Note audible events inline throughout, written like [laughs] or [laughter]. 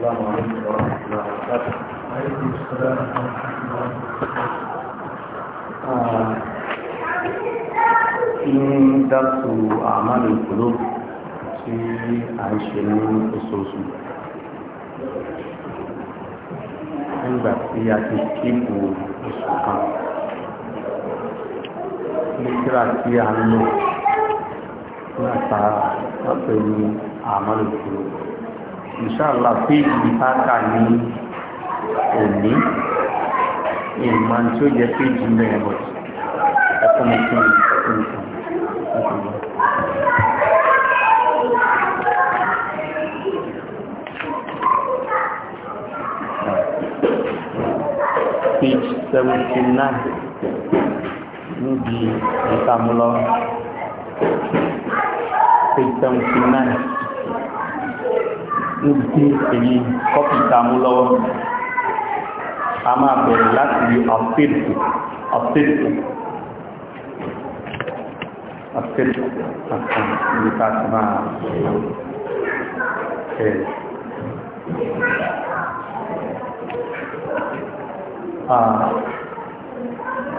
السلام عليكم ورحمة الله وبركاته وعليكم السلام ورحمة الله وبركاته ní dákù àmàlù ìpòlò tí a ń ṣe nígbà tí a ti kíkù oṣù kan ní tí a ń lò látara lọ́pẹ̀ ní àmàlù ìṣàlá péjì ìbáka ní òní ìmọ̀ tí ó jẹ́ péjì mẹ́rin bọ̀ ẹ̀kọ́ mi kí ni Page seventy nine níbi ìtàmúlọ page seventy nine níbi tí èyí kọ́pì ìtààmú lọ́wọ́ a máa bẹ̀rẹ̀ láti rí ọ̀pẹ́ẹ̀tù ọ̀pẹ́ẹ̀tù ọ̀pẹ́ẹ̀tù ọ̀kan níbi tá a ti máa bẹ̀rẹ̀.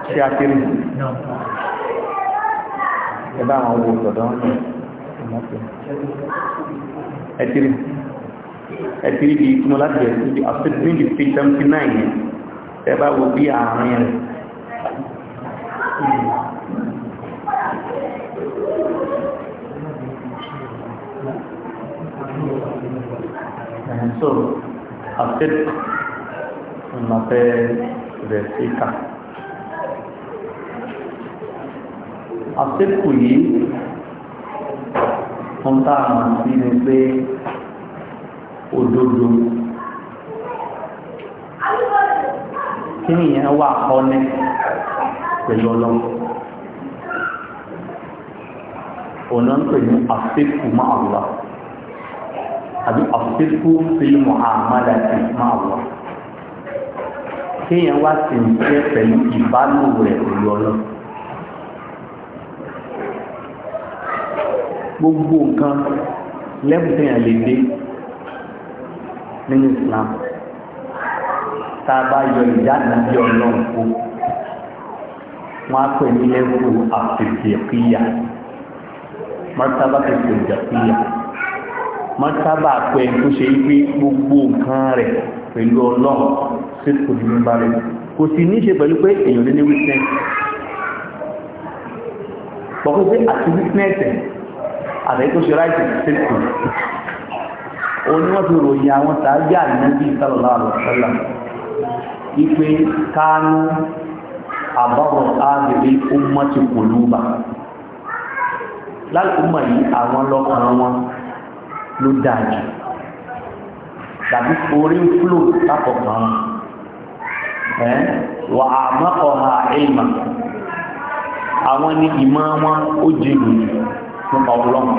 ṣe akéré ẹ bá àwọn owó ìtọ̀dọ́ ẹ̀ ẹ̀ tiri ẹ̀tìrí di ìtumọ̀ láti ẹ̀sùn di àfẹ́sìn di page 79 ẹ bá wo bí àárín rẹ̀ so àfẹ́ ìmọ̀fẹ́ rẹ̀ sí ká àfẹ́kù yìí wọ́n tá àmà sí ni pé òdodo kí nìyẹn wà kọ́ni pẹ̀lú ọlọ́run ọ̀nà ń pè ní àfikù máa wà àbí àfikù fílmù àmàlà ti máa wà kéèyàn wá sí ní jẹ́ pẹ̀lú ìbálò rẹ̀ pẹ̀lú ọlọ́run gbogbo nǹkan lẹ́bùn téèyàn lè dé nínú Islam tá a bá yọ ìdáná bí ọlọ́run kú wọ́n á pè ní lẹ́kù àfẹ̀fẹ̀kìyà mọ́tábà fẹ̀fẹ̀kìyà mọ́tábà pé tó ṣe wípé gbogbo nǹkan rẹ̀ pẹ̀lú ọlọ́run sí kò ní bá rẹ̀ kò sì ní ṣe pẹ̀lú pé èèyàn lé ní witness pọ̀kú pé àti witness àtẹ̀yí tó ṣe ráìtì sí kò onye wọ́n ti ròyìn àwọn sàájì ànábì sallallahu alaihi wasallam ipe kánú àbọ̀rọ̀ ábẹ̀rẹ̀ ummati quluba lálùkùmọ̀ yìí àwọn lọ́kàn wọn ló dájú tàbí orí fúlò lákọ̀ọ̀kan wà á ha àwọn ni ìmọ̀ wọn ó jẹ́ nípa ọlọ́run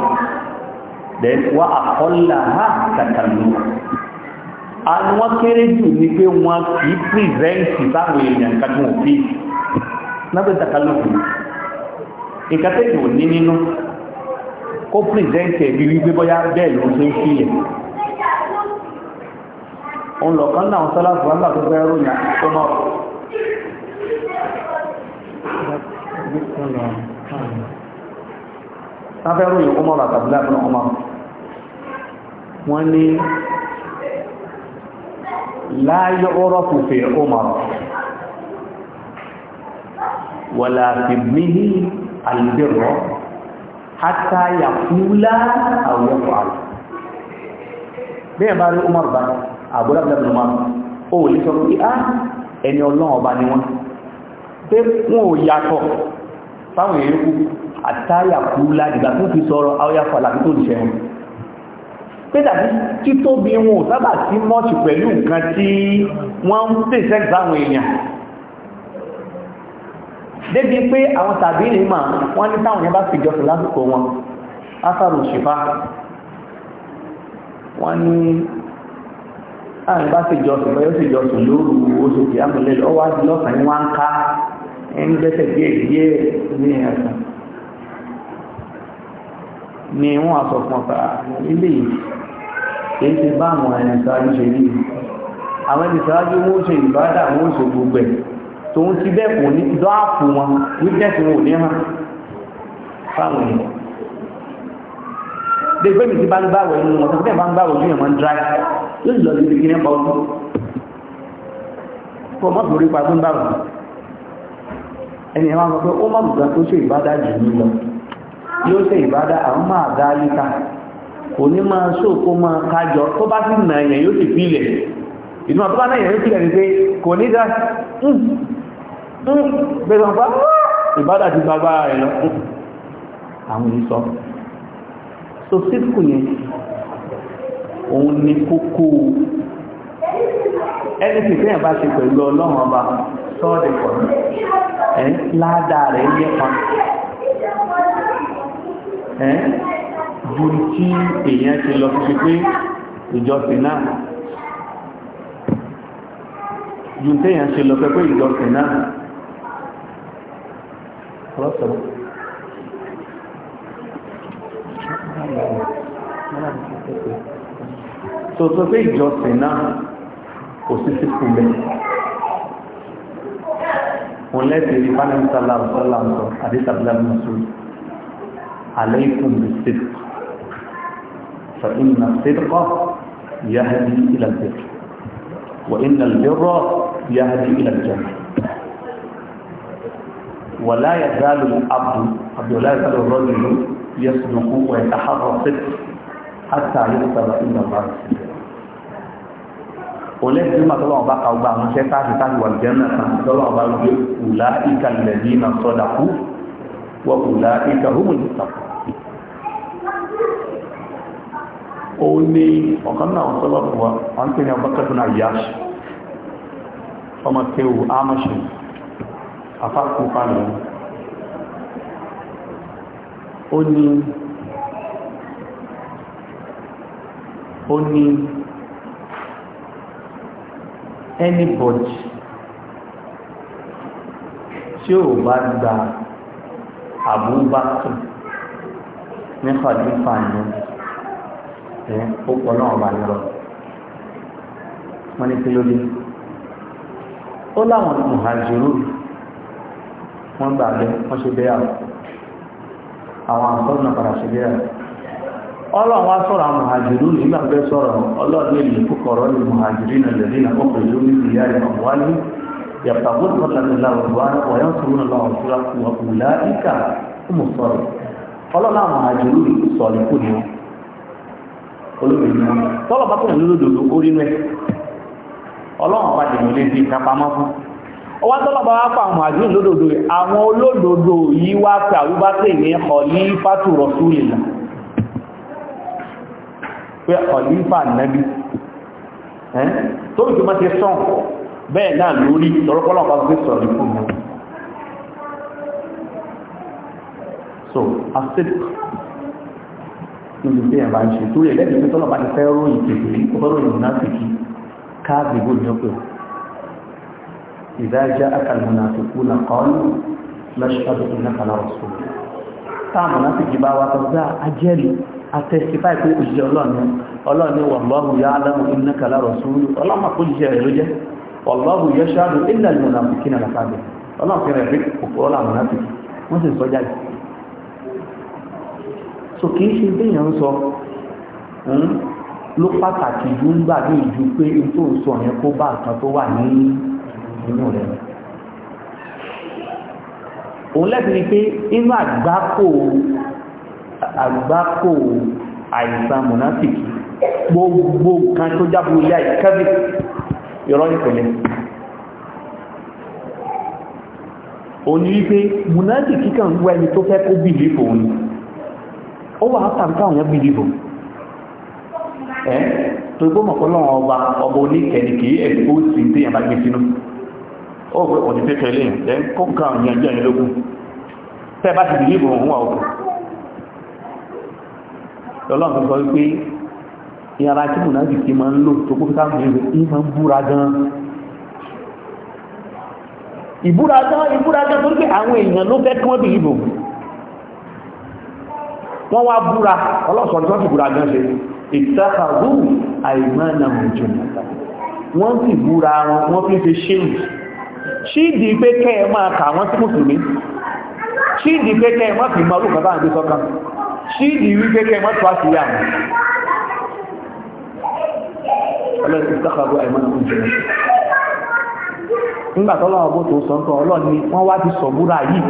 then wá àkọ́lá ha kàkàlù àwọn wọ́n kéré jù ní pé wọ́n kì í pírìsẹ́ǹtì sáwọn èèyàn nǹkan tó fi lábẹ́ kàkàlù kù nǹkan tẹ́kì ò ní nínú kó pírìsẹ́ǹtì ẹ̀bí wípé bọ́yá bẹ́ẹ̀ ló ṣe ń fílẹ̀ òun lọ̀kan náà sọ́láfù wọn láti fẹ́ ròyìn àkókò náà wọ́n fẹ́ ròyìn ọmọ bàtàbílẹ̀ fún ọmọ wọ́n ní láyé ọ̀rọ̀ fòfin Umar wàlá fi mímí albirọ̀ hátà yàkúlá àwọn fàálù bí ẹ̀ bá rí Umar bá àbúrò àbúrò Umar ó lè sọ pé á ah, ẹni ọlọ́run ọba ni wọ́n pé wọn ò yàtọ̀ fáwọn èèyàn kú àtàyàkúlá ìgbà tó fi sọ̀rọ̀ àwọn yàtọ̀ àlàkí tó wọn pé dàbí títóbi wọn ò sábà sí mọ́ọ̀sì pẹ̀lú nǹkan tí wọ́n ń pèsè ìgbàwọn èèyàn débi pé àwọn tàbí ní mà wọ́n ní táwọn yẹn bá fi jọsìn lásìkò wọn afárò ṣìfà wọ́n ní àwọn bá fi jọsìn lọ yóò fi jọsìn lóru oṣù kìí àmúlẹ̀ lọ́wọ́ àti lọ́sàn-án wọn ń ká ẹni gbẹ́sẹ̀ díẹ̀ díẹ̀ ní ẹ̀sán ni wọ́n á ọ̀tà ah, ilé yìí kìí ṣe bá àwọn ẹni sáájú ṣe rí àwọn ẹni sáájú wọ́n ṣe ìbádà wọ́n ṣe gbogbo ẹ̀ tòun ti bẹ́ẹ̀ kò ní dọ́àpù wọn wíjẹ́sì wọn ò ní hàn fáwọn èèyàn dègbé mi ti bá ń gbàwẹ̀ nínú wọn tẹ́lẹ̀ bá ń gbàwẹ̀ ojú ìwọ̀n dry yóò lọ sí ibi nípa ọdún pa tó kò ní máa ṣòkó máa kájọ tó bá sì nà èèyàn yóò sì fi ilẹ̀ ìdúnà tó bá náà èèyàn yóò fi ni pé kò ní dá bẹ́ẹ̀ sọ́n pa ìbádà ti bá bára rẹ̀ lọ àwọn yìí so síkù yẹn òun ni kókó ẹni tí fẹ́yàn bá ṣe pẹ̀lú ọlọ́run ọba sọ́ọ̀dì pọ̀ ẹ̀ ládàá rẹ̀ yẹ pa ju tí èèyàn ti lọ sí pé ìjọsìn náà ju téèyàn ṣe lọ pẹ́pẹ́ ìjọsìn náà ọlọ́sọ̀rọ̀ tó tó pé ìjọsìn náà kò sí sí fún bẹ́ẹ̀ wọn lẹ́sìn ìrí bá ní sálàmù sálàmù sọ ìkùn bí sífù فإن الصدق يهدي إلى البر وإن البر يهدي إلى الجنة ولا يزال الأب قد لا يزال الرجل يصدق ويتحرى الصدق حتى يكتب إلى الله oleh jumlah tolong ọba kàwọ́ àwọn iṣẹ́ táàkì táàkì wà jẹ́mẹ̀ kan tọ́lọ̀ ọba wípé kùlá ìkà lẹ̀dí na sọ́dà kú wọ́n kùlá ìkà hùmù ìtàkù ó ní ọ̀kan náà sọ́lọ́ wọ́n tí ní ọbákẹ́tù náà yáṣì ọmọ kéwù ámọ́ṣì afákù pàdé ó ní ó ní tí bá gba àbúbákù ní náà ẹ̀ ó pọ̀ náà wà lọ́rọ̀ wọ́n ní kí ló dé ó láwọn mùhàjírù wọ́n gbà bẹ́ wọ́n ṣe bẹ́ àwọn àwọn àǹtọ́nà padà ṣe bẹ́ àwọn ọlọ́run wá sọ̀rọ̀ àwọn mùhàjírù nígbà pẹ́ sọ̀rọ̀ ọlọ́run èlò kòkòrò ní mùhàjírù náà lẹ́dí náà ó pèlú ní ìyá rẹ̀ ọ̀wálé yàtàkùn mọ́tàlẹ́ láwùjọ wọ́n sọ̀rọ̀ náà lọ́wọ́ ọ̀lá ìkà ó mú sọ̀rọ̀ ọlọ́run àwọn mùhàjírù sọ̀rọ̀ ikú ni wọ́n olóògbé tọ́lọ̀ bá tóun lódòdó orí rẹ̀ ọlọ́run bá dèmí lé sí ìkápamọ́ fún ọwá tọ́lọ̀ bá wá pa àwọn àdúrà lódòdó àwọn olódòdó yìí wá pé àrúbá pè ní ọ̀lífàtù rọ̀súlìlà pé ọ̀lífà nẹ́bí tó ìjọ má ti sàn bẹ́ẹ̀ náà lórí lọ́rọ́pọ́lọ́ so asip níbi tí ẹ̀bá ń ṣe torí ẹ̀lẹ́bí pé tọ́lọ̀ bá ti fẹ́ ròyìn tètè ọ̀rọ̀ ìmúnáfìkì káàbì bó ní ọ̀pẹ̀ ìdájá akàlùmùnáfìkù nà kọ́ọ̀lù lọ́ṣọ́dọ̀ tó náà kàlà ọ̀ṣọ́ táà múnáfìkì bá wá tọ́jú ajẹ́rì atẹ́sífáì pé òṣìṣẹ́ ọlọ́ọ̀ni ọlọ́ọ̀ni wàlọ́hù yá aláwọ̀ iná kàlà ọ̀ṣọ́ ọlọ́mà kó jíṣẹ́ rẹ̀ ló jẹ́ wàlọ́hù yẹ́ ṣáàdù ilẹ̀ múnáfìkì nà làkàbẹ̀ ọlọ́ọ̀fẹ́ so kì í ṣe béèyàn ń sọ hmm, ló pàtàkì jù ń gbà ní ìjú pé n tó ń sọ yẹn kó bá nǹkan tó wà ní inú rẹ̀ òun lẹ́sìn ni pé inú àgbákò àgbákò àìsàn mọ̀nàfìkì gbogbo nǹkan tó jábọ̀ ilé àìkẹ́bì ìrọ́ ìpìlẹ̀ òun ni wípé mọ̀nàfìkì kan wẹ́ni tó fẹ́ kó bìlì fòun ó wà ápàǹtà àwọn ẹbí dìbò ẹ́ tó gbó mọ̀kọ́lọ́ ọba ọba oníkẹ̀ẹ́ni kìí ẹ̀kọ́ sí tí yẹn bá gbé sínú ó pẹ́ òní tẹ́tẹ́ lẹ́yìn ẹ́ kó ká ìyànjẹ́ yẹn lógún tẹ́ bá ti dìbò òun wà òkú lọ́lọ́run sọ wípé ìyára tí mùnà sì ti máa ń lò tó kó fi káàkiri rẹ̀ ní máa ń búra gan ìbúra gan ìbúra gan tó ń pè àwọn èèyàn ló fẹ́ kí wọ́n bìí bò wọ́n wá búra ọlọ́sọ̀rọ̀ tó ti búra gan ṣe ìtàkàrù àìmọ́nà mọ̀jọ̀nà wọ́n ti búra wọn wọ́n fi fi ṣéèmù ṣíìdì pé kẹ́ ẹ máa kà wọ́n sí mùsùlùmí ṣíìdì pé kẹ́ ẹ má fi mọ olùkọ́ bá ń gbé sọ́kàn ṣíìdì wí pé kẹ́ ẹ má tó àṣírí àwọn ọlọ́sìn ìtàkàrù àìmọ́nà mọ̀jọ̀nà nígbà tọ́lọ́wọ́ bó tó sọ́ńtọ́ ọlọ́ni wọ́n yìí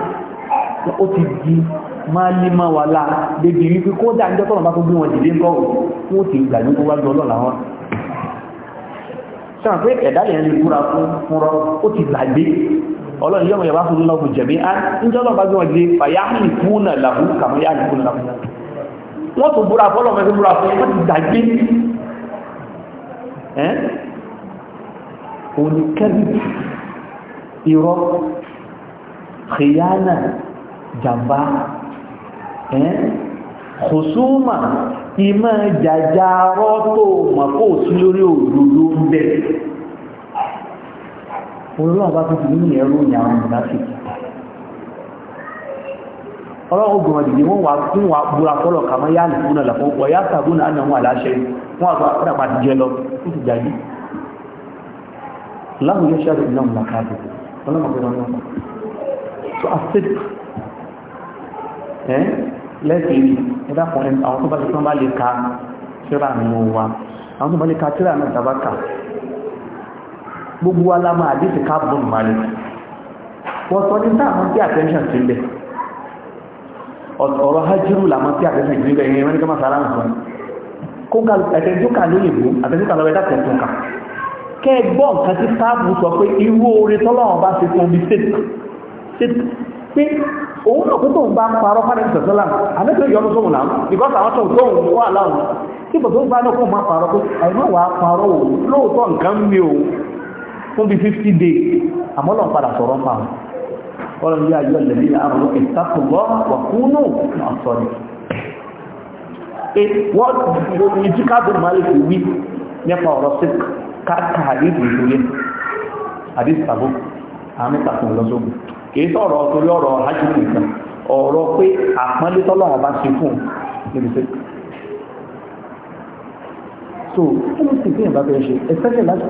ó ti di máa lé máa wà láà débi wípé kó dáa níjọ́ tọ́nà bá tó gbé wọn dìde ń kọ́wọ́ fún òtì ìgbà ní kó wá gbọ́ lọ́la wọn sọ́nà pé ẹ̀dá lè rí kúra fún fúnrọ́ ó ti gbàgbé ọlọ́run yọ́mọ̀ yọ̀bá fún lọ́gùn jẹ̀mí á níjọ́ náà bá gbé wọn dìde fàyà ń kú jàmbá kòsúmà ìmọ̀ jàjàrọ́ tó mọ̀ kó sí lórí òdodo ń bẹ̀. olóòwò bá tó fi ní ẹrú ní àwọn mùnáfíkì ọlọ́run ogun ọdìdì wọ́n wà fún wa búra fọ́lọ̀ kàmọ́ yá lè fún ọ̀làfọ́ ọ̀yá sàbún náà náà wà láṣẹ wọ́n àgbà pàdàpà ti jẹ lọ ó ti jà lẹ́sìn ẹ̀dá kan àwọn tó bá ti tán bá lè ka tíra nínú wa àwọn tó bá lè ka tíra náà tàbákà gbogbo alama àdíṣì káàbùn balẹ̀ wọ́n sọ ní táàmù tí attention ti lẹ̀ ọ̀rọ̀ hajjúrù làmọ́ tí attention ti lẹ̀ yẹn mẹ́ríkà masara ń sọ kó ga ẹ̀tẹ́júkà lóyìnbó àtẹ́júkà lọ́wọ́ ẹ̀dá tẹ̀tùnkà kẹ́ gbọ́ nǹkan tí sáàbù sọ pé irú oore tọ́lọ́wọ́n bá ṣe fún bí òun náà tó ń bá parọ́ fáwọn ẹ̀sẹ̀ sọ́lá àmẹ́tẹ̀ yọ́nú sóhun náà because àwọn tó ń tó ń wà láwọn tí kò tó ń bá náà kó máa parọ́ pé àìmọ́ wàá parọ́ òun lóòótọ́ nǹkan mi ò fún bí 50 days àmọ́ lọ́n padà sọ̀rọ̀ pa wọn wọ́n lọ́n yá ayọ́ lẹ́bí ní àrùn ìtàkùnbọ́ wà kúnú àsọ̀rọ̀ wọ́n ìjú káàbù máa lè fi wí nípa ọ̀rọ̀ sí káàkiri ìdílé àdìsàbò àmì kìí sọ̀rọ̀ torí ọ̀rọ̀ hajj nìkan ọ̀rọ̀ pé àpọ́nlé tọ́lọ́wọ́n bá ṣe fún níbi so sì bẹ́ẹ̀ ṣe láti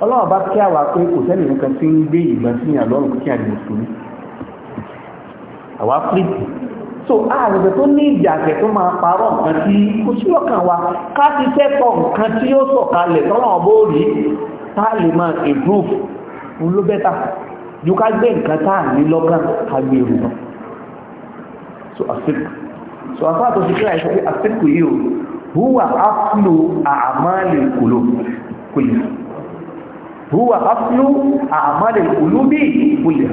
kò bá kí àwa pé kò sẹ́ni nǹkan tí ń gbé ìgbà sí ìyàn lọ́rùn kí àdìmọ̀ sí ní àwa pé so a tó ní ìjàgbẹ̀ tó máa parọ́ nǹkan tí kò sí ọkàn wa ká ti tẹ́tọ̀ nǹkan tí ó sọ̀kalẹ̀ tọ́lọ́wọ́n bó rí improve ń ló ju ká gbé nǹkan tá à ní lọ́kàn ká gbé e so àfikù so àfáà tó fi kíra ẹ̀ sọ pé àfikù yìí o huwa aflu àmàlè kòló kòlì huwa aflu àmàlè kòló bí kòlì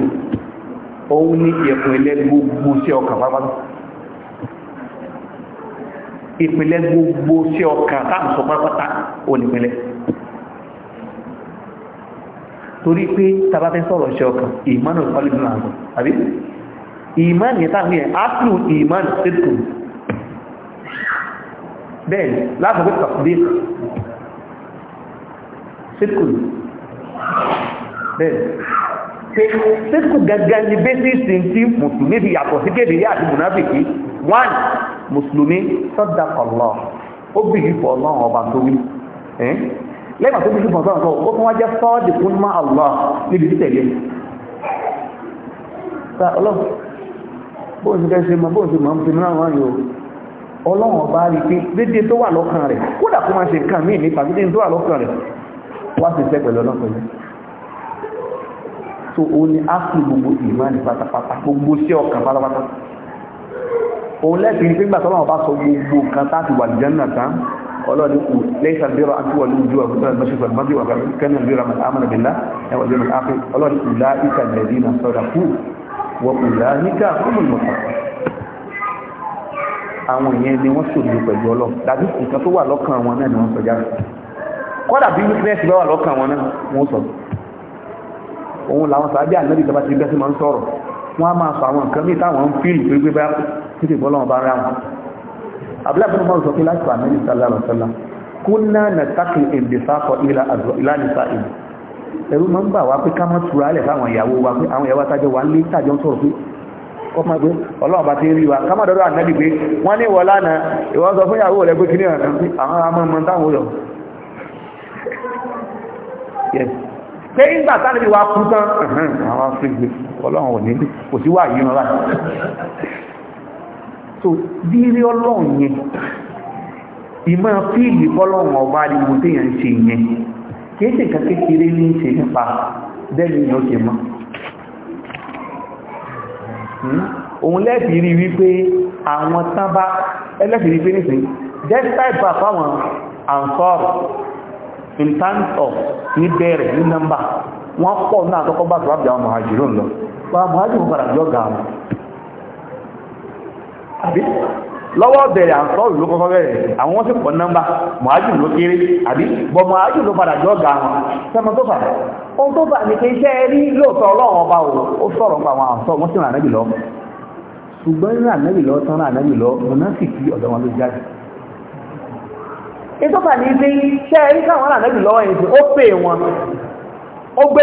òun ní ìpìlẹ̀ gbogbo sí ọkàn pápátá ìpìlẹ̀ gbogbo sí ọkàn táà ń sọ pápátá òun ìpìlẹ̀ torí pé tàbá fẹ́ sọ̀rọ̀ ṣe ọkàn ìmánù ọlọ́dún àgbọ̀ àbí ìmánù yẹn táwọn yẹn áṣù ìmánù ṣètò bẹ́ẹ̀ láàbùkú tàbí ṣètò bẹ́ẹ̀ ṣètò gangan ni bẹ́sìsì tí mùsùlùmí fi yàtọ̀ sí kéde yá àti mùnáfìkì one mùsùlùmí sọ́dà kọ̀lọ́ ó bìí fọ́ ọlọ́run ọba tó lẹ́gbà tó bíjú bọ̀tán kan ó fún wá jẹ́ fọ́ọ̀dì Allah níbi títẹ̀lé ta ọlọ́run bóun ti kẹ́sẹ̀ mọ́ bóun ti mọ́ ti mìíràn wọ́n yóò ọlọ́run ọba rí pé dédé tó wà lọ́kàn rẹ̀ kódà kó máa ṣe nǹkan míì nípa dédé tó so òun ni á fi gbogbo ìmánì pátápátá gbogbo sí ọkàn pátápátá òun lẹ́sìn nígbà tọ́lọ́run bá sọ gbogbo nǹkan tá ọlọ́ni kù lẹ́yìn àbíọ́rọ̀ àti wọlé ojú ọ̀gbọ́n tó ń bá ṣùgbọ́n mọ́bí wà kẹ́ni àbíọ́rọ̀ àmàlà àmàlà bìlá ẹwà jẹ́ màá fi ọlọ́ni kù lá ìkà lẹ́bí na sọ́dà kú wọ́n kù lá níkà fúnmùn àwọn èèyàn ni wọ́n ṣòdodo pẹ̀lú ọlọ́ dàbí nǹkan tó wà lọ́kàn wọn náà ni wọ́n sọ kọ́dà bí wípẹ́sì bá wà lọ́kàn wọn náà wọ́n sọ òun làwọn sàábí abúlábùnú mọ́ ìsọ̀kí láti wà nílùú sallallahu alaihi wasallam kúnná na tákì ìbìsákọ̀ ìlànìsá ìlú ẹ̀rú mọ́ ń bà wá pé ká mọ́ tura alẹ̀ fáwọn ìyàwó wa pé àwọn ìyàwó tájọ wà ń lé tájọ ń sọ̀rọ̀ pé kọ́mọ́ pé ọlọ́run bá ti rí wa ká má dọ́dọ́ ànábì pé wọ́n ní wọ́lá na ìwọ sọ fún ìyàwó rẹ̀ pé kí ní ọ̀nà pé àwọn amọ̀mọ̀ táwọn yọ. pé nígbà táwọn ìwà kú tán àwọn afẹ́gbẹ́ ọlọ́run ò ní kò sí wà yìí so bí rí ọlọ́run yẹn ìmọ̀ fíìlì bọ́lọ́run ọba ariwo téèyàn ń ṣe yẹn kìí ṣe nǹkan kékeré ní ṣe nípa bẹ́ẹ̀ni yóò ṣe mọ́ hmm? òun lẹ́ẹ̀fì rí wípé àwọn tán bá ẹlẹ́fì rí pé nìsín despite bá fáwọn ansor in terms of ní bẹ̀rẹ̀ ní nọ́mbà wọ́n pọ̀ náà tọ́kọ́ bá tó wá bí àwọn mọ̀hájì lónìí lọ àbí lọ́wọ́ bẹ̀rẹ̀ àǹsọ́ ìlú kọ́kọ́ bẹ̀rẹ̀ àwọn wọ́n sì pọ̀ nọ́mbà mọ̀ájù ló kéré àbí bọ̀ mọ̀ájù ló padà jọ ga wọn sẹ́mọ tó fà ohun tó fà ní pé iṣẹ́ rí lóòótọ́ ọlọ́run ọba ó sọ̀rọ̀ pa àwọn àǹsọ́ wọ́n sì ràn nábì lọ ṣùgbọ́n rìn ànábì lọ tán ràn ànábì lọ mọ̀náfìkì ọ̀dọ̀ wọn ló jáde ètò fà ní ilé iṣẹ́ rí káwọn ànábì ó pè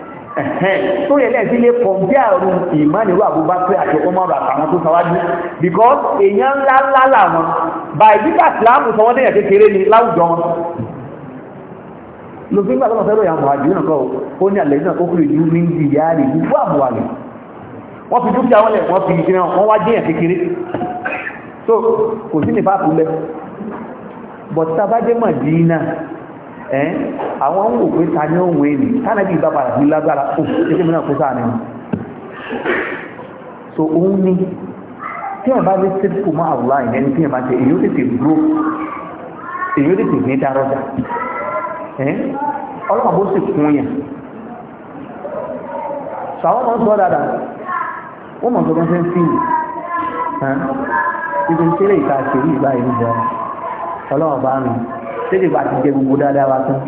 tó yẹ lẹ́sí lé kọ̀m̀pẹ́àrù ìmánìwá Abubakar àti Umaru àtàwọn tó sáwájú because èèyàn ńlá ńlá làwọn báyìí bíkà síláàmù sọ wọ́n dẹ̀yàn kékeré ni láwùjọ wọn lófin gbà lọ́nà fẹ́rẹ̀ àwọn àjò náà kọ́ ó ní àlẹ́ náà kókò ìlú ní ìyá rẹ̀ gbogbo àmúwàlẹ̀ wọ́n fi dúkìá wọn lẹ̀ wọ́n fi ìdí náà wọ́n wá jẹ́yàn kékeré so kò sí nípa àkúlẹ̀ bọ̀tí tabajẹ́ mọ̀ dín náà ẹ́ àwọn ń wò pé ta ní òun èlì tánàbí bá padà sí lágbára ó ṣe mìíràn kó sáà nínú so òun ni tí wọ́n bá ní sípò máa àwòrán ìyẹn ní tí wọ́n bá ṣe èyí ó tètè gbó èyí ó tètè ní dárọ́jà ẹ́ ọlọ́pàá bó sì kún yàn so àwọn ọmọ ń sọ dáadáa wọ́n mọ̀ sọ́kọ́ sí ń fi ìgbésílẹ̀ ìta àṣírí ìgbà ìlú jẹ́ ọlọ́ọ̀bá mi tẹ́lẹ̀ bá ti jẹ gbogbo dáadáa wa tán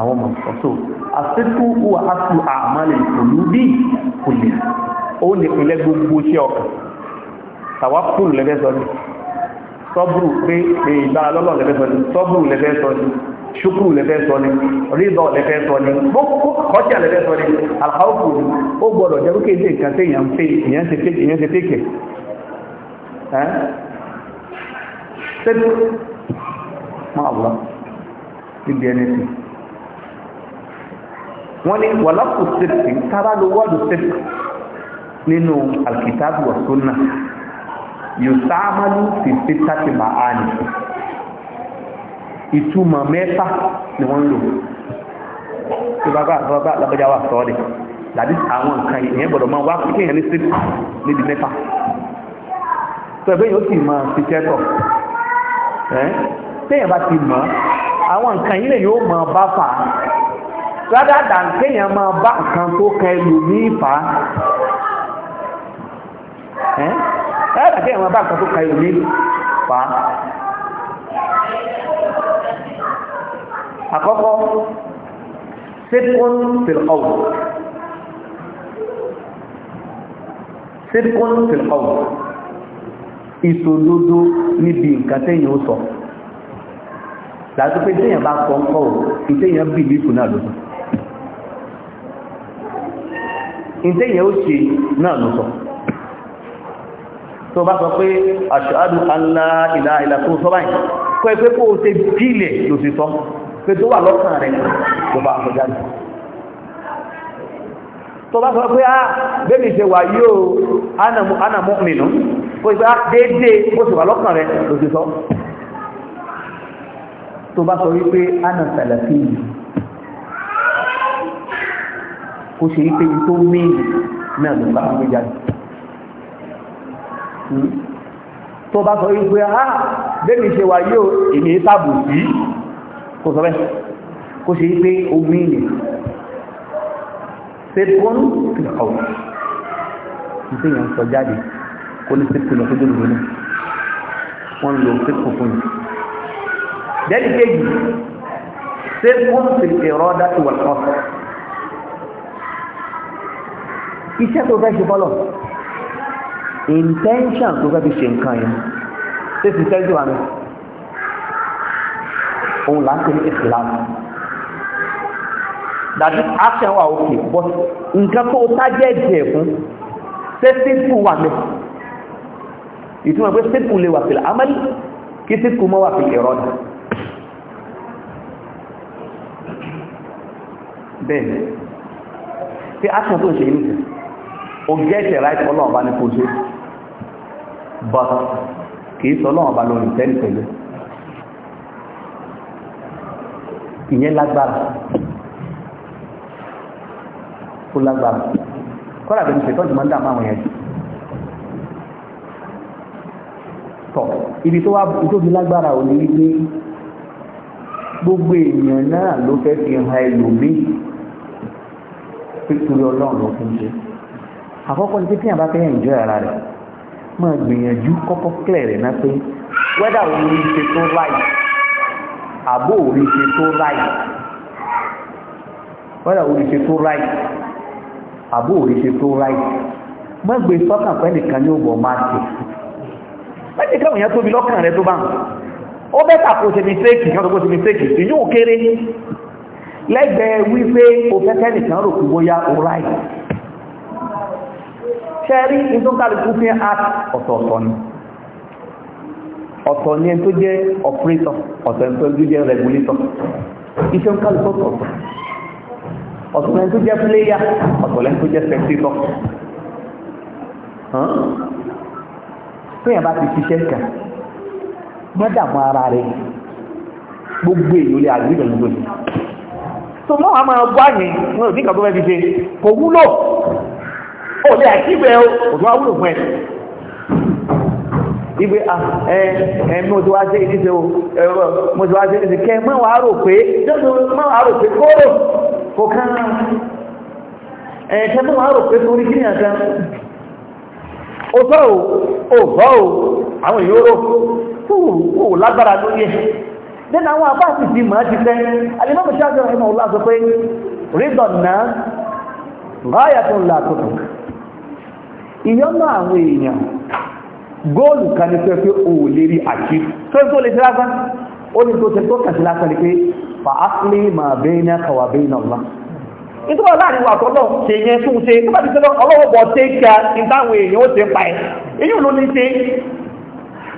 àwọn ọmọ ọ̀tọ̀ àfikú wà á tu àmàlẹ̀ pẹ̀lú bí kò lè ó lè pinlẹ̀ gbogbo iṣẹ́ ọkàn tàwa kúrò lẹ́fẹ́ sọ ni sọ́bùrù pé pé ìgbára lọ́lọ́ lẹ́fẹ́ sọ ni sọ́bùrù lẹ́fẹ́ sọ ni ṣukuru lẹ́fẹ́ sọ ni rídọ̀ lẹ́fẹ́ sọ ni kọjá lẹ́fẹ́ sọ ni alhaufu ni ó gbọ́dọ̀ jẹ́ wípé ilé ìkàtẹ́ èèyàn ń pè èèyàn Allah níbi ẹni sí wọ́n ní wàlápù sèpì tábà ló wọ́ọ̀dù sèpì nínú alkitabu wa sunna yòtáàmálù fi sítàtì màá ní ìtumọ̀ mẹ́fà ni wọ́n ń lò tí bá bá bá lábẹ́jà wà sọ́ọ́dẹ̀ tàbí àwọn nǹkan ìyẹn gbọ́dọ̀ máa wá kéèyàn ní sí níbi mẹ́fà tó ẹgbẹ́ yóò sì máa fi kẹ́kọ̀ọ́ téèyàn bá ti mọ̀ àwọn nǹkan yìí lè yóò mọ̀ bá fà á rather than kéèyàn máa bá nǹkan tó kan ẹlòmíì fà á ẹ́ ẹ́ dà kéèyàn máa bá nǹkan tó kan ẹlòmíì fà á. àkọ́kọ́ sídìkún fìlọ́wù sídìkún fìlọ́wù ìṣòdodo níbi nǹkan téèyàn sọ láti pé téèyàn bá kọ́ ńkọ́ ò ìtéèyàn bì lífù náà ló sọ ìtéèyàn ó ṣe náà ló sọ tó bá sọ pé ashhadu an la ilaha illa tó sọ báyìí kọ́ ẹ kó o ṣe bílẹ̀ ló ti sọ pé tó wà lọ́kàn rẹ̀ tó bá kọjá lọ tó bá sọ pé á ah, bẹ́ẹ̀ni ṣe wà yóò ánàmú ánàmú mìíràn kó o ṣe pé á o ṣe wà lọ́kàn rẹ̀ ló ti sọ tó bá sọ wípé ana sàlàfí yìí kó ṣe wípé tó méèlì náà ló bá gbé jáde hmm? tó bá sọ wípé ha ah, bẹ́ẹ̀ni ṣe wà yóò èmi tábù sí kò sọ bẹ́ẹ̀ kó ṣe wípé ó méèlì sẹ́tọ́nù tìlọ̀kọ̀wọ̀ nítorí yẹn sọ jáde kó ní sẹ́tọ́nù tó dé lónìí wọ́n fún yìí dẹ́ni kejì ṣé fún fèrè ẹ̀rọ dáti wà lọ́wọ́ iṣẹ́ tó fẹ́ ṣe bọ́lọ̀ intention tó fẹ́ fi ṣe nǹkan yẹn ṣé fi tẹ́jú àmì òun là ń pè ní ìsìlámù dàbí action wà òkè but nǹkan tó tájẹ́ẹ̀dì ẹ̀ fún ṣé simple wà mẹ́ ìtumọ̀ pé simple lè wà sílẹ̀ amẹ́lì kí simple mọ́ wà fi ẹ̀rọ bẹ́ẹ̀ tí action tó ṣe ní ṣe o get a right ọlọ́run bá ní kò ṣe but kìí sọ ọlọ́run bá lórí tẹ́lì pẹ̀lú ìyẹn lágbára ó lágbára kọ́lá bẹ̀rẹ̀ ṣe tọ́jú máa ń dàmú àwọn èèyàn jù tọ̀ ibi tó wá tó fi lágbára ò ní wípé gbogbo èèyàn náà ló fẹ́ fi hàn ẹlòmíì pípúrí ọlọ́run ló fún ṣe àkọ́kọ́ ní pípín àbá fẹ́yàn ìjọ ara rẹ̀ máa gbìyànjú kọ́kọ́ clear rẹ̀ náà pé wẹ́dà orí ṣe tó láì àbó orí ṣe tó láì wẹ́dà orí ṣe tó láì àbó orí ṣe tó láì mọ́gbé sọ́kàn pẹ́ nìkan ní òbọ̀ máa ṣe mẹ́tẹ̀ẹ́kẹ́ òyìn tó bí lọ́kàn rẹ̀ tó bá ń ó bẹ́ta kò ṣe mistake yọ́n tó kó ṣe mistake sí yóò kéré lẹ́gbẹ̀ẹ́ wípé o fẹ́fẹ́ nìkan rò kú bóyá o ráì ṣẹ́rí ní tó kálukú fẹ́ art ọ̀tọ̀ọ̀tọ̀ ni ọ̀tọ̀ ni ẹni tó jẹ́ operator ọ̀tọ̀ ẹni tó jẹ́ regulator iṣẹ́ ń kálukú ọ̀tọ̀ọ̀tọ̀ ọ̀tọ̀ ẹni tó jẹ́ player ọ̀tọ̀ ẹni tó jẹ́ spectator fún yàrá ti ṣiṣẹ́ kan mọ́dàmọ́ ara rẹ̀ gbogbo èyí lè àgbé ìdọ̀lú lónìí so mọ́ àmà ọgbọ́ àyìn wọn ò ní kàtọ́ fẹ́ fi ṣe kò wúlò ó lè àkíbẹ̀ òtún àwúlò fún ẹ ìgbé ẹ̀mí o ti wá sí ìdíje o ẹ̀rọ mo ti wá sí ìdíje kẹ mọ́wàá rò pé jọ́sọ mọ́wàá rò pé kóró kò kán ẹ̀kẹ́ mọ́wàá rò pé torí kí ó sọ́ọ̀ ò tó lágbára lórí ẹ̀ dẹ́nà àwọn àbá ti máa ti fẹ́ alimọ́bù ṣáàjọ́ ìmọ̀ ọlá sọ pé rídọ̀n náà ráyà tó ń la àkókò ìyọ́nà àwọn èèyàn góòlù pé o lè rí àti tó tó lè tíráfá ó ní tó tẹ kàtí lásán ní pé fàáfílì máa bẹ́ẹ̀ ní àkàwà láàrin wà tọ́lọ̀ ṣe yẹn ṣe ọlọ́wọ́ bọ̀ tẹ́ ká èèyàn ó ti pa ẹ̀ èyí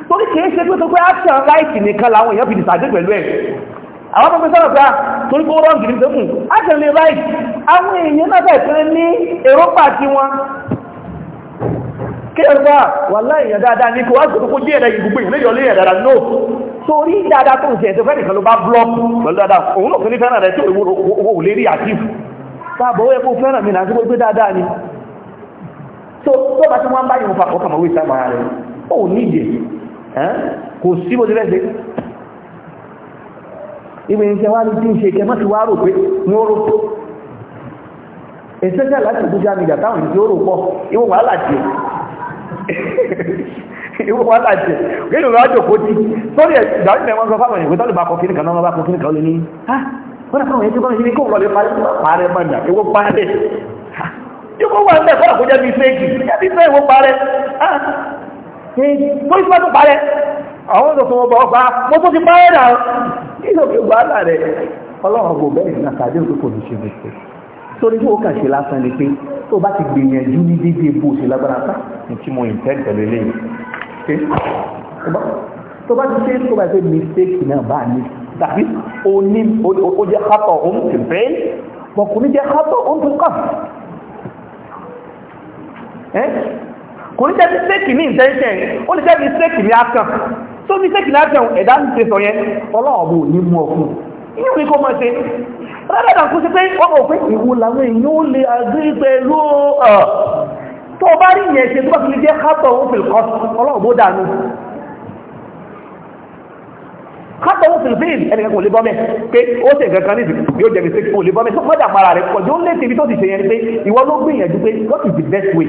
torí kìí ṣe pé tó pé action right nìkan làwọn èèyàn fi dìsàdé pẹ̀lú ẹ̀ àwọn tó pé sọ́rọ̀ torí pé rọ́ǹdì ní action right àwọn èèyàn náà bẹ̀ ní èròpà tí wọ́n kí ẹ̀rọ wà láìyàn dáadáa ní kò wá sọ̀rọ̀ kó jẹ́ ya ìgbùgbé no torí dáadáa kò sí bó ti fẹ́ ṣe ibi ní ṣe wá ní tí ń ṣe kẹmọ́ ti wá rò pé wọ́n rò pọ̀ ẹ̀sẹ́sẹ́ láti ìdújá mi jàtàwọn ìdí ó rò pọ̀ ìwọ wà láti [laughs] ìwọ wà láti gẹ́gẹ́ lọ́wọ́ jòkó tí sórí ìdárí mẹ́wọ́n sọ fáwọn ìwé tọ́lù bá kọ kíníkà náà bá kọ kíníkà ó lè ní wọ́n fáwọn ètò bá ní kó [laughs] wà ń bẹ̀ fọ́nà kó jẹ́ mi fẹ́ẹ̀kì pé bóyí tí wọ́n tún parẹ́ àwọn ọ̀dọ̀ fún ọba ọgbà mo tún ti parẹ́ dà nínú òkè wàhálà rẹ̀ ọlọ́run kò bẹ́ẹ̀ náà tàbí òkè kò ní ṣe bẹ̀rẹ̀ torí tí ó kà ṣe lásán ni pé tó bá ti gbìyànjú ní dédé bó ṣe lágbára sá ní tí mo ìtẹ́ pẹ̀lú eléyìí tó bá ti ṣe tó bá ṣe mistake náà bá ní tàbí ó ní ó jẹ́ hátọ̀ òun ti bẹ́ẹ̀ kò ní jẹ́ mistake ní intention ó lè jẹ́ mistake ní action tó mistake ní action ẹ̀dá ń ṣe sọ yẹn ọlọ́ọ̀bù ní mú ọkùn inú ní kó mọ́ ṣe rẹ́rẹ́ dà kó ṣe pé wọ́n mọ̀ pé ìwò làwọn èèyàn ó lè agree pẹ̀lú tó bá rí ìyẹn ṣe tó bá fi lè jẹ́ kátọ̀ òun fìlì kọ́ ọlọ́ọ̀bù dànù kátọ̀ òun fìlì fìlì ẹnìkan kò lè bọ́ mẹ́ pé ó ṣe nǹkan kan ní ìsìnkú yóò jẹ́ mistake kò lè bọ́ mẹ́ tó mọ́jà para rẹ̀ kọjú ó lè ti ibi tó ti ṣe yẹn pé ìwọ ló gbìyànjú pé what is the best way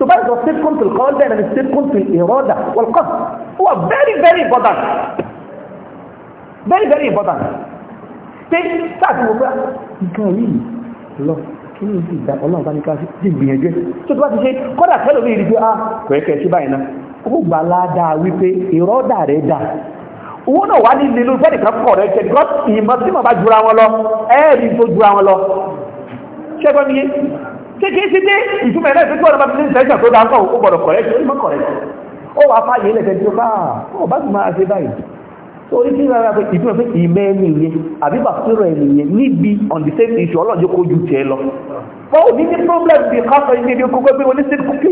تبقى الصدق في القول بين الصدق في الإرادة والقصد هو very very important very very important pé sáàtì mo fẹ́ nǹkan yìí lọ kí ní ìdí ìdá ọlọ́run bá ní ká sí gbìyànjú ẹ̀ tó tó bá ti ṣe kọ́dà tẹ́lò ní ìrìnjú ah kọ̀ẹ́kẹ́ sí báyìí náà ó gbà ládàá wípé ìrọ́dà rẹ̀ dà owó náà wá ní lílo ìfẹ́ nìkan kọ̀ rẹ̀ ṣe because ìmọ̀ tí mo bá jura wọn lọ ẹ̀ẹ́dì tó jura wọn lọ ṣẹ́gbọ́n mi yé kékeré sí pé ìtumọ̀ ẹ̀rẹ́ ìfẹ́ tí wọ́n bá ti ní sẹ́ńtà tó dáa ó gbọ́dọ̀ kọ̀rẹ́tì ó ní kọ̀rẹ́tì ó wàá fààyè lẹ́sẹ̀ tí ó bá ó bá ti máa ṣe báyìí so orí kí rárá pé ìtumọ̀ pé ìmọ̀ ẹni yẹn àbí bàtúrọ̀ ẹni on the same issue ọlọ́jọ́ lọ. wọ́n ní ní problem bí káfọ́ ilé ibi kókó pé oní sẹ́kù kí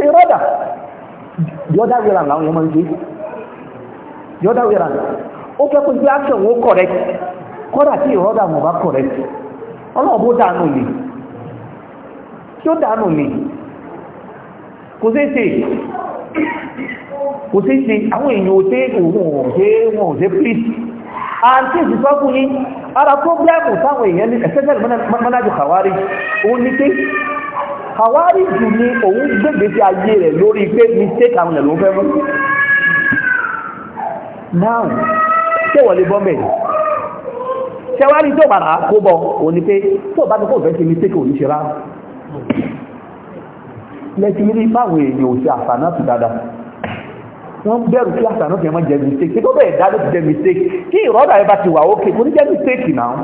rọ́dà tí dánù ní kò sí ṣe kò sí ṣe àwọn èèyàn ò tẹ́ òun òṣè wọn òṣè please àti ìsìnkọ́ fún yí ara pọ́blẹ́mù táwọn èèyàn ní ẹ̀sẹ́sẹ́lì mọ́nájú kàwárí ó ní pé kàwárí jù ní òun gbègbè sí ayé rẹ̀ lórí pé mistake àwọn ẹ̀lò fẹ́ ni lẹ́tí rí báwọn èèyàn ò sí àsànà tó dáadáa wọ́n bẹ̀rù kí àsànà tó yẹ mọ́ jẹ́ mistake tí tó bẹ̀rẹ̀ dá ló ti jẹ́ mistake kí ìrọ́dà ẹ bá ti wà ókè kò ní jẹ́ mistake náà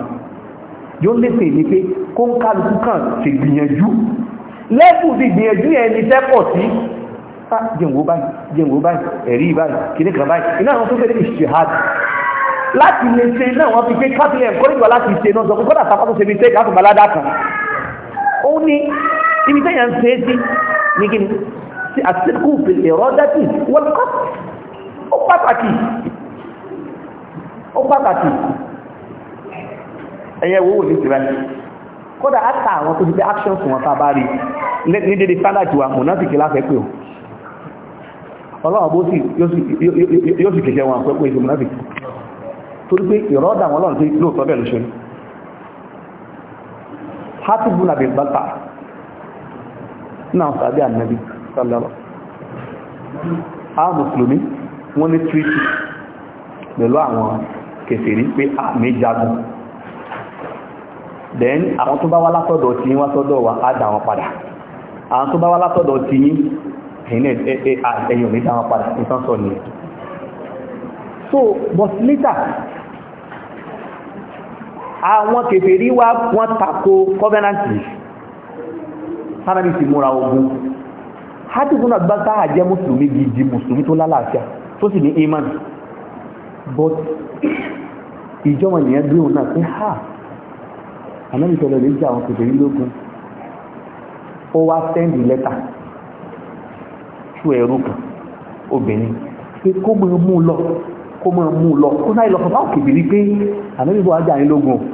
yóò lẹ́sẹ̀ ní pé kó ń kálukú kàn ṣe gbìyànjú lẹ́kù ti gbìyànjú yẹn ní sẹ́pọ̀ sí ah, jẹ̀wò báyìí jẹ̀wò báyìí ẹ̀rí báyìí kìnnìkan báyìí iná àwọn tó fẹ́ ní ìṣèhàd láti lè ṣe náà wọ́n fi pé kábílẹ̀ ẹ̀kọ́ nígbà láti ṣe náà sọ pé kọ́dà sápá tó ṣe mistake á balada kan òun ni ibi tẹ́yà ń ṣe é sí ní kí ni sí àtìkù pèsè rọ́dátì wọ́n kọ́ ó pàtàkì ó pàtàkì ẹ̀yẹ wo wò ní ti báyìí kódà áta àwọn tó ti pé actions wọn tá a bá rí ní dédé standard wa mùnáfìkì láfẹ́ pé o ọlọ́run bó sì yóò sì kẹ̀kẹ́ wọn pẹ́ pé ìṣe mùnáfìkì torí pé ìrọ́dà wọn lọ́run tó lóòótọ́ hatibu na bilbata náà sàbí ànàbí sallọ́lọ́ àwọn mùsùlùmí wọ́n ní tríkì pẹ̀lú àwọn kèfèrí pé àmì jagun then àwọn tó bá wá látọ̀dọ̀ tí wá sọ́dọ̀ wa á dà wọn padà àwọn tó bá wá látọ̀dọ̀ tí ẹ̀yìn ò ní dà wọn padà ìtànsọ̀ ni so but later àwọn kèfèrí wá wọ́n tako covenanti sáàbí ti múra ogun hajjúkú náà bá sáà jẹ́ mùsùlùmí gidi mùsùlùmí tó lálàáfíà tó sì ní iman but ìjọba ènìyàn gbé òun náà pé ha anábìsọ̀lẹ̀ lè jẹ́ àwọn kèfèrí lógun ó wá sẹ́ndì lẹ́tà tú ẹ̀rú kan obìnrin pé kó mọ̀ mú lọ kó mọ̀ mú lọ kó náà lọ fọ́fá òkèbìrí pé ànábìbọ̀ ajáyín lógún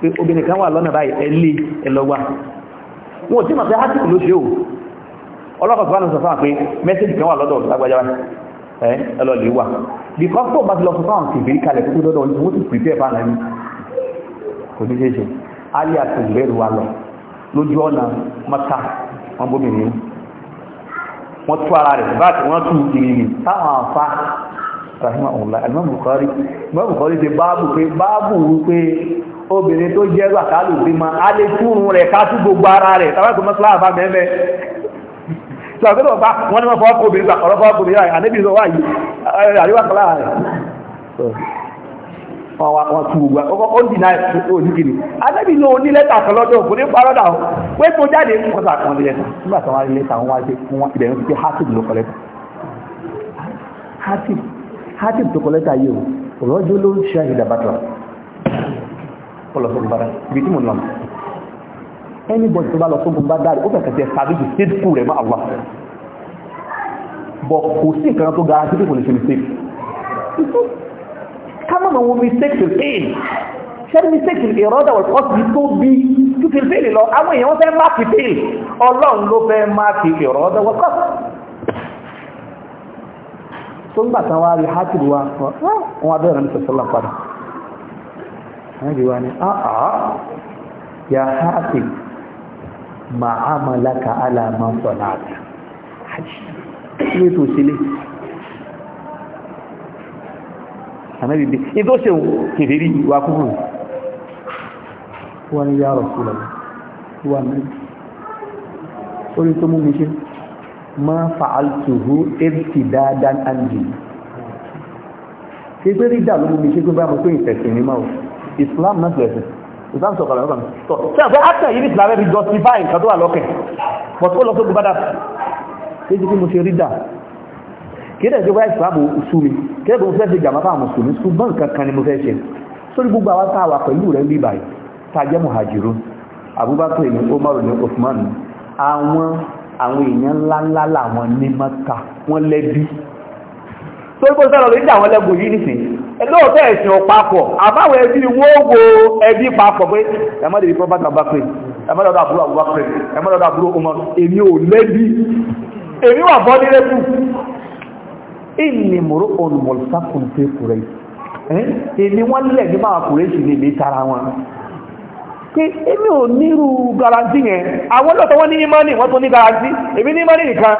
pé obìnrin kan wà lọ́nà báyìí ẹlé ẹlọ́wà wọn tí ma fẹ́ hátìkù ló ṣe ò ọlọ́kọ̀ọ́sọ́ wọn sọ fún wa pé mẹ́sẹ̀jì kan wà lọ́dọ̀ lágbàjáwá ẹ ẹlọ́lẹ̀ wà because tó bá ti lọ sọ fún àwọn kìfèrí kalẹ̀ tó lọ́dọ̀ ní wọ́n ti prepare fún àlàyé kò ní ṣeéṣe alẹ́ àti ìbẹ̀rù wa lọ lójú ọ̀nà mọ́ta wọn bómi nìyẹn wọ́n tú ara rẹ̀ bá rahimahullah imam bukhari imam bukhari ti báàbù pé báàbù wípé obìnrin tó jẹ́ zakalu bímọ a lè túrun rẹ̀ ká tú gbogbo ara rẹ̀ tàbátò mọ́sílá àbá mẹ́mẹ́ sọ̀rọ̀ bá wọ́n ní wọ́n fọwọ́ kóbìnrin gbà ọ̀rọ̀ fọwọ́ kóbìnrin rẹ̀ ànẹ́bí sọ wáyé àríwá kọlá rẹ̀ wọ́n tú gbogbo ó dì náà òní kiri ànẹ́bí ló ní lẹ́tà kan lọ́dọ̀ kò Hatib tó kọ lẹ́tà yìí o rọ́jò ló ń ṣe ìdàbàtọ̀ ọlọ́sọ̀rọ̀ bára ibi tí mo nà anybody tó bá lọ sógun bá dáre ó fẹ̀kẹ̀ tẹ sàbíjì state school rẹ̀ mọ́ àwa bọ̀ kò sí nǹkan tó gara sí pé kò lè ṣe mistake ká má mọ̀ wọn mistake to fail ṣẹ́ni mistake in ìrọ́dà wọ̀ ọ́sì tó bí tó fi fail lọ àwọn èèyàn fẹ́ máàkì fail ọlọ́run ló fẹ́ máàkì tó ń gbà tán wá rí hátìlì wa wọn abẹ́rẹ́ ní sọ̀sọ́lá padà ẹ̀rì wa ni àà ya hátì màá malaka alàmà sọ̀nà àti ní ètò òṣèlè ànábìbí ní tó ṣe kèfèrí ìwà kúrò wọn ni yá rọ̀ sílẹ̀ wọn ni orí tó mú mi ṣe ma fa'altuhu ibtidadan anji ṣe pé rí dàlú mi ṣe pé bá mọ̀ pé ìfẹ̀sìn ní máa islam náà fẹ̀sìn islam sọ̀kọ̀lọ̀ ọ̀kan tọ́ ṣe àfẹ́ after yìí islam ẹ̀rí justify nǹkan tó wà lọ́kẹ̀ but ó lọ tó gbọ́dá ṣe jẹ́ pé mo ṣe rí dà kéde ṣe wá islam sú mi kéde bó fẹ́ ṣe jàmá fáwọn mùsùlùmí ṣùgbọ́n nǹkan kan ni mo fẹ́ ṣe sórí gbogbo àwa táwa pẹ̀lú rẹ̀ ń bí báyìí tá a jẹ́ muhajirun abubakar ni omar ni osman àwọn àwọn èèyàn ńláńlá làwọn ní mọ́ta wọ́n lẹ́bí tó ń kó sọ́rọ̀ lè dà wọ́n lẹ́gbò yìí nìsìn lóòótọ́ ẹ̀sìn ọ̀pápọ̀ àbáwọn ẹbí wọ́n wo ẹbí papọ̀ pé ẹmọ́dé ìfọ́ bá tàbá pé ẹmọ́dọ̀dọ̀ àbúrò àbúrò pé ẹmọ́dọ̀dọ̀ àbúrò ọmọ èmi ò lẹ́bí èmi wà bọ́ nílé kù ìní mòró ọ̀nùmọ̀lùsákùn pé kùrẹ́ èmi wọ́n lẹ̀ ní máa kùrẹ́ sí ní ìlé tara wọn pé èmi ò nírú garanti yẹn àwọn lọ́tọ̀ wọ́n ní imani wọ́n tó ní garanti èmi ní imani nìkan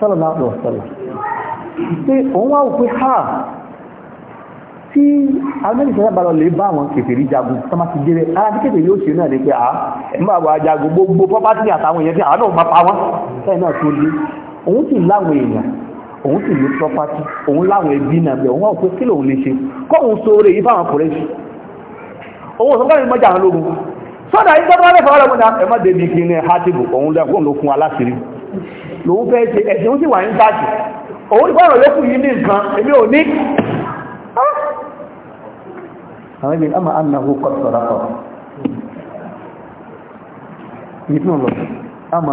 sallallahu pe wasallam pé òun wá òpin ha tí amẹ́rìkẹ́ bá lọ lè bá àwọn kèfèrí jagun tó máa ti jẹ́rẹ́ ara tí kèfèrí ó ṣe náà ah, ní pé ajagun gbogbo na owó sọ́kọ́ ní mọ́jà àwọn so sọ́dà yìí tọ́tọ́ lẹ́fọ́ ọ̀rọ̀ múná ẹ má débi kí ní hátìbù òun lẹ́kùn ló fún aláṣìírí lòun fẹ́ ṣe ẹ̀sìn ó sì wà ní táàkì òun nípa ní ama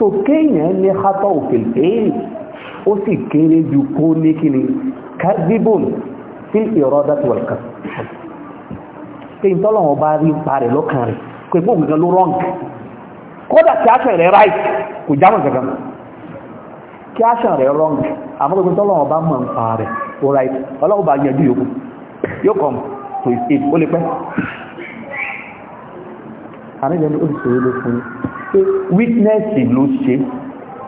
so kéèyàn ní hátọ́ òfin èyí ó sì kéré ju kó ní kíni kadibon sí ìrọ́dá tí wọ́n kàn pé ìtọ́lọ́wọ́n bá rí pa rẹ̀ lọ́kàn rẹ̀ pé fún òmìnira ló rọ́ǹk kódà kí aṣọ rẹ̀ ráì kò jámọ̀ kankan kí aṣọ rẹ̀ rọ́ǹk àmọ́ pé bá mọ̀ ń pa rẹ̀ ó ráì ọlọ́wọ́ bá yanjú yòókù yóò kọ̀ tó ìsìn ó lè pẹ́ àníjẹ́ ó sì ṣòro ló fún yín pé witness ló ṣe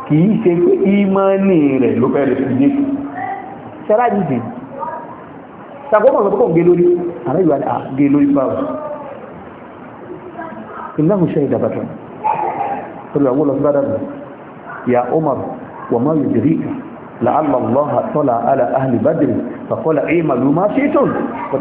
kìí ṣe pé ìmọ́ni rẹ̀ ló fẹ́ rẹ̀ ṣẹ́rájìdì ṣàkóbọ̀ sọ pọ̀ gẹ lórí ààrẹ ìwà gẹ lórí báwọ̀ ìlànà ṣe ìdàbàtà olùwàwó lọ bá dàbà ya Umar wa ma yudrika la'alla Allah tala ala ahli Badr fa qala ma shi'tum qad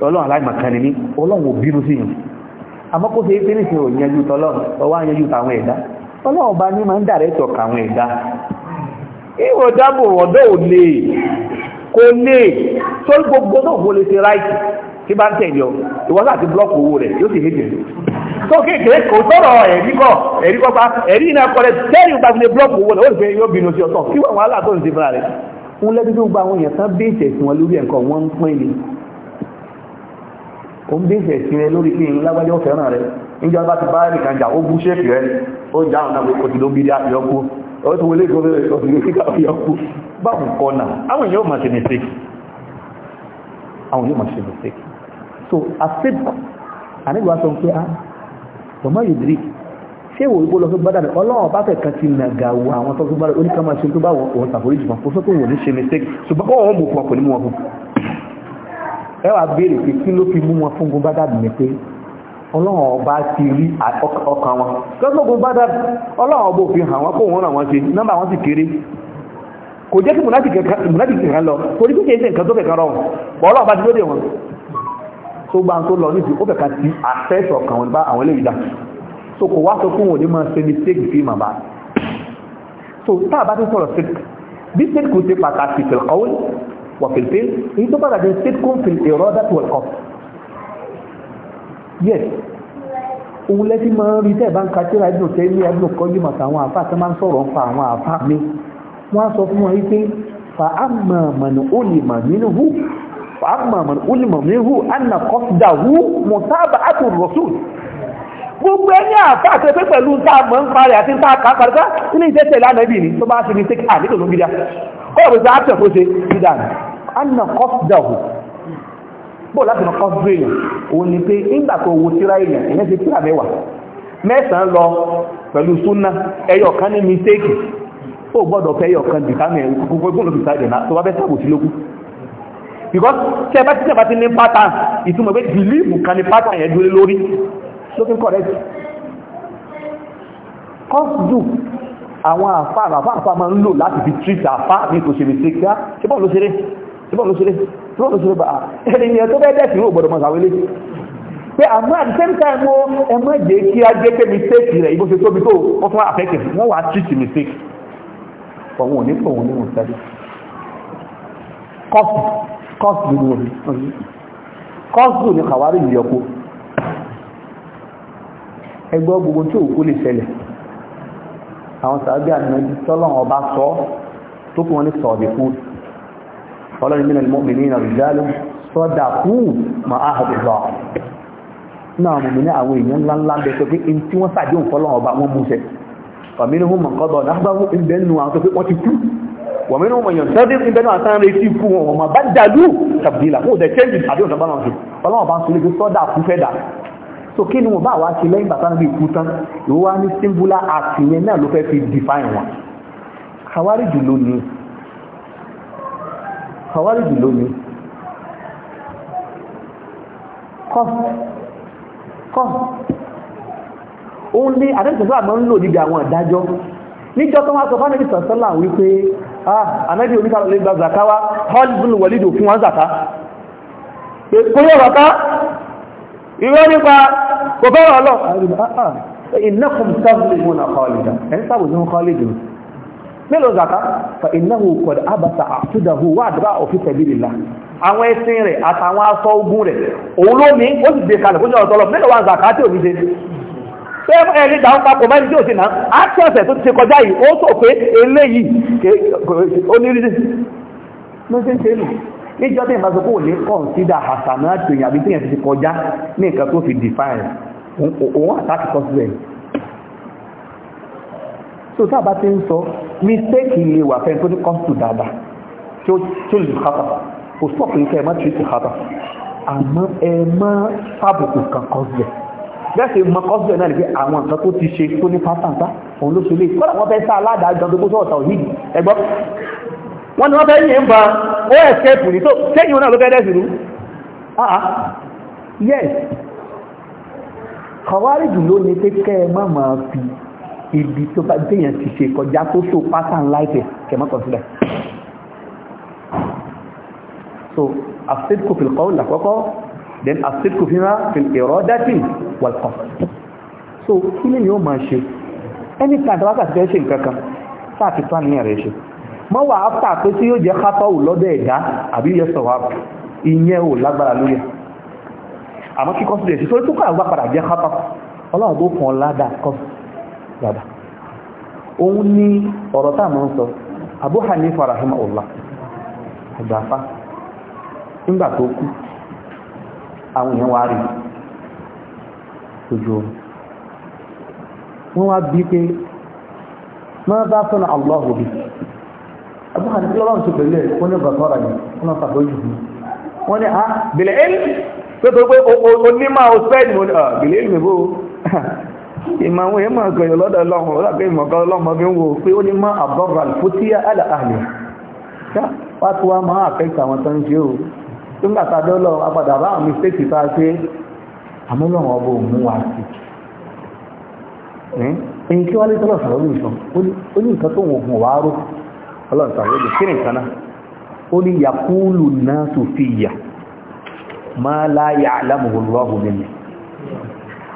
ọlọ́run aláìmọ̀kan ni mí ọlọ́run ò bínú sí yìí àmọ́ kó ṣe pé nísìnyí òyìn ẹjú tọlọ́run ọwọ́ àyẹjú tàwọn ẹ̀dá ọlọ́run bá ní máa ń dàrẹ́ tọ̀ kàwọn ẹ̀dá ìwò dábò ọ̀dọ́ ò lè kò lè tó gbogbo náà kò lè ṣe ráìtì tí bá ń tẹ̀lé ọ ìwọ́n àti blọ́ọ̀kù owó rẹ̀ yóò sì héjì tó kéèkéé kò sọ̀rọ̀ ẹ̀rí kọ́ ẹ̀rí kọ́ bá ẹ̀rí iná gbà wọ́n wà tán bí ìṣẹ̀sìn wọn lórí ẹ̀kọ́ wọn ń pín ni ó ń bèèrè sí rẹ lórí pé lágbájọ́ fẹ́ràn rẹ níjọ́ bá ti bá nìkan jà ó bú ṣéèkì rẹ ó ń dáhùn náà pé kò ti ló bí dá yọkú ó ti wọlé ìgbọ́n òsìlè síkà yọkú báwọn kọ́nà àwọn èèyàn máa ṣe mistake àwọn èèyàn máa ṣe mistake so accept àníwá sọ pé ah bọ̀mọ́ yìí dìrí ṣé ìwò ìgbó lọ sí gbádà rẹ̀ ọlọ́run bá fẹ̀ kan ti nà ga wo àwọn tó gbádà oníkàmọ́ ṣe tó bá wọn òun ṣàforíjì kan ó sọ pé wọn ò ní ṣe mistake ṣùgbọ́n kọ́ wọn mú fún ọkùnrin mú wọn fún ẹ wàá béèrè pé kí ló fi mú wọn fún gun bádàbí ni pé ọlọ́run ọba ti rí ọkàn wọn lọ́sọ̀ gun bádàbí ọlọ́run ọba òfin hàn wọn kó wọn ràn wọn ṣe nọ́mbà wọn sì kéré kò jẹ́ kí mùnádì kankan lọ torí kí ẹsẹ̀ nǹkan tó fẹ̀ rọrùn bọ́ ọlọ́run ọba ti lóde wọn tó gbà tó lọ níbi ó fẹ̀ ti àfẹ́sọ̀ kan wọn bá àwọn eléyìí dà so kò wá sọ fún òní máa ṣe mistake so tá a bá ti sọ̀rọ̀ sí bí sẹ́kù ti pàtàkì وفي الفيل يعتبر جنسيتكم في الإرادة والقصد yes òun lẹ́tí máa ń rí tẹ́ ẹ̀ bá ń ka tíra ẹ̀dùn tẹ́ ní ẹ̀dùn kọ́jú mọ̀ sí àwọn àfa àti máa ń sọ̀rọ̀ nípa àwọn àfa mi wọ́n á sọ fún wọn wípé fàámà mọ̀nà ó lè mọ̀ nínú hù fàámà mọ̀nà ó lè mọ̀ nínú hù àna kọ́sídà hù mọ̀sáàbà àti rọ̀sùn gbogbo ẹni àfa àti ẹgbẹ́ pẹ̀lú tá mọ̀ ń parẹ́ àti tá kà á parẹ́ ilé ìjẹ́sẹ̀ lánàá ibì ni tó bá ṣe ní anna kọ́sìdàhù bó láti nà kọ́sìdà èèyàn òun ni pé nígbà tó wo tíra èèyàn èèyàn ti tíra mẹ́wàá mẹ́sàn-án lọ pẹ̀lú súnà ẹyọ kan ní mistake ó gbọ́dọ̀ fẹ́ ẹyọ kan dìtámì gbogbo gbọ́n ló fi sáà dènà tó bá bẹ́ sábò sí lókù because tí ẹ bá tí ẹ bá ti ní pátá ìtumọ̀ pé bìlíìfù kan pattern. pátá yẹn dúró So lókè correct kọ́sìdù àwọn àfáà àfáà máa ń lò láti fi treat àfáà ní kò ṣe mistake ìbọn ló ṣeré ìbọn ló ṣeré bá a ènìyàn tó bẹ́ẹ̀ dẹ̀sí ìwògbọ̀dọ̀ mọ̀ sàwélé pé àmọ́ at the same time ó ẹ má jẹ́ kí á jẹ́ pé mistake rẹ̀ ìbò ṣe tóbi tó wọ́n fún àfẹ́kẹ̀ wọ́n wà á treat mistake ọ̀hún ò ní pọ̀ òun ní mo sáré kọ́ọ̀sì kọ́ọ̀sì ni mo rí kọ́ọ̀sì ni kàwárí ìyọkó ẹgbọ́ gbogbo tí òkú lè ṣẹlẹ̀ àwọn sàábí àdìmọ́jú tọ́lọ́ ọba sọ tó fún wọn ní sọ̀ọ̀dẹ̀ fún ọlọ́rin mínà mọ́mìnì náà rìjálù sọ́dà fún ma áhàbìlọ́ náà mọ̀mìnì àwọn èèyàn ńláńlá bẹ tó pé in tí wọ́n sàdé òun fọ́lọ́ ọba wọn múṣẹ wàmínú hùn mọ̀kọ́dọ̀ lágbàwó ìbẹ̀ nù àwọn tó pé wọ́n ti kú wàmínú hùn mọ̀yàn sẹ́dí ìbẹ̀ náà sáré sí fún wọn wọn bá dàlú tàbílà fún òdẹ chẹ́ǹjì àbí òdàbà náà ṣe ọlọ́wọ́n bá ń sọ sọ́dà fún fẹ́ dà so kí ni wọn bá wá ṣe lẹ́yìn bàtà náà bí ikú tán ìwọ́n wá ní singular act yẹn náà fi define wọn kàwárí jù lónìí kọwàríjì lómi kọ́ òun ní àdẹ́sẹ̀sọ́ àgbọn ń lò níbi àwọn ìdájọ́ níjọ́ tó wá sọ fánàbí sọ̀sọ́là wípé ah, ànábì oníkàlọ̀ lè gba zakawa hallbun wọlídò fún wọn zaka pé kó yẹ wọ́ká ìwọ́ nípa kò fẹ́ràn ah, ah, ọlọ́ mélòó zaka fa ináwó kọ̀dà abasa àtúndàhù wà dùbà òfin sabilillah àwọn ẹṣin rẹ̀ àtàwọn aṣọ ogun rẹ̀ òun ló ní ó sì gbé kalẹ̀ kó ní ọ̀tọ̀ lọ mélòó wà zaka tí òun ṣe pé ẹni dà ń papọ̀ mẹ́rin tí ò sí náà á tí ọ̀sẹ̀ tó ti ṣe kọjá o ó sọ pé eléyìí onírídì ló ṣe ń ṣe nù níjọ́ tí ìbáṣepọ̀ kò ní kọ̀ǹsídà àṣà náà tòyìn àbí tí yẹn ti ṣe kọjá ní nǹkan tó fi define òun àtàkì kọ́sílẹ̀ yìí so tá a bá ti ń sọ mistake lè wà fẹ́ tó ní come to dada tí ó lè kàtà kò sọ pé kẹ́ ẹ má tìrìtì kàtà àmọ́ ẹ má fábùkù kan kọ́sílẹ̀ bẹ́ẹ̀ sì mọ kọ́sílẹ̀ náà lè fi àwọn nǹkan tó ti ṣe tó ní pátáǹtá òun ló ṣe lè kọ́dà wọ́n fẹ́ sá aládàá gan gbogbo sọ̀tà òhìdì ẹgbọ́ wọ́n ní wọ́n fẹ́ yìn ba ó ẹ̀sẹ̀pù ní tó sẹ́yìn náà ló fẹ́ dẹ́sì rú ah, ah. yes kọ̀wárìjù ló ní pé kẹ́ ẹ má máa fi ibi tó bá déyàn ti ṣe kọjá tó ṣò pattern life kẹmọ́ consider so asidku fil qawl lakọ́kọ́ then asidku fi máa fil iradati wal qasd so kí ni yóò máa ṣe anytime tó wákàtí fẹ́ ṣe nǹkan kan sáàtì tó àníyàn rẹ̀ ṣe mọ́ wà áfà pé tí yóò jẹ́ kápáwù lọ́dọ̀ ẹ̀dá àbí yẹ sọ̀wà ìyẹn ò lágbára lórí àmọ́ kí consider ṣe tó tó kọ́ àwọn padà jẹ́ kápáwù ọlọ́run tó fún ọ ládàá kọ́sì dáadáa òun ni ọ̀rọ̀ táà mọ́ ń sọ Abu Hanifa rahimahullah àgbàfá nígbà tó kú àwọn èèyàn wá rí ojú omi Allahu bi Abu Hanifa lọ́wọ́n ti pẹ̀lú ẹ̀ wọ́n ní gbàtọ́ra yìí wọ́n náà wọ́n ní ah, pé [laughs] ìmọ̀ àwọn èèmọ̀ àgbẹ̀yàn lọ́dọ̀ ọlọ́run ọlọ́gbẹ̀ ìmọ̀ká ọlọ́mọ bí ń wo pé ó ní mọ́ àbọ́bà fútíyà aláàlẹ̀ wá tó wá máa àfẹ́kì àwọn tó ń ṣe o tó ń gbàtà dọ́lọ́ apàdà bá àwọn mistéèkì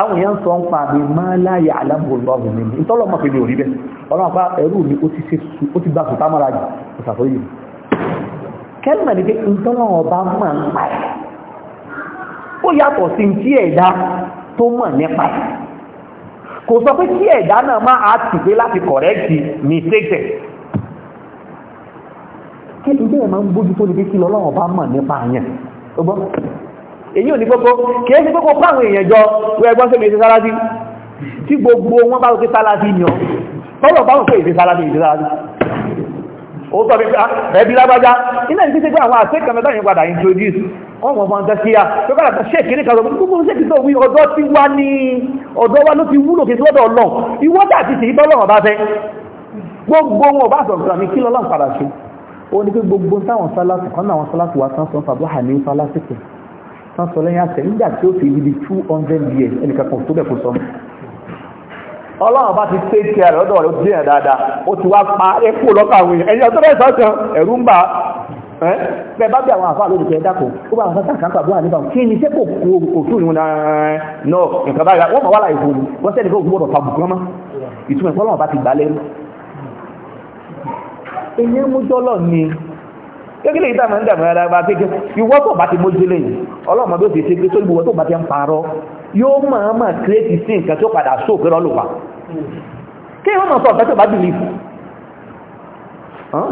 àwọn èèyàn sọ ń pa àmì máa láyà aláàbòlọ́bù mi ní ìtọ́lọ́ mọ̀ pé mi ò rí bẹ́ẹ̀ ọlọ́run pa ẹrú mi ó ti ṣe ó ti gba sùtá mọ́ra jù ó ṣàfọyé mi kẹ́lìmà ní pé ìtọ́lọ́ ọba máa ń pa ẹ̀ ó yàtọ̀ sí tí ẹ̀dá tó mọ̀ nípa kò sọ pé kí ẹ̀dá náà máa á ti pé láti kọ̀rẹ́ẹ̀tì mistake kẹ́lìmà máa bójú tó ní pé kí lọ́lọ́run ọba mọ̀ nípa àyàn èyí ò ní kókó kìí sí kókó fún àwọn èèyàn jọ wọ ẹgbọ́n sí mi ṣe sálábí tí gbogbo wọn bá wọ́n sálábí ni ọ tọ́lọ̀ bá wọ́n pé ìṣe sálábí ìṣe sálábí ó tọ́ ah, bí ẹbí lágbájá iná ìdí introduce wọ́n mọ̀ fún tẹ́síyà tó kọ́lá ṣe kìíní kan sọ̀rọ̀ gbogbo ṣe kìí tó wí ọ̀dọ̀ ti wá ní ọ̀dọ̀ wa ló ti wúlò kìí lọ́dọ̀ ọlọ́ ìwọ́dà ti sì bọ́lọ̀ ọ̀bá fẹ́ gbogbo wọn ọba sọ̀rọ̀ mi kí lọ́lọ́ padà ṣe ó ní pé gbogbo táwọn sálásì kan náà wọn sálásì wa tán sọ fàbọ́ hàní sánsọ lẹ́yìn àṣẹ nígbà tí ó fi ibi two hundred years ẹnìkan kan tó bẹ̀ kó sọ ọlọ́run bá ti pé kí ẹ̀rọ ọ̀dọ̀ rẹ̀ ó dín ẹ̀ dáadáa ó ti wá pa epo lọ́kọ̀ àwọn èèyàn ẹ̀yìn ọ̀tọ́ bẹ́ẹ̀ sọ́kàn ẹ̀rú ń bà ẹ́ bẹ́ẹ̀ bá bí àwọn àfáà lórí kẹ́ dákò ó bá àwọn sáńtà kan pàdé àníbà kí ni sẹ́kò òtún ìwọ̀n náà nǹkan báyìí wọ́n mọ̀ wá láì fún wọ́n sẹ́ni kó gbọ́dọ̀ kékeré yìí dàmú dàmú ara wa kékeré ìwọ tó bá ti mójú lẹ́yìn ọlọ́mọ bí ó ti ṣe pé sórí ìwọ tó bá ti ń parọ́ yóò máa máa kírètì sí nǹkan tó padà sóò pé rọ́lù wa kí wọ́n máa sọ ọ̀fẹ́ tó bá bìlì fún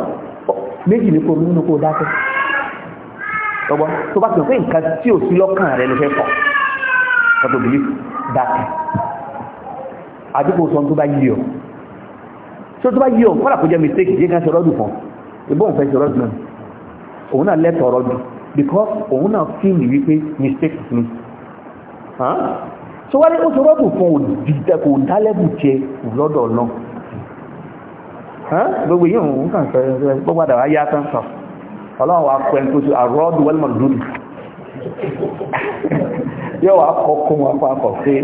méjì ní kò nínú kò dákẹ́ ọgbọ́n tó bá sọ pé nǹkan tí ò sí lọ́kàn rẹ̀ ló fẹ́ pọ̀ kọ́tò bìlì dákẹ́ àdúgbò sọ tó bá yí ọ ìbọn fẹ́ ṣe rọ́dù náà òun náà lẹ́tọ̀ ọ̀rọ̀ bí because òun náà fíìm wípé mistake ni so wáyé ó sọ rọ́bù fún kò dálẹ́bù jẹ lọ́dọ̀ náà gbogbo yìí òun kàn sọ gbogbo àdàwà yá tán sọ ọlọ́run wa kọ ẹni tó ṣe àrọ́dù wẹ́lmọ̀ lórí [laughs] yóò wá kọ kún wọn pa kọ pé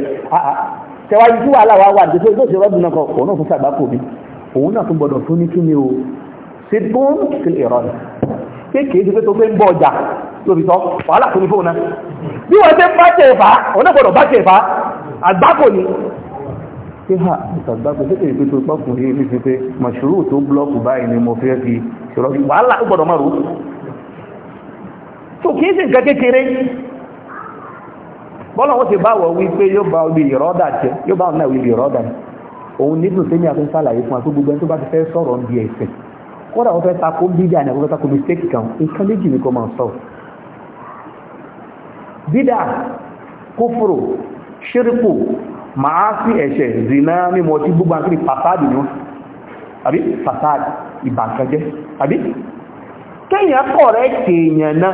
tẹwàá ju wàhálà wa wà nítorí tó ṣe rọ́bù náà kọ òun náà fún sàgbákò mi ni o ṣe tó ń kí eke kìí ṣe pé tó fẹ́ ń bọ̀ ọjà tó fi sọ wàhálà tó ní náà bí wọ́n ṣe ń bá ṣe gbọ́dọ̀ àgbákò ni ha ìtàgbàgbé tó kèrè pé tó pọ́kùn yìí ní fi màṣúrù tó búlọ́ọ̀kù báyìí ni mo fẹ́ fi ṣọ̀rọ̀ wàhálà ó gbọ́dọ̀ márùn tó kìí ṣe nǹkan kékeré bọ́lá wọ́n ti bá wípé yóò bá kódà wọ́n fẹ́ takò bídà ní àwọn tako mistake kan nǹkan méjì ní kò máa sọ bídà kófòrò ṣírípù máa sí ẹ̀ṣẹ̀ zina mímọ̀ tí gbogbo àti pàtàdì ní wọ́n àbí pàtàdì ìbànkanjẹ́ àbí kéèyàn kọ̀ rẹ̀ kéèyàn náà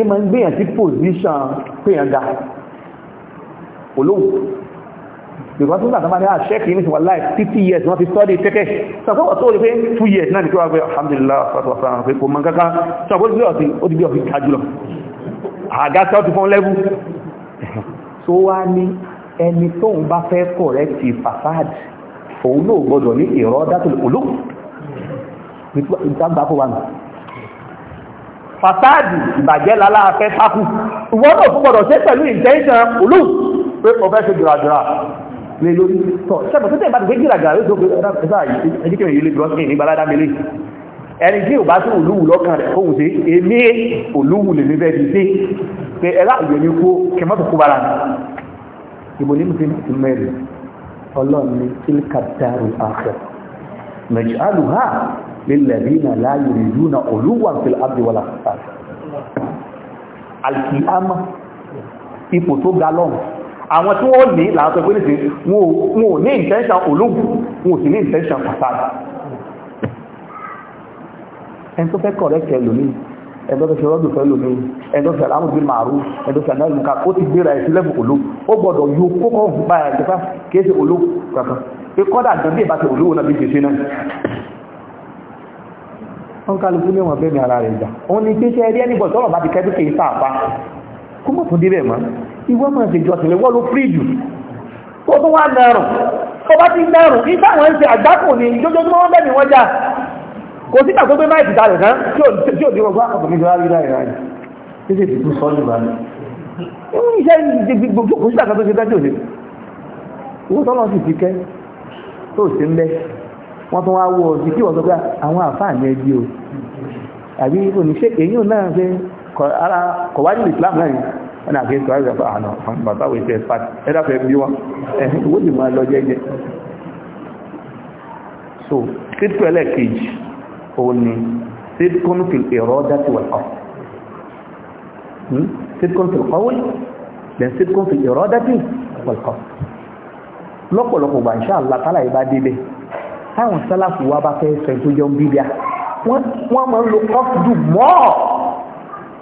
ìmọ̀ ń gbéyàn sí pòsíṣàn péyàn ga olóhùn because nígbà tó bá dáa ṣẹ́kì ní wà láì 50 years wọ́n ti study tẹ́kẹ́ sọ́kọ́ tó rí pé 2 years náà ní kí wá pé alhamdulillah fàtàwà fàtàwà pé kò mọ́ kankan sọ́kọ́ tí ó ti ó ti bí ọ̀fí tajúlọ àgá tó ti fún lẹ́bù tó wá ní ẹni tó ń bá fẹ́ correct facade òun náà gbọdọ̀ ní ìrọ́ dátìlì olú fasadi ìbàjẹ́ lálá afẹ́ sákú ìwọ́n náà fún gbọdọ̀ ṣe pẹ̀lú intention olú pé professor jùlọ jùlọ lé lórí tọ̀ sẹ́pọ̀ tó tẹ́ ìbá ti gbé gíràgà ló tó gbé ẹ̀dá ẹ̀díkẹ̀rẹ̀ yìí lè gbọ́ sí ìnígbà ládá mélé ẹni tí ò bá tún òlúwù lọ́kàn rẹ̀ kóhùn sí èmi òlúwù lè níbẹ̀ ti sí pé ẹlá ìwé ní kó kẹmọ́tò kó bára ìbò àwọn tí wọ́n ní làwọn sọ pé ní sí wọn ò ní intention ológun wọn ò sì ní intention fasad ẹni tó fẹ́ correct ẹlòmíì ẹni tó fẹ́ ṣe rọ́dù fẹ́ lòmíì ẹni tó fẹ́ alámùbí màrú ẹni tó fẹ́ náà lùkà ó ti gbéra ẹ̀sìn lẹ́fù ológun ó gbọ́dọ̀ yóò kókó bá ẹ̀ nípa kìí ṣe ológun kankan pé kọ́dà gan bí ìbáṣe ológun náà bí ṣe ni ara rẹ̀ gbà òun ni kó mọ̀ tó dé bẹ̀ mọ́ ìwọ máa ṣe jọ sílẹ̀ wọ́n ló fírí jù tó tún wá nẹrùn tó bá ti nẹrùn ní táwọn ń ṣe àgbákò ní jójó tí wọ́n bẹ̀ ní wọ́n já kò sí tàbí pé máìkì ta rẹ̀ tán tí ò ní wọ́n gbá ọkọ̀ ah, nígbà rí láì ráì tí sì tún sọ jù bá ní. iṣẹ́ gbogbo kò sí tàbí tó ṣe dájú òṣèlú ìwọ́n tọ́lọ́ sì ti kẹ́ tó ṣe ń bẹ́ wọ́n tún wá wọ ah, o àbí kò ní ṣe èyí náà fẹ́ ara kọ̀ wá nílùú Islam náà ni wọ́n náà fi sọ àìsàn fún àwọn bàbá wo ìfẹ́ fat ẹ̀dá fẹ́ bí wọn ìwé sì máa lọ jẹ́jẹ́ so títú ẹlẹ́ẹ̀kejì òun ni títún fi èrò ọjà ti wà kọ́ títún fi kọ́wé then títún fi èrò ọjà ti wà kọ́ lọ́pọ̀lọpọ̀ gbà insha Allah tálà yìí bá débẹ̀ táwọn sálàfù wa bá fẹ́ sọ ìtújọ́ ń bíbíà wọ́n máa ń lo mọ́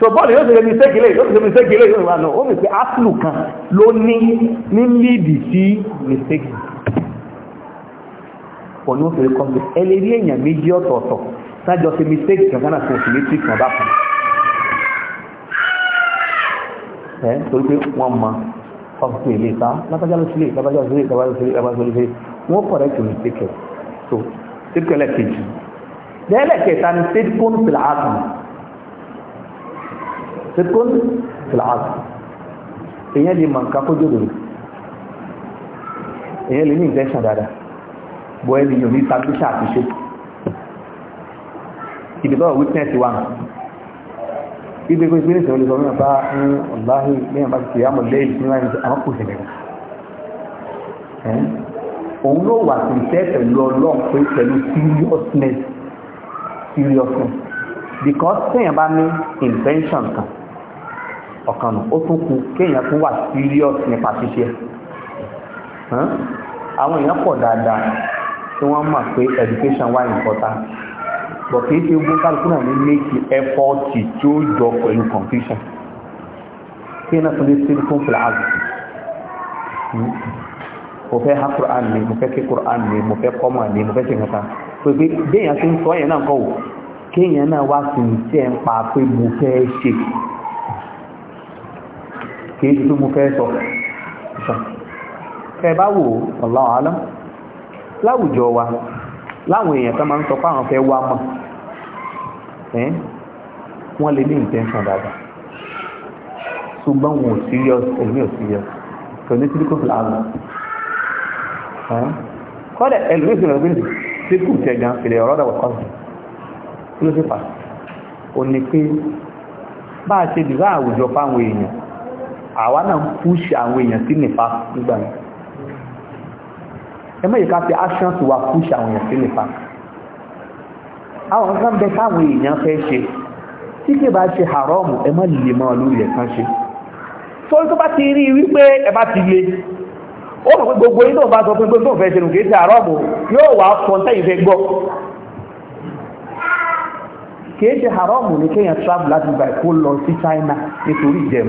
so bọ́ọ̀lù yóò ṣe mistake lè yóò ṣe mistake lè yóò rànà ó mẹ́sẹ̀ áṣìlù kan ló ní ní líìdì sí mistake pọ̀ ní òṣèré kọ́mpì ẹlẹ́ rí èèyàn méjì ọ̀tọ̀ọ̀tọ̀ sájọ ṣe mistake kankan àti òṣèlétí kan bá kan ẹ torí pé wọ́n mọ ọ̀sẹ̀ ilé ìta lápájá ló sílé lápájá ló sílé lápájá ló sílé lápájá ló sílé wọ́n kọ̀ rẹ̀ tó mistake so mistake ẹlẹ́kejì lẹ́ẹ̀lẹ́kẹta ni state phone fìlà áàtùn sẹ́kọ́n fìlàásì èyàn lè mọ̀ nǹkan kójò lòrò èyàn lè ní ìfẹ́ṣàn dáadáa bọ́ ẹni yóò ní tàbíṣà àti ṣe ìdìbọ̀ witness wa ibi kò ìpínlẹ̀ ìṣẹ̀wọ̀n lè sọ mẹ́rin bá ń ọ̀láhì mẹ́rin bá ti ṣe àmọ̀ lẹ́yìn tí wọ́n àwọn kò ṣẹlẹ̀ òun ló wà sí ìfẹ́ pẹ̀lú ọlọ́run pé pẹ̀lú seriousness seriousness because téèyàn bá ní invention kan ọ̀kan ó tún kéèyàn tún wà serious nípa ṣíṣe àwọn èèyàn pọ̀ dáadáa tí wọ́n mọ̀ pé education wà important but kì í ṣe gbogbo kálukú náà ní méjì effort tí ó jọ pẹ̀lú confusion kí náà tún lè ṣe fún flag mo fẹ́ ha quran ni mo fẹ́ quran ni mo fẹ́ kọ́mọ̀ ni mo fẹ́ ṣe nǹkan pé pé ti ń sọ náà kọ́ wá sí ní ń kìí ti tó mú fẹ́ sọ ẹ bá wò Allahu alam láwùjọ wa láwọn èèyàn tó máa ń sọ fáwọn fẹ́ wá mọ̀ wọ́n lè ní intention dáadáa ṣùgbọ́n wọn ò serious èmi ò serious kò ní sílíkò fìlànà kọ́dẹ̀ ẹlùmí ìsìnkú ìgbìyànjú tí kù bá a ṣe dìbò àwùjọ fáwọn èèyàn àwa náà púṣì àwọn èèyàn sí nìfà nígbà yẹn ẹ mọ̀ yìí ká fi actions wa púṣì àwọn èèyàn sí nìfà àwọn kan bẹ káwọn èèyàn fẹ́ ṣe tí kì bá ṣe haram ẹ mọ̀ lè mọ́ lórí ẹ̀ kan ṣe torí tó bá ti rí wípé ẹ bá ti le ó mọ̀ pé gbogbo yìí tó bá sọ pé gbogbo tó fẹ́ ṣe nù kì í ṣe haram yóò wá sọ tẹ́yìn fẹ́ gbọ́ kìí ṣe haramu ní kéèyàn travel láti gbà kó lọ sí China nítorí ìjẹun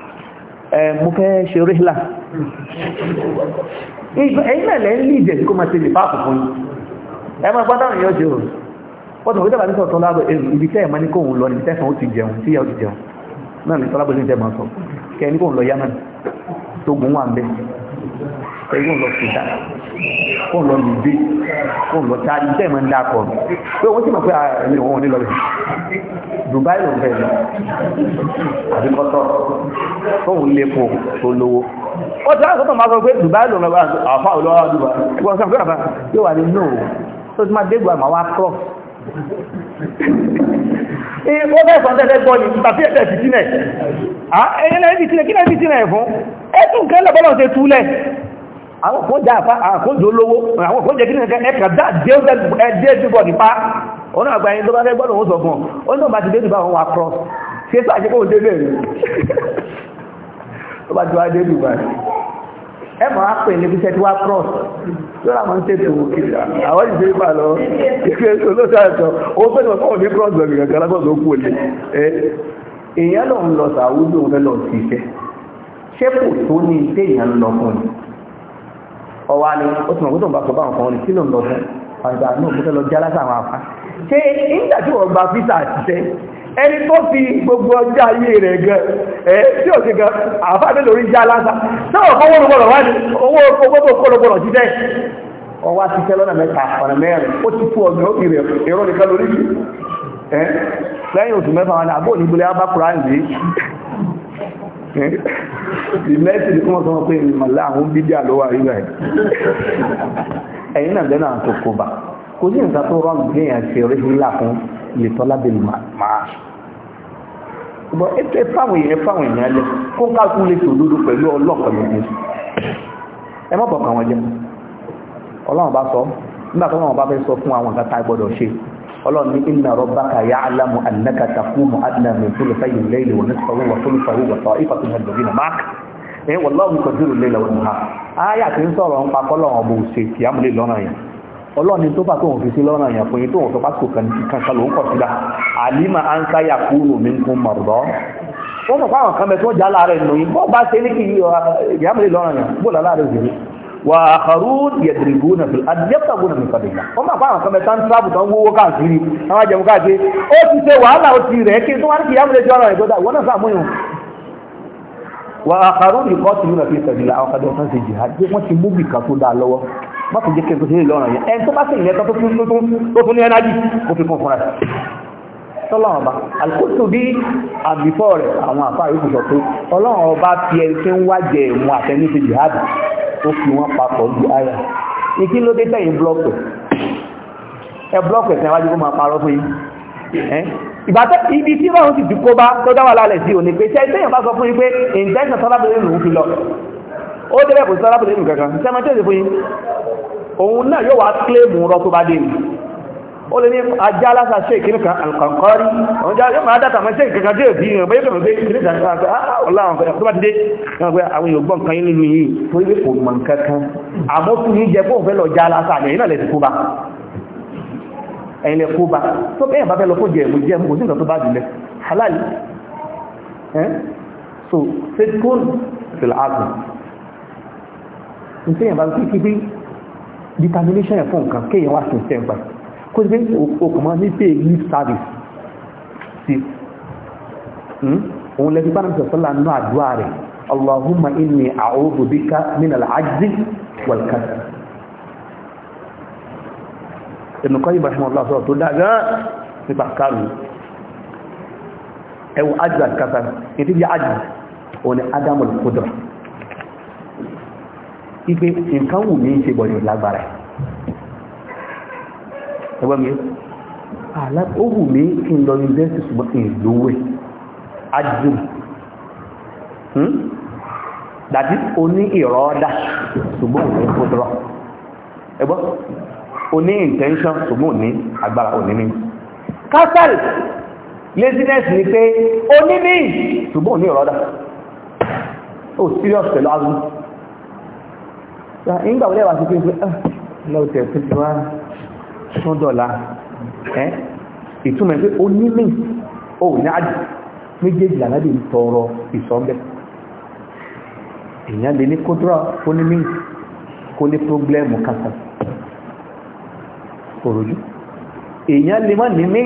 mo fẹ́ ṣe ríhlà ìgbẹ̀lẹ̀ ń lè jẹ́ kó máa ṣe lè bá fún ẹ máa gbọ́dọ̀ yóò jẹ́ òun wọ́n tó wíjọba ní sọ̀tọ́ lábọ̀ ibi tẹ́ ẹ̀mọ́ ní kó òun lọ ní tẹ́sàn ó ti jẹun tí yà ó ti jẹun náà ní sọ́lábọ̀ ní tẹ́ máa sọ ẹ̀yìn lọ sí ìta kó lọ lè gbé kó lọ ta iṣẹ́ ìmọ̀ ń dá kọ̀ pé wọ́n sì mọ̀ pé ẹni ah, òun ò ní lọ lè Dubai ló ń bẹ̀ lọ àbí kọ́tọ́ tóun lépo tó lówó ó ti láti sọ́tọ̀ máa sọ pé Dubai ló ń lọ àfa olówó Dubai wọ́n sọ pé àbá yóò wà ní no tó ti máa dégbò àmọ́ wá cross wọ́n fẹ́ sọ́n tẹ́lẹ̀ gbọ́ ni tàbí ẹ̀tẹ̀ fìtínẹ̀ ah, ẹ̀yẹ́lẹ́ fìtínẹ̀ kí náà fìtínẹ̀ fún ẹ̀tún kẹ́lẹ̀ bọ́lọ̀ ṣe túlẹ̀ àwọn kan já àpá àwọn kan jò lówó àwọn kan jẹ́ kí nìkan ẹ̀kà dá dé ẹ̀dẹ́gbọ̀ nípa ọ̀nà àgbà yẹn tó bá fẹ́ gbọ́dọ̀ wọ́n sọ fún ọ ní ọba ti dé dùbà é sáà ṣe kóhùn débẹ̀ rẹ̀ tó bá ti wá dé dùbà ẹ mọ̀ á pè níbi iṣẹ́ tí wá cross tó làwọn ń tètè wò kiri àwọn ìṣe ìbà lọ kí ẹ sọ lóṣà ẹ̀sọ́ ó fẹ́ lọ tó ní téèyàn lọ fún un ọwá ni ó ti mọ̀ gbọ́dọ̀ bá sọ bá nǹkan ọ̀rìn kí ló ń lọ fún àgbà náà mo fẹ́ lọ jẹ́ aláṣà àwọn afá ṣé nígbà tí wọ́n gba físà àṣìṣe ẹni tó fi gbogbo ọjọ́ ayé rẹ̀ gan ẹ̀ tí ò sì gan àfá mi lórí jẹ́ aláṣà náà fọwọ́ olùgbọ̀rọ̀ wá ní owó gbogbo kọlọgbọ̀rọ̀ jíjẹ́ ọwá ṣiṣẹ́ lọ́nà mẹ́ta ọ̀nà mẹ́rin ó ti kú ọ̀gbìn ó ìrẹ̀ èrò nìkan lórí lẹ́yìn oṣù mẹ́fà wọn ni àbó òní ìmẹ́sì tí wọ́n sọ pé ìmọ̀lá àwọn bídí àlọ́wà ríra ẹ̀ ẹ̀yìn náà bẹ́ẹ̀ náà tó kò bá kò sí nǹkan tó rọrùn bí èèyàn ṣe rí hílà fún lẹ́tọ́ lábẹ́ máa ṣùgbọ́n ètò ẹ̀fáwọn èèyàn fáwọn èèyàn lẹ kó kálukú lè tò dúdú pẹ̀lú ọlọ́kan lójú ẹ má bọ̀ kàn wọ́n jẹ ọlọ́run bá sọ nígbà tó ọlọ́run bá fẹ́ sọ fún àwọn nǹkan tá ṣe ọlọ́run ní inna rabbaka ya'lamu annaka taqumu adna min thuluthayi al-layli wa nisfahu wa thuluthahu wa ta'ifatun min alladhina ma'ak ẹ wallahu yuqaddiru al-layla wa an-nahar ááyà tí ń sọ̀rọ̀ ń pa kọ́lọ́run ọmọ òṣè tí àmúlé lọ́nà yẹn ọlọ́run tó bá tóun fi sí lọ́nà yẹn fún yín tóun fipá sùn kankan ló ń kọ̀ síra àlímà anka yakunu minkum marda wọ́n mọ̀ fáwọn kan bẹ tó jà láàárẹ̀ nù وآخرون يضربون في الأرض يبتغون من فضل الله وما فاهم كما تان صاب تان وو كاكiri àwọn jẹun káàkiri ó ti ṣe wàhálà ó ti rẹ̀ kí tó wá ní kí yàmúlẹ̀ jọ́ra ẹ̀ gbọ́dá wọ́n náà sàmú yìí وآخرون يقاتلون في سبيل الله àwọn kadọ́ kan ṣe jihad jẹ́ wọ́n ti mú bìkà tó dáa lọ́wọ́ má fi jẹ́ kí n tó ṣe lọ́rùn yẹn ẹni tó bá sì yẹn tó tún ní ẹnájì kó fi kún fúnra tọ́lọ́run ọba àlùkòtò bí àbífọ́ rẹ̀ àwọn àfa yòókù sọ pé ọlọ́run ọba fi ẹni tí ń wájẹ ìmú àtẹni ti jihad ó fi wọn papọ̀ ju àyà ìkí ló dé tẹ̀yìn blọ́ọ̀kì ẹ blọ́ọ̀kì ẹ̀sìn iwájú kó máa parọ́ fún yín ìbátẹ́ ibi tí wọ́n ti dùkó bá tó dáwà lálẹ̀ sí òní pé ṣe ìtẹ́yìn bá sọ fún yín pé intention tọ́lábìlẹ̀ nù ń fi lọ ó débẹ̀ kò sí tọ́lábìlẹ̀ nù kankan sẹ́mọ́tẹ́sì fún yín òun náà yóò wá claim rọ tó bá dé nù ó lè ní ajá lásà ṣe ìkíní kan alkankọ́rí àwọn jẹ́ yóò máa dátà máa ṣe ìkankan tí èbí ìrìn bóyá kẹfẹ́ ìkíní kan ọ̀la àwọn ah, ah, ọ̀fẹ́ bá ti dé àwọn èèyàn gbọ́n kan nínú yìí tó yẹ kò mọ̀ nǹkan kan àmọ́ tún ní jẹ́ fóun fẹ́ lọ já lásà ní ẹ̀yìn náà lè ti kó bá ẹ̀yìn lè kó bá tó bẹ́ẹ̀ bá fẹ́ lọ kó jẹ ẹ̀mú jẹ́ kò sí nǹkan tó bá jùlẹ̀ halal so faithful fil azm n tẹ́yìn bá fi kí bí determination ẹ̀ nǹkan kéèyàn wá sí ìṣẹ́ ìgbà kó ti pé okùn máa ní pé leave service sí hmm? òun lẹ́gbẹ́ bá nàìjíríà sọ́lá nínú àdúrà rẹ̀ allahumma inni a'udhu bika min al-ajzi wal kasal ẹnu kọ́ yìí bàṣẹ́ ọlọ́sọ̀ tó dága nípa kárù ẹwọ ajá kàtà ètí bí ajá òun ni adamul kudra nǹkan wù ní ṣe bọ̀ ní lágbára ẹ̀ ẹgbẹ́ mi àlá ó wù mí kí n lọ yunifásitì ṣùgbọ́n kí n lówó ẹ̀ hmm? adùn dàbí oní ìrọ́ọ́dà ṣùgbọ́n òní fúdúrọ̀ ẹgbọ́n oní intention ṣùgbọ́n òní agbára òní mi castle laziness ni pé oní mi ṣùgbọ́n òní ìrọ́ọ́dà ó oh, serious pẹ̀lú azú ìgbà wọlé wà sí pé ẹ ah, lọ́tẹ̀ẹ́ tó ti fún dọ́là ẹ́ ìtumọ̀ pé ó ní mí ó ní àjò méjèèjì ànábì ń tọrọ ìsọ́bẹ̀ èèyàn lè ní kódúrà ó ní mí kó ní pọ́blẹ́mù kàtà òròjú èèyàn lè má ní mí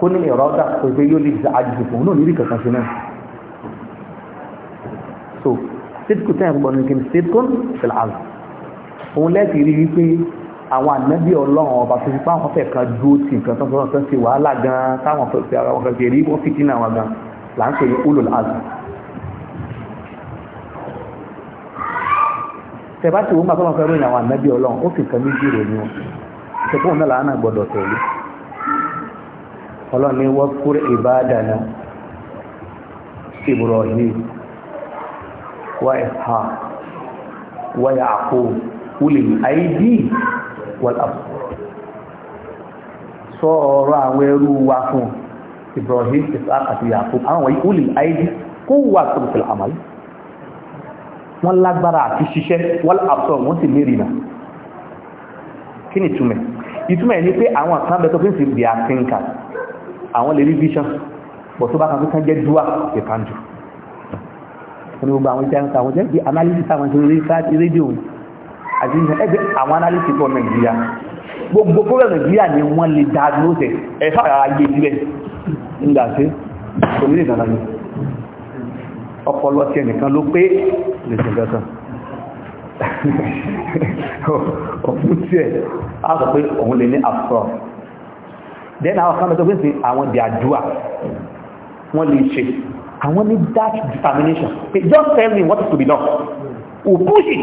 kó ní ìrọ́dà pẹ̀lú yóò lè za àjò fún náà níbi kankan sí náà òun lẹ́ẹ̀kì rí wípé àwọn ànábì ọlọ́run ọba tó ti àwọn kan dúró nǹkan tó sọ́nà tó ń wàhálà gan-an táwọn fẹ́ ara wọn kan jèrè wọ́n fi gan là ń wọ́n fẹ́ ròyìn àwọn ọlọ́run ó sì kan méjì wọn náà gbọ́dọ̀ tẹ̀lé ọlọ́run wọ́n kúrẹ́ Ibrahim wa wọ́lápù sọ ọ̀rọ̀ àwọn ẹrú wa fún Ibrahim Isaac àti Yakub àwọn wọ̀nyí ó lè àìdí kó wà tòròfìlà àmàlú wọ́n lágbára àti ṣiṣẹ́ wọ́lápù wọ́n sì lérí náà kí ni ìtumẹ̀ ìtumẹ̀ ní pé àwọn àkànbẹ̀tọ́ fi ń sì bí i àtìǹkà àti ẹgbẹ́ àwọn analysis for Nigeria gbogbo problem Nigeria ni wọ́n lè diagnose ẹ̀fà ayé sílẹ̀ nígbà sí orílẹ̀ ìdàdà ní ọpọlọ tí ẹnìkan ló pé lè ṣe gẹ́gẹ́ ọ̀fún tí ẹ̀ á sọ pé òun lè ní afro then àwọn kan lọ́tọ́ pé sí àwọn dìadúà wọ́n lè ṣe àwọn ní that determination just tell me what is to be done ò push it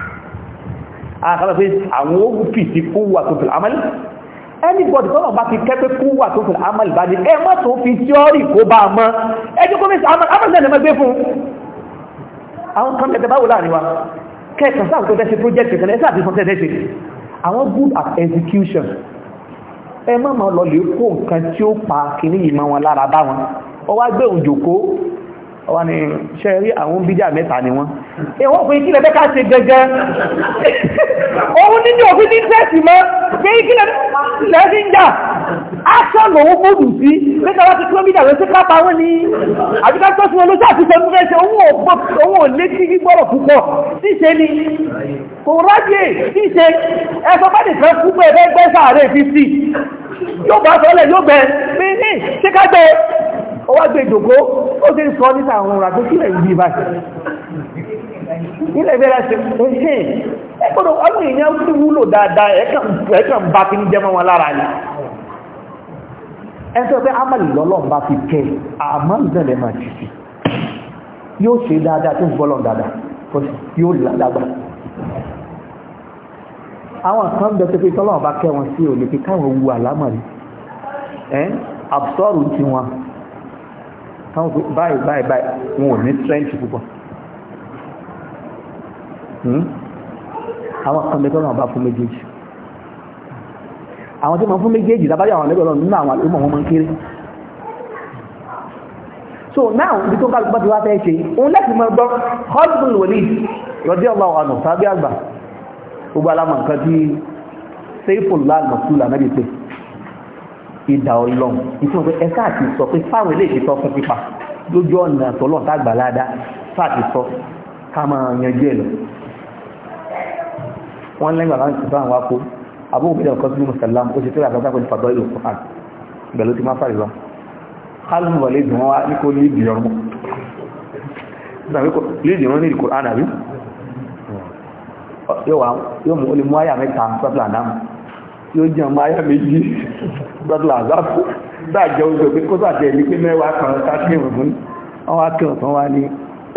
àkàlà ah, pé àwọn ogun fìtí kó wà tó fìlà amẹ́lì anybody tọ́nà bá ti kẹ́pẹ́ kó wà tó fìlà amẹ́lì bá ní ẹ má tó fi tíọ́rì kó bá a mọ́ ẹjọ́ kó mẹ́sì amẹ́lì náà ni wọ́n gbé fún àwọn kan mẹ́tẹ̀ báwo láàrin wa kẹ́ẹ̀kan sáà tó tẹ́sí project kan ẹ̀sà àti sọ́tẹ́ tẹ́sí àwọn good at execution ẹ má máa lọ lè kó nǹkan tí ó pa kìnnìyàn mọ́ wọn lára wọ́n ni ṣe rí àwọn bídà mẹ́ta ni wọ́n ẹ̀wọ́n fún ìkílẹ̀ bẹ́ká ṣe gẹ́gẹ́ [laughs] òun nínú òfin ní tẹ́ẹ̀sì mọ́ pé ìkílẹ̀ lẹ́sí ń jà aṣọ́ lòun fòdù sí mẹ́ta láti kí bídà rẹ̀ sí kápá wọ́n ni àbíká tó fún olóṣà ti sọ fún ẹsẹ̀ òun ò lé sí gbọ́rọ̀ púpọ̀ ṣíṣe ni kò rájè ṣíṣe ẹ̀sọ́ bá nìkan púpọ̀ ẹ̀fẹ́ gbẹ́sà rẹ̀ fi sí yóò bá sọ́lẹ̀ yóò bẹ̀ pé ní ṣíkágbẹ́ ó wá gbé ìdògbó ó ṣe ń sọ níta àwọn ọ̀rọ̀ àgbẹ̀ sílẹ̀ ìbí báyìí nílẹ̀ ìbẹ̀rẹ̀ ṣe ń ṣe ẹ gbọ́dọ̀ ọdún ìyẹn ti wúlò dáadáa ẹ̀kàn bá ti ń jẹ́ wọn lára ni ẹ sọ pé amàlì lọ́lọ́run bá fi kẹ́ àmọ́ ìbẹ̀rẹ̀ máa ti sí yóò ṣe dáadáa tó ń bọ́lọ̀ dáadáa yóò lágbà àwọn kan bẹ̀ pé tọ́lọ́run bá kẹ́ wọn sí òlè pé káwọn wu ẹ́ absorb ti wọn táwọn pé báyìí báyìí báyìí wọn ò ní strength púpọ̀ hmm? àwọn kan lẹ́gbẹ̀ẹ́ náà bá fún méjèèjì àwọn tí wọ́n fún méjèèjì lábájá àwọn lẹ́gbẹ̀ẹ́ nínú àwọn àlùmọ̀ wọn máa ń kéré so now ibi tó kálukú bá ti wá fẹ́ ṣe òun láti mọ gbọ́ husband wòlí rọ́dí ọba ọ̀hánà tàbí àgbà gbogbo alámọ̀ nǹkan tí Saifullah lọ́sùlà náà bí fi da ọlọ́run ìtumọ̀ pé ẹ̀ka àti sọ pé fáwọn eléyìí ti sọ fún pípa lójú ọ̀nà tọ́lọ́n tágbàládá fáà ti sọ ká máa yanjú ẹ̀ lọ. wọ́n lẹ́yìn àwọn ìṣẹ̀fẹ́ àwọn akó abúrò pẹ̀lú ọ̀kan sínú mùsàlám ó ṣe tẹ́lẹ̀ àgbàgbà pẹ̀lú fàtọ́ ìlú fún ìgbà ló ti máa fàrí lọ. kálùmù wà lè dùn wá ní kó ní ìdì ọmọ léèdì wọn ní ìkòrán àbí yóò mú ó lè mú àyà mẹ́ta pẹ́pẹ́ àdámù yóò jẹ́ ọmọ ayá méjì gbọ́dọ̀ àzápò dájọ́ oúnjẹ pé kó sàtẹ̀ ní pé mẹ́wàá kan kákẹ́rùn fún ọwá kẹrùn tán wá ní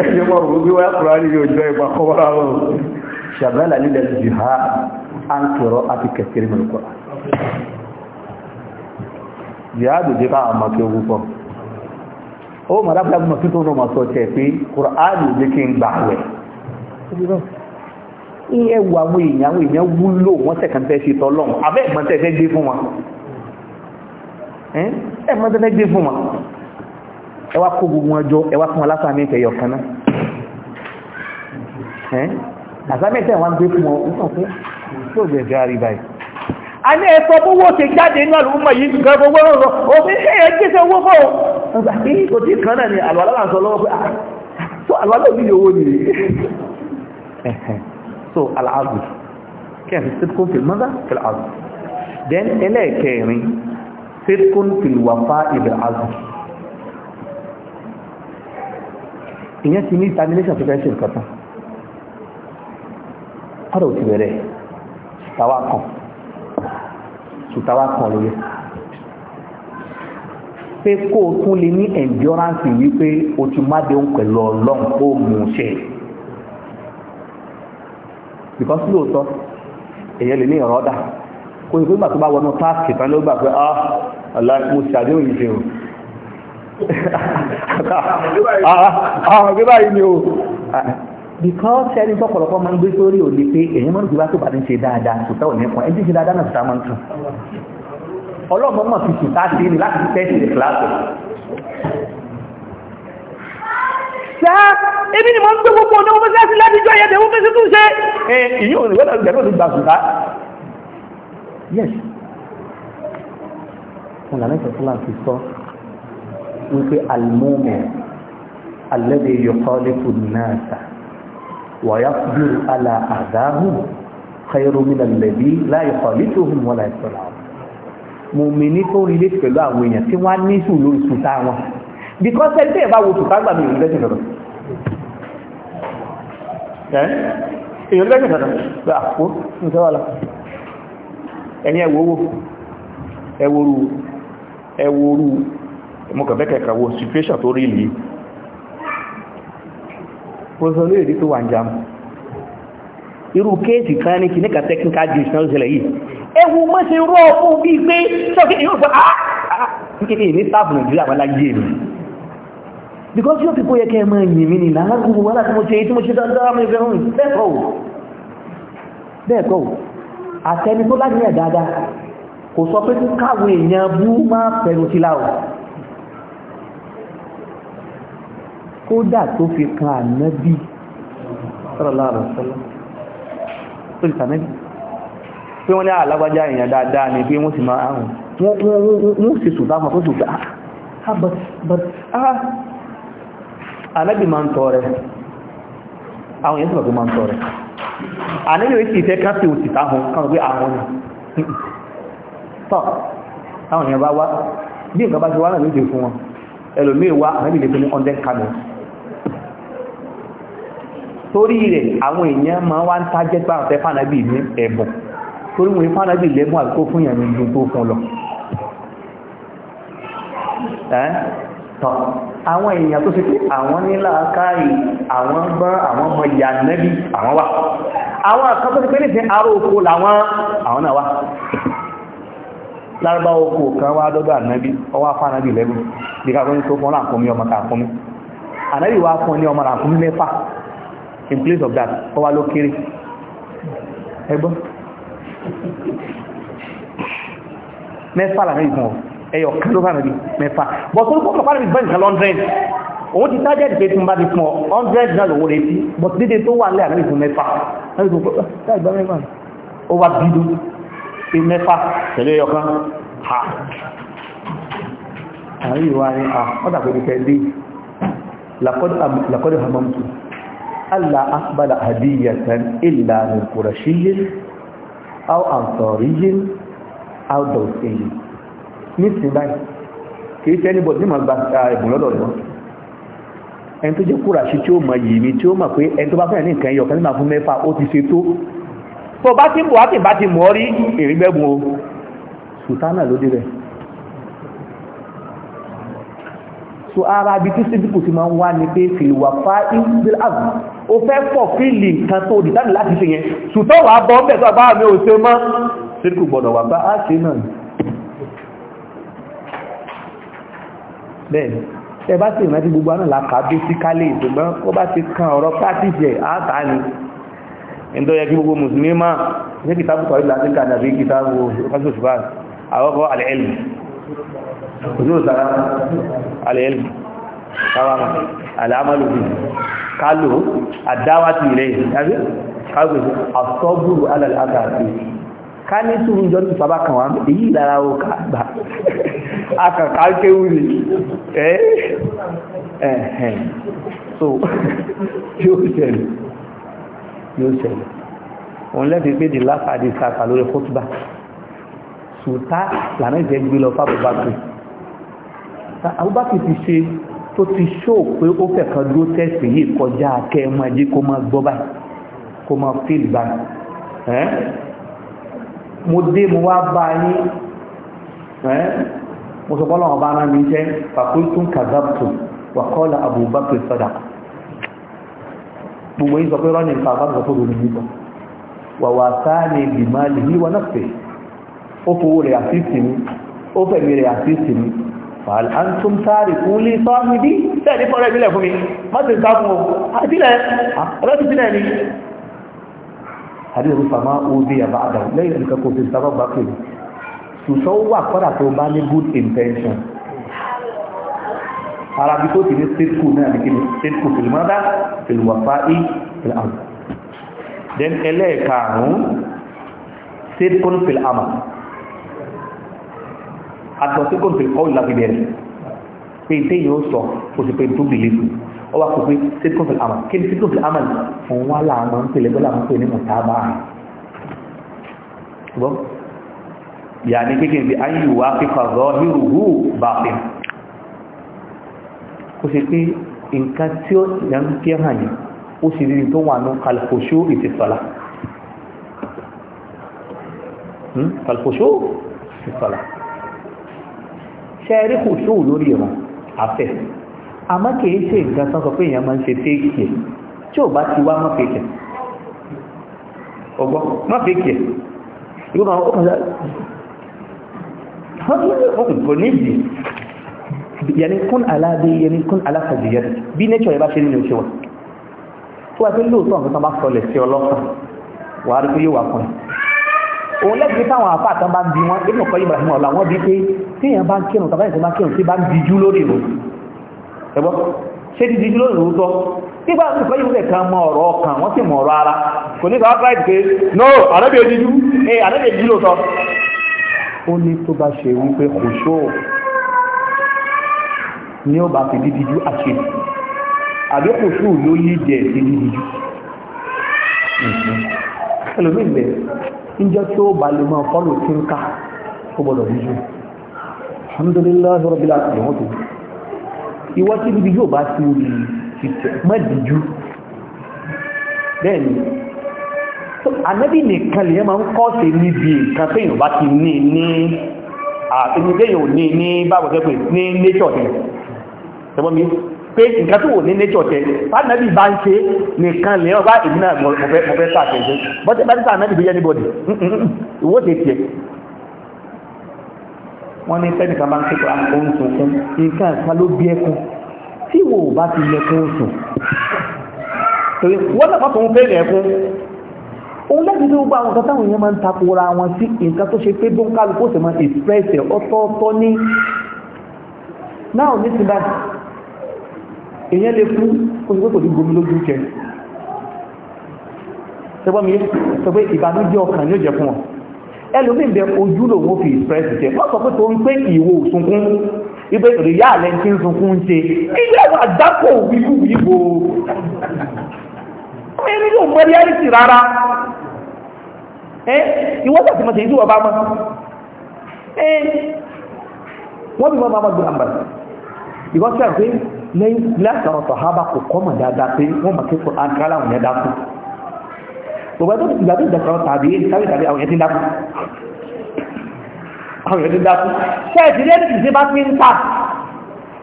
ẹjọ́mọ̀ gbogbo wá kúrò ní ojú ẹgbà kọwọ́rọ̀ ọ̀rọ̀ ṣàbẹ́là nílẹ̀ jìhá à ń tọrọ àti kẹkẹrẹ mẹ́lùkọ́ jìhá dòjé ká kùrọ̀ á lè jẹ́ kí ń ìyẹn wo àwọn èèyàn àwọn èèyàn wúlò wọ́n sẹ̀kàn fẹ́ ṣe tọ́lọ́m abẹ́ ẹ̀gbọ́n tẹ́ fẹ́ gbé fún wọn ẹ̀gbọ́n tẹ́ fẹ́ gbé fún wọn ẹ wá kó gbogbo ọjọ́ ẹ wá fún wọn lásán àmì ìtẹ̀yọ̀ kan náà àsámẹ́tẹ̀ wọn gbé fún wọn nígbà pé tí ò gbẹ̀gbẹ̀ àrí báyìí a ní ẹ̀sọ́ bówó ṣe jáde náà ló mọ̀ yìí gan gbogbo ọ̀rọ̀ òfin ẹ̀yẹ gbèsè owó fọ́ ọ̀gbà tí kò tí kan náà ni àlọ́ aláwọ̀ sọ lọ́wọ́ pé àlọ́ aláwọ̀ yìí so al-azl kí a fi sidkun fil mada fil azl then ẹlẹ́ẹ̀kẹrin sidkun fil wafa bil azl ìyẹn ti ní determination tó fẹ́ ṣe nǹkan tán kọ́dọ̀ ti bẹ̀rẹ̀ ṣùtàwà kan ṣùtàwà kan lóye pé kó o tún lè ní endurance wípé o ti má dé òun pẹ̀lú ọlọ́run kó o mú un ṣe because lóòótọ́ èyàn lè ní ìrọ́dà kò sí pé gbà tó bá wọnú táàkì tán ló gbà pé ah ọ̀la mo ṣàdéhùn yìí ṣe o [laughs] ah, ọ̀gbẹ́ ah, ah, báyìí ni o because ẹni tó pọ̀lọpọ̀ máa ń gbé sórí ò ní pé èyàn máa ń gbé bá tó bá ní ṣe dáadáa sùtá ò ní kan ẹni tí ṣe dáadáa náà sùtá máa ń tún ọlọ́mọ mọ̀ fi sùtá sí ni láti tẹ́sí ìkìláàsì ṣá ebi ni mo ń gbé gbogbo ọ̀nà ọmọ sáà sí láti jọ ẹ̀yẹ tẹ̀wọ́ fẹ́sẹ̀ tún ṣe ẹ̀ ìyí òun ìwé náà gbẹ̀rẹ̀ òun gbà sùn ká yes wọn lànà ìfẹ́ fúlàn fi sọ wípé alimọ́mọ́ alẹ́dẹ̀ yọkọ́lẹ́kù náà sà wàyà bírù àlà àdáhùn khairu min alladhi la yukhalifuhum wala yasla mo mi ní kó rí lé pẹ̀lú àwọn èèyàn tí wọ́n á ní sùn lórí sùn táwọn because ẹni tẹ́yẹ̀ bá wo tù kágbà mi ìrìnlẹ́sìn lọ́dọ̀ ìrìnlẹ́sìn lọ́dọ̀ bá kó ní sọ́wọ́lá ẹni ẹwọ́wọ́ ẹwọ́rú ẹwọ́rú mọ́kànlẹ́kẹ̀ẹ́kàwọ́ situation tó rí lè pọ̀sọ̀lẹ́ èdè tó wà ń jàm irú kéèsì kan ní kìníkà technical juice náà ṣẹlẹ̀ yìí ẹwù mọ́sí rọ́ fún bí pé sọ́kẹ́ ìrùfà àà ní sáàfù nàìjíríà wọn láyé mi because you people kó yẹ kẹ́ ẹ máa yìn mí ní láàrùn wọ́n láti mo ṣe èyí tí mo ṣe dáadáa mi fẹ́ hùn bẹ́ẹ̀kọ́ ò bẹ́ẹ̀kọ́ ò àtẹni tó láti ní ẹ̀dáadá kò sọ pé kí káwọn èèyàn bú máa pẹ̀lú sí láò kódà tó fi kan ànábì sallallahu alaihi wasallam tó lè tànábì pé wọ́n ní àlágbájá ah, èèyàn dáadáa ni pé wọ́n sì máa hùn wọ́n sì sùn dáfà ah, ah, But sùn dáa anábì máa ń tọrẹ àwọn èèyàn sọ̀rọ̀ máa ń tọrẹ anábì orí sì fẹ́ káfí òsì táhùn káwọn ni tọ́ táwọn èèyàn bá wa bí nǹkan bá ti wá náà ló dé fún wọn ẹlòmíì wá anábì Tori fi ní ọ̀ndẹ́ ma torí rẹ̀ àwọn èèyàn máa wá ń tájẹ́ pàwọn fẹ́ fànábì ní ẹ̀bùn torí wọn fànábì lẹ́mú àkókò fún ìyàn tán àwọn èèyàn tó ṣe pé àwọn nílà káàrí àwọn gbọ́n àwọn ọmọ ìyà nẹ́bí àwọn wà àwọn kan tó ṣe pé nìsín aró oko làwọn àwọn náà wà lárúbá oko kan wá dọ́dọ̀ ànábí ọwá fánàbí lẹ́bù bí ká in place of that ọwá ló kéré ẹgbọ́n mẹ́fà lànábí fún ẹyọ kan ló bá mi bí mẹ́fà bọ̀tú kó kọ̀ọ̀pá mi bẹ́ẹ̀ nǹkan lọ́ndrẹ́d òun ti tájẹ́ ìpè tí mo bá ti fún ọ hundred náà lówó rẹ sí bọ̀tú dídé tó wà lẹ́yìn àgbẹ̀fún mẹ́fà ah, ó wá bídú pé mẹ́fà tẹ̀lé ẹyọ kan ha àárín ìwà ni a ah, ọ̀dà pé kẹ́ dé lakọ́dọ̀ hamamtu allah akbala hadiyatan illa min qurashiyyin aw ansariyyin aw dawsiyyin nísìn báyìí kìí ṣe anybody ní ma gba ẹ̀bùn lọ́dọ̀ rẹ̀ ẹni tó jẹ́ kúràṣí tí ó mọ yìí ni tí ó mọ̀ pé ẹni tó bá fẹ́ràn ní nǹkan ẹyọ kan ní máa fún mẹ́fà ó ti ṣe tó tó bá ti ń bọ̀ wákì bá ti mọ̀ rí èrè gbẹ́gun o sùtánà ló dé rẹ̀ so ara ibi tí síbìkù ti máa ń wá ni pé fìlìwà fa ìgbìlá àbù ó fẹ́ pọ̀ fíìlì nǹkan tó dìtánì láti ṣe yẹn sùtọ́ wàá bọ́ bẹ̀ tó àbá mi ò ṣe mọ́ síbìkù gbọ́dọ̀ wà bá á náà bẹ́ẹ̀ ẹ bá sì ìrántí gbogbo àná làkà bí sí kálẹ̀ ìṣùgbọ́n ó bá ti kan ọ̀rọ̀ pátìsì ẹ̀ àtà ni ẹ̀ńtọ́ yẹ kí gbogbo mùsùlùmí máa ṣe kìtàbù kọ̀ọ̀lù láti ń kà dàbí kìtàbù ọ̀fẹ́sì òṣùpá àwọ́kọ́ àlẹ́ẹ̀lì òṣùpá sàrà àlẹ́ẹ̀lì káwàmà àlẹ́àmàlù kálò àdáwàtì rẹ̀ yàbí káwàmà àsọ́bùrù alàlẹ́ akàkà kéwù ni ẹ́ ẹ̀hẹ̀ so [laughs] yóò ṣẹlẹ̀ yóò ṣẹlẹ̀ òun lẹ́bi pé di lápàdé sàkà lórí kótùbà sùtá lànà ìjẹ́ gbé lọ fábùbákì Abubakar ti ṣe tó ti ṣó pé ó fẹ̀kan dúró tẹ́sì yìí kọjá akẹ́ máa jẹ́ kó máa gbọ́ báyìí kó máa fíìlì báyìí mo dé mo wá bá yín mo sọ pọ́lọ̀ ọba ara mi jẹ́ fàkúntún kazabtu wàkọ́lá abubakar sọ́dà gbogbo yìí sọ pé rọ́nì nǹkan àbá sọpọ̀ lórí yìí bọ̀ wàwà sáàni bìmá lè ní wọn náà pè ó fowó rẹ̀ àfíìsì mi ó fẹ̀mí rẹ̀ àfíìsì mi fàálà á ń tún sáàrì fún lè sọ mi bí sẹ́ẹ̀dí fọ́rẹ́ ìbílẹ̀ fún mi má ti sá fún o àtìlẹ̀ ọlọ́tí sílẹ̀ ni àdéhùn fàmá ó bí àbá àdàwọ̀ lẹ́yìn ẹ̀ka sábà bá pè ṣùṣọ́ wà kọ́dà tó bá ní good intention ara bí tó ti ní stéèkù náà ní kíni stéèkù fìlìmọ́dá fìlìwàfá í fìlìmọ́ then ẹlẹ́ẹ̀karùn-ún stéèkù fìlìmọ́ àtọ̀síkò fìlìkọ́ ìlàfìbẹ̀rẹ̀ pé tí yóò sọ òsìpé tó bìlì fún ọ wá kò pé stéèkù fìlìmọ́ kí ni stéèkù fìlìmọ́ òun wá láàmú ń pèlè bọ́lá ń pè ní mọ̀tá báà yàní kéèkéè bí ayé ìwà kíkọ̀ zọ́hírùhù bá fi kò sí pé nǹkan tí ó yà ń fi hàn yìí ó sì rí tó wà ní kalfosó ìfìsọ́lá hmm? kalfosó ìfìsọ́lá ṣẹ́rí kò sóò lórí ìran afẹ́ àmọ́ kìí ṣe nǹkan sọ́sọ pé èèyàn máa ń ṣe fẹ́ẹ̀kì ẹ̀ tí ò bá ti wá mọ́ fẹ́ẹ̀kì ọgbọ́n mọ́ fẹ́ẹ̀kì kò ní ìdí yẹni kún aláàdé yẹni kún aláàkàjì yẹn bí nature yẹn bá ṣe nínú ìṣẹ́wọ̀n tó wà pé lóòótọ́ nǹkan tán bá sọlẹ̀ sí ọlọ́pàá wàá rí pé yóò wà fún ẹ òun lẹ́gbẹ̀ẹ́ táwọn àfa àtàn bá ń bi wọn nínú ọ̀kọ́ Ibrahim ọ̀la wọn bí pé téèyàn bá ń kírun tàbí ìṣẹ́ bá kírun tí bá ń di jú lórí ìrò ẹ̀gbọ́ ṣé ti di jú lórí ìrò nígbà tó fẹ́ yìí wọ́n kan mọ ọ̀rọ̀ ọkàn wọ́n sì mọ ọ̀rọ̀ ara kò ní sọ ó ní tó bá ṣe wípé kò ṣó ní ọba fi dídíjú àṣẹ àbí kò ṣó ló lídẹ̀ sí dídíjú mhm. ẹlòmíì bẹ̀ níjọ́ tí ó bá lè máa fọ́lù tí ń ká ó gbọ́dọ̀ díjú alhamdulillah rabbil alamin wọ́n tó ìwọ́ tí dídíjú ò bá ti rí mọ́ díjú bẹ́ẹ̀ ànábì nìkan lè máa ń kọ́ọ̀sì níbi nǹkan tó yìnbá ti ní ní àtìmídéyìn ò ní ní báwo tẹ́ pé ní nature tẹ́ ẹgbọ́n mi pé nǹkan tó wò ní nature tẹ́ fánàbì bá ń ṣe nìkan lè ọba èmi náà mọ̀fẹ́ sàtẹ̀jẹ́ bọ́tẹ́ bá ti sàtẹ̀jẹ́ bí anybody ìwó ṣe tiẹ̀ wọ́n ní sẹ́nìkan bá ń ṣe ohun sọ̀kún nǹkan kan ló bí ẹkún tí wò bá ti yẹ kó sùn òun lẹ́gbẹ̀ẹ́ tó gbogbo àwọn nǹkan táwọn èèyàn máa ń takora wọn sí nǹkan tó ṣe pé bóńkálukú sì máa express ẹ̀ ọ̀tọ̀ọ̀tọ̀ ní náà ní ti bá èèyàn lè fún oṣù kò ní gomi lójú jẹ ṣẹgbọ́n mi sọ pé ìbànújẹ́ ọkàn yóò jẹ fún ọ ẹlòmíì bẹ ojú lòun ó fi express jẹ wọ́n sọ pé tó ń pé ìwò sunkún ibẹ̀ ìròyìn yá àlẹ́ tí ń sunkún ń ṣe ilé ẹ̀rọ àdápò wíwú wíwò ẹni yóò mọ rí àìsí rárá ẹ́ ìwọ́n tàbí mọ̀tẹ̀ ìdíwọ̀ bá mọ́ ẹ́ eh, wọ́n bí wọ́n bá mọ́ gbọ́nbà ìwọ́n tàbí pé lẹ́yìn látàrọ̀ sọ̀hábà kò kọ́mọ̀ dáadáa pé wọ́n mọ̀ kí kò àǹkálà òun yẹn dákú gbogbo ẹgbẹ́ tó ti gbàdúrà ìdàkọ̀rọ̀ tàbí sáré tàbí àwọn yẹn ti dákú àwọn yẹn ti dákú ṣẹ́ẹ̀tì lẹ́yìn tí ṣe bá fi ń ta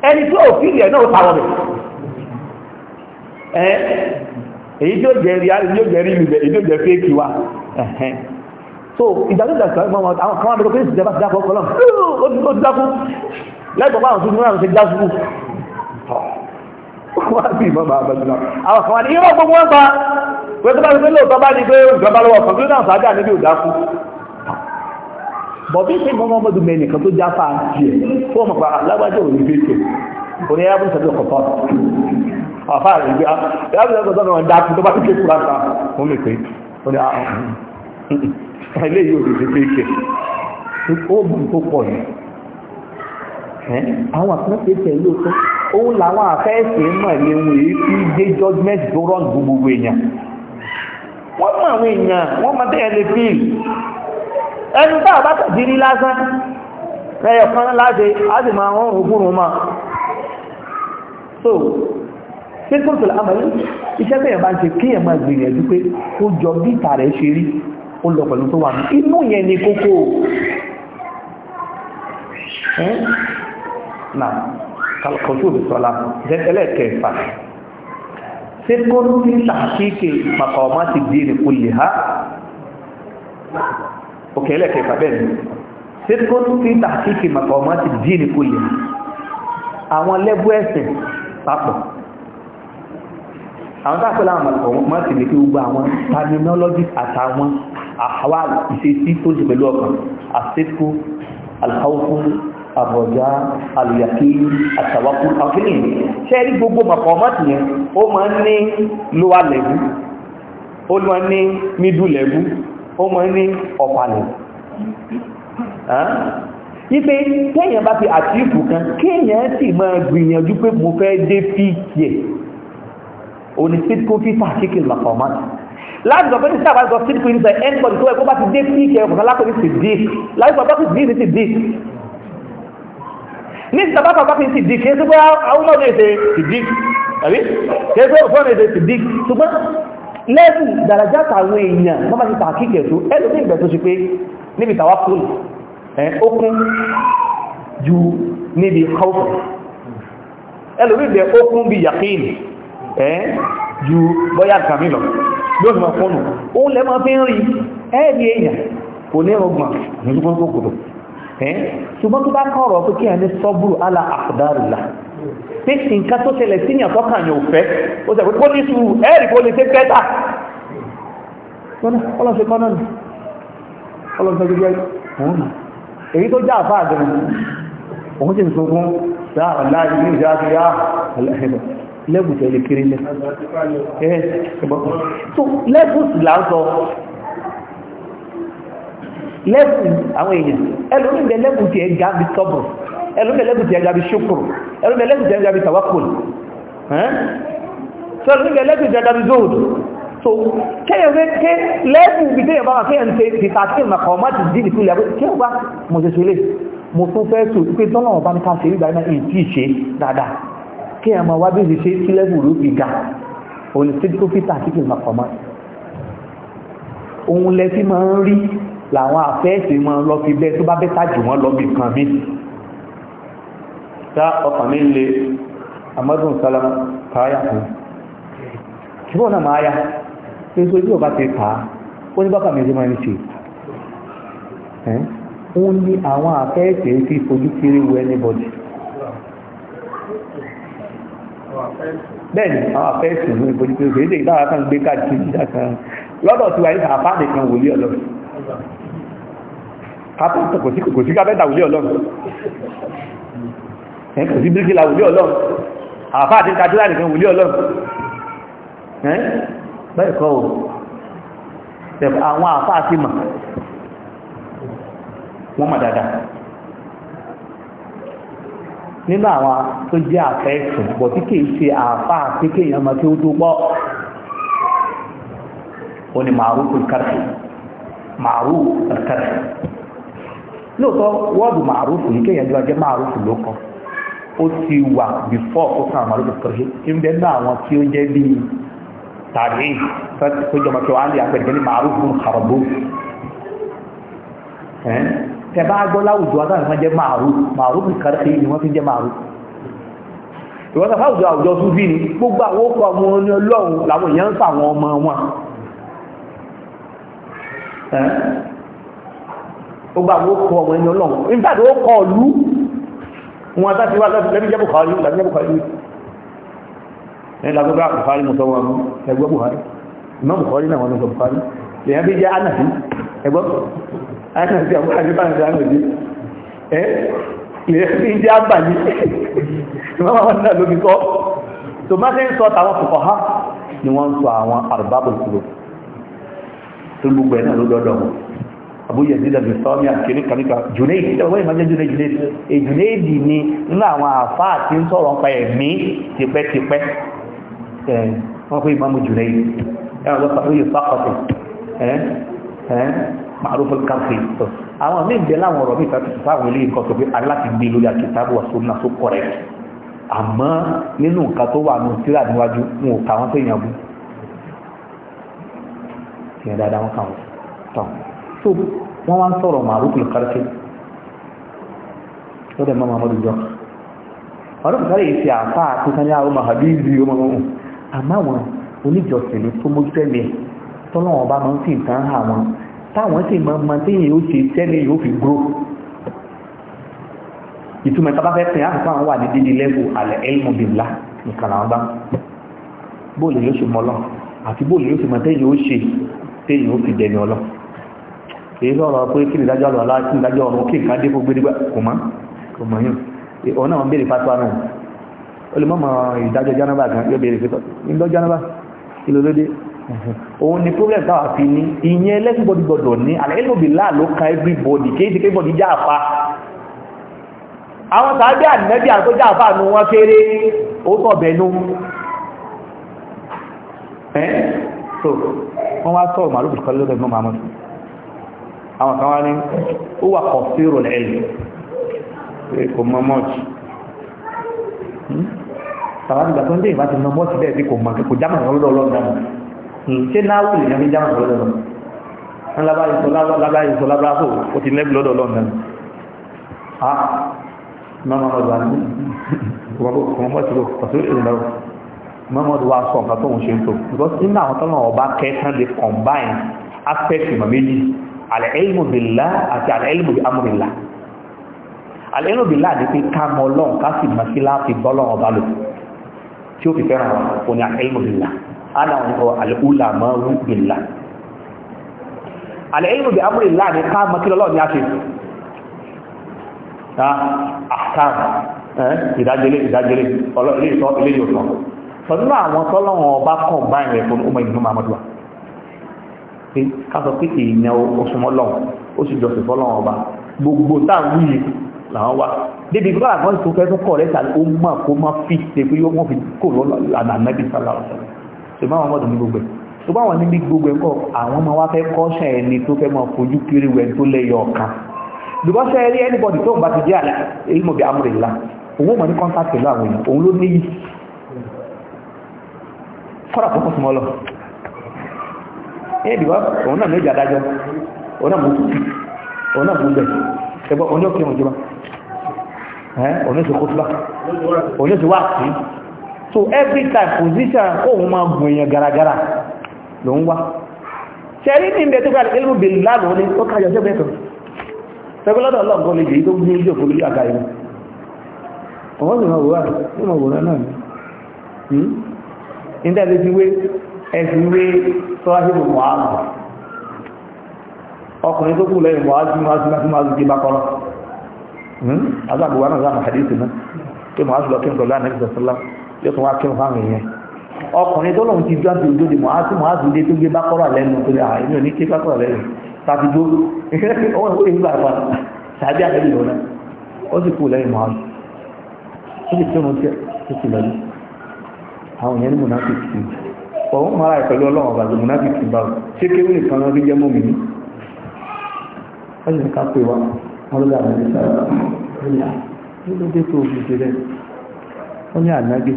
ẹni tí òfin rẹ̀ náà ta wọ̀ bẹ̀ èyí tí jẹ́ rí èyí èyí tí jẹ́ fẹ́ẹ̀kì wa ẹ̀hẹ́n so ìdàgbàsókè àti àwọn àwọn kan wà mẹ́rin pé ìjọba ti dákọ̀ ọkọ̀ náà ó ti dákú lẹ́gbọ̀n àwọn tuntun náà ti dákú wọ́n á sì mọ́ bàbá bàbá àwọn kan wà ní irọ́ gbogbo wọn pa pé tó bá ti pé lóòótọ́ bá ní pé ìjọba lọ́wọ́ kan tó náà sáájà níbi òdákú bọ̀bí ṣe mọ́ mọ́mọ́dù mẹ́rin kan tó já fa àti ẹ̀ tó mọ̀ pa alágbájọ́ òní fèsì òní ẹ̀yà bùsẹ̀ tó kọ̀tọ́ àfáà rẹ̀ gbé ẹ̀yà bùsẹ̀ tó kọ̀tọ́ náà dákú tó bá ti ké kúrò àtà ó mẹ́ orí àwọn ah, ah, ah. ilé yóò rí pé kẹ oògùn tó pọ̀ ní àwọn àtúnṣe tẹ̀ lóòótọ́ òun làwọn àfẹ́ẹ̀sì mọ̀ léwu èyí tí dé judgement tó rọ̀ gbogbo èèyàn wọ́n mọ̀ àwọn èèyàn wọ́n mọ̀ tẹ́yẹ lè fi ẹnu tá a bá tàbí rí lásán ẹyọ kan láti á sì máa rọrùn ogún mọ́ kéèkó tó lámàlú iṣẹ́ tẹ́yẹ̀ ń ṣe kéèyàn máa gbìyànjú pé ó jọ bí ìta rẹ̀ ṣe rí ó lọ pẹ̀lú tó wà ní inú yẹn ni kókó náà kọjú òbí sọlá jẹ́ ẹlẹ́kẹ̀ẹ́fà ṣé kó ní tàkíkè màkàwọ́má ti di ní olè ha òkè ẹlẹ́kẹ̀ẹ́fà bẹ́ẹ̀ ni ṣé kó ní ti di ní olè ha àwọn lẹ́bù ẹ̀sìn papọ̀ àwọn táàpẹ́lá àmàlùkọ̀wọ́n ti lè fi gbogbo àwọn terminology àtàwọn àwa ìṣesí tó ṣe pẹ̀lú ọkàn àṣẹ́kù alhaufu àbọ̀já alìyàkí àtàwákú àfihàn ṣẹ́rí gbogbo mọ̀kànmọ́tì yẹn ó máa ń ní lówà lẹ́gú ó máa ń ní mídù lẹ́gú ó máa ń ní ọ̀pá lẹ́gú ipe kéèyàn bá fi àtìkù kan kéèyàn sì máa gbìyànjú pé mo fẹ́ dé píìkì òní sídìkú fífà kíkìlì màkàmá láti sọ pé ní sábà sọ sídìkú ní sọ ẹni pọ̀ tó ẹ̀kọ́ bá ti dé sí ìkẹyọ̀ kọ̀ọ̀kan lápẹ̀ ní sídìk láti sọ bá ti dì ní sídìk ní sábà sọ bá ti sídìk kí ẹ sọ pé àwọn ọmọ náà ṣe sídìk àbí kí ẹ sọ pé ọmọ náà ṣe sídìk ṣùgbọ́n lẹ́bù dàrájà tàwọn èèyàn wọ́n bá ti tà kíkẹ̀ tó ẹlòmí ìgbẹ̀ tó ṣe pé níbi tàwa fún okun ju níbi kọ́ọ̀fù ẹlòmí ìgbẹ̀ okun bí yàkíìnì ẹ́ ju bọ́yá kàmí lọ yóò fi mọ̀ fóònù ó lẹ́ mọ́ fi ń rí ẹ́ẹ̀rí èèyàn kò ní ọgbọ̀n nígbọ́n tó kòtò ẹ́ ṣùgbọ́n tó bá kọ́ ọ̀rọ̀ pé kí ẹni sọ́bùrù ala àkùdárìlà pé nǹkan tó ṣẹlẹ̀ sí ní àtọ́kànyàn òfẹ́ ó sọ pé kó ní sùúrù ẹ́ẹ̀rí kó lè ṣe pẹ́tà ọlọ́sẹ̀ kọ́ náà ni já àfáà gẹ̀rẹ̀ òun sì ń sọ fún sáà láì ní lẹ́bù tẹ̀lé kiri lẹ́ so lẹ́bù sì là ń sọ lẹ́bù àwọn èèyàn ẹlòmí bẹ lẹ́bù tiẹ̀ ga bi sọ́bù ẹlòmí bẹ lẹ́bù tiẹ̀ ga bi ṣukuru ẹlòmí bẹ lẹ́bù tiẹ̀ ga bi tawakul sọ́lọ́mí bẹ lẹ́bù tiẹ̀ ga bi zoodu so kéèyàn fẹ́ ké lẹ́bù bi téèyàn bá wà kéèyàn ṣe ìtàkì màkà ọmọ àti dídì fúlẹ̀ kéèyàn bá mo ṣe ṣe lé mo tún fẹ́ sùn pé tọ́lọ́wọ́n bá ní ká ṣe ìgbà náà èyí tí ì ṣe dáadáa kí ẹ máa wá bí ìṣe sí lẹ́bù ló fi ga òun ni sídìkó fìtà sí kìlọ̀ kọ̀mọ́ òun lẹ fi máa ń rí làwọn àfẹ́ẹ̀sì máa lọ fi bẹ́ẹ̀ tó bá bẹ́ tàjù wọn lọ bì kan mí tá ọkàn mi le amadu salam káyà fún ṣùgbọ́n náà máa yá èso ojú ọba ti kàá ó ní bákan mi ṣe máa ń ṣe ó ní àwọn àfẹ́ẹ̀sì fi fojú kiri wọ anybody bẹ́ẹ̀ni àwọn afẹ́ẹ̀sì ní ìbòjú pé òṣèré dèkì dára kan gbé káàkiri ìjà kan lọ́dọ̀ tí wáyé àfá nìkan wòlé ọlọ́run kò sí kápẹ́tà wòlé ọlọ́run kò sí bíríkìlà wòlé ọlọ́run àfá àti kájúlá nìkan wòlé ọlọ́run bẹ́ẹ̀ kọ́ àwọn àfá àti mà wọ́n mà dáadáa nínú àwọn tó jẹ́ àfẹ́sùn bọ̀ tí kìí ṣe àfá àti kéèyàn mọ́ tí ó tó ó ní màrú kàrì màrú kàrì lóòótọ́ wọ́ọ̀dù màrú fún ní kéèyàn jẹ́ màrú fún ló kọ́ ó ti wà bífọ́ màrú ń bẹ́ àwọn tí ó jẹ́ tàbí tó jọmọ tí lè tẹ̀bá gbọ́ láwùjọ adáwọn kan jẹ́ màrú màrú bí kàrí ni wọ́n fi jẹ́ màrú ìwọ́n tàbí àwùjọ àwùjọ tún bí ní gbogbo àwọn ọkọ̀ ọmọ ní ọlọ́run làwọn èèyàn ń sàwọn ọmọ wọn gbogbo àwọn ọkọ̀ ọmọ ní ọlọ́run in fact ó kọ ọlú wọn tàbí wá lẹ́bí jẹ́ Buhari lẹ́bí jẹ́ Buhari ẹ̀lá gbogbo àkùfárí mọ̀tọ́ bí jẹ́ Anafi ẹgbẹ́ àti àwọn àdébà ń dáhùn ní ẹ́ ìrẹ́ sí ìdí àbà ní ndị wọn náà lóbi kọ́ tó má sí ń sọ tàwọn kòkọ̀ ha ni wọ́n ń sọ àwọn àrùbábò tó gbogbo ẹ̀ náà ló dọ́dọ̀ wọn ni ń sọ̀rọ̀ ẹ̀mí tipẹ́tipẹ́ wọ́n ìmọ̀ màrúfò káfí sọ àwọn míì bẹ láwọn ọ̀rọ̀ mi ìta tuntun fáwọn ilé nǹkan sọ pé aláti gbé lórí àkìtàbù àsúnà tó correct àmọ́ nínú nǹkan tó wà nù síra níwájú wọn ò kà wọ́n séèyàn bú ìyẹn dáadáa wọn kà wọ́n tán so wọ́n wá ń sọ̀rọ̀ màrúfò káfí lọ́dọ̀ mọ́ mamadu jọ màrúfò káfí yìí ti àfa àti sani àwọn mahabibi ọmọ wọn àmọ́ àwọn oníjọsìn tó mójútẹ́lẹ̀ tọ́lọ́wọ́n bá máa ń fi nǹkan hàn wọn táwọn sì máa ma tí yìí ó ṣe tẹ́lẹ̀ yóò fi grow ìtumọ̀ ìta bá fẹ́ pin àkókò àwọn wà ní dídí lẹ́gbò àlẹ́ elmo bìlá nìkan làwọn bá bóòlù yóò ṣe mọ́lọ́ àti bóòlù yóò ṣe mọ́ tẹ́yìn ó ṣe tẹ́yìn ó fi dẹni ọlọ́ èyí sọ̀rọ̀ pé kí nìdájọ́ àlọ́ alá kí nìdájọ́ ọ̀run kí nǹkan dé fún gbérígbà kò mọ́ kò mọ̀ yàn òun náà ń béèrè fatuwa náà olùmọ̀mọ̀ ìdájọ́ jánábà kan yóò béèrè fẹ́ òun ni problem táwa fi ní ìyẹn everybody gbọdọ̀ ní àlẹ́lòbìlá ló kan everybody kìí ṣe everybody já àfa àwọn tàbí ànẹ́bí àtó já àfa nu wọn kéré ó tọ̀ bẹ̀nu ẹ́ so wọ́n wá sọ̀rọ̀ màálù bùkọ́ lọ́dọ̀ ẹ̀gbọ́n màmá àwọn kan wá ní ó wà kọ̀ sí ìrọ̀lẹ́ ẹ̀ kò mọ mọ́ọ̀jì tàbí hmm? àgbà tó ń dé ìbá ti mọ mọ́ọ̀jì bẹ́ẹ̀ sí kò mọ̀ kò jámọ̀ lọ́dọ̀ Hmm, ṣé náwó lè ní jáàmù lọ́dọ̀ lọ lábáyé sọ lábáyé sọ lábáyé sọ ó ti lẹ́bù lọ́dọ̀ lọ́nà ah mọ́mọ́dù wa ní ọmọdù ọ̀sẹ̀ ìrìnlọ́wọ́ mọ́mọ́dù wa sọ nǹkan tó ń ṣe tó because nínú àwọn tọ́lọ̀ ọba kẹsàn-án combine aspect ìmọ̀ méjì al-ilmu billah àti al-ilmu bi amrillah al-ilmu billah ni pé ká mọ ọlọ́run ká sì mọ̀ sí láti bọ́lọ́run ọba lò tí ó fi fẹ́ràn wọn ní al ana wọn al'ulama rúgbìnlá al'ilmu bi amurila ni ká makilọ́lọ́ ni a ṣe ta akam ìdájẹ́lé ìdájẹ́lé ilé ìtọ́ ilé yóò tán pẹ̀lú àwọn tọ́lọ́wọ̀n ọba kan báyìí rẹ̀ fún ọmọ ìlú mamadua kásọ pé èèyàn oṣùmọ́lọ́wọ̀n ó sì jọsìn fọ́lọ́wọ̀n ọba gbogbo táà wúyè làwọn wá débi gbọ́dọ̀ àwọn ìtòkẹ́ tó kọ̀ rẹ̀ ó mọ̀ kó má fi ṣe pé yóò mọ̀ fi kò lọ́nà ànábì sálà ìmáwọn ọmọdé ní gbogbo tó bá wọn níbi gbogbo ẹ̀ àwọn ọmọ wa fẹ́ kọ́ṣẹ̀ ẹni tó fẹ́ mọ fojú kiri wẹ̀ tó lẹ́yọ ọ̀kan lùbọ́sẹ̀ rí anybody tó bá ti jẹ́ àlẹ́ èyí mọ̀ bí amúrè ńlá òun mọ̀ ní kọ́ńtàkì lọ ẹ̀ òun náà méjì adájọ́ òun náà ẹgbọ́ òun so every time position òun máa gùn èèyàn garagara ló ń wá ṣẹ̀rí ní ilẹ̀ tó gbà ilmù bí lánàá ní ó kájọ ṣẹ́gbẹ́ kan ṣẹgbẹ́lọ́dọ̀ ọlọ́gbọ́n lè jẹ́ tó gún ìjọ fún ilé àgbà ìwọ̀n ọwọ́ sì máa wòrán ní máa wòrán náà ní ìdẹ́lẹ̀ ti wé ẹ̀sìn wé sọ́wáṣẹ́bù mọ̀háàmù ọkùnrin tó kù lẹ́yìn hmm? mọ̀háàmù yóò tún wá kí n fáwọn èèyàn ọkùnrin tó lòun ti dúró àti òjò dìbò àti mọ́àtì ilé tó gbé bákọ́rọ̀ lẹ́nu tó lè ah, àìní òní ké bákọ́rọ̀ lẹ́nu tàbí dó ọwọ́ ìwé ìgbà àgbà tàbí àlẹ́ ìlú náà ó sì kú lẹ́yìn mọ́àtì ó sì tún un tí ó sì lọ́lé àwọn èèyàn ní mùnáfíìkì ọ̀hún mara ẹ̀ pẹ̀lú ọlọ́run ọ̀bàdàn mùnáfíìkì bá ó ní ànágbé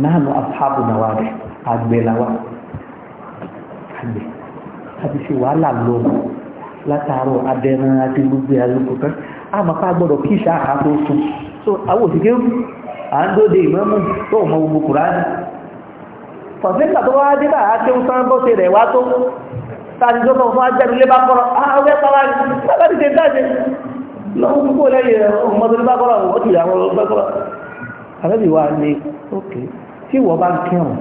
nánú asáàbù náà wà rẹ̀ àgbẹ̀ làwà àgbẹ̀ àti ṣe wàhálà lọ látàárọ̀ adẹ́ran àti gbogbo àlùkò kan a kí ìṣá àká tó so àwọn òsìké à ń dóde ìmọ̀mù tó mọ gbogbo kùránì fọ̀sẹ́ńtà tó wá dé bá akéwù sáńbọ́ ṣe rẹ̀ wá tó tàbí tó sọ fún ajẹ́rù lé bá kọ́rọ̀ ààrẹ pàwàrí lábàrí ṣe dáṣe lọ́wọ́ àbẹ́bí wa ní òkè tí wọ́n bá ń kírùn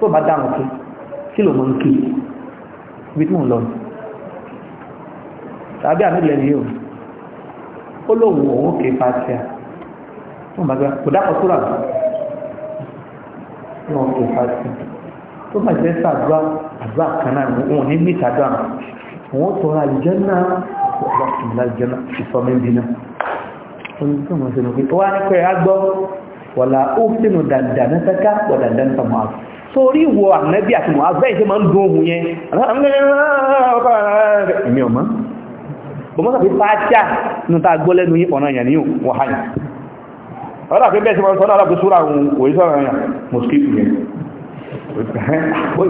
tó bá dáhùn kí kí ló mọ́ ń kí ibi tí mò ń lọ tàbí àmì ìlẹ̀ yìí ó lóhùn òun òkè pàṣẹ tó bá gbá kò dákọ̀ tó rà wọn òkè pàṣẹ tó bá jẹ́ sàdúrà àdúrà kan náà wọn ní mí sàdúrà wọn tọrọ àlùjẹ́ náà wọ́n bá tún náà ìsọmẹ́bí náà ó ní tó mọ̀ sínú pé ó wá ní pé wọ̀là ófìnù dàndàna sẹ́ká wọ̀ dàndàna sọ mọ́àzù sórí ìwọ ànábì àti mọ́àzù bẹ́ẹ̀ ṣe máa ń dún ohun yẹn èmi ọ̀mọ́ bọ́mọ́ sàbí fàájá nínú tá a gbọ́ lẹ́nu ni. ọ̀nà ìyàn níyàn wọ̀ hàn ọ̀rọ̀ àfi bẹ́ẹ̀ ṣe máa ń sọ́nà aláàbò súra òun òye sọ̀rọ̀ yàn mọ̀síkìpù yẹn mo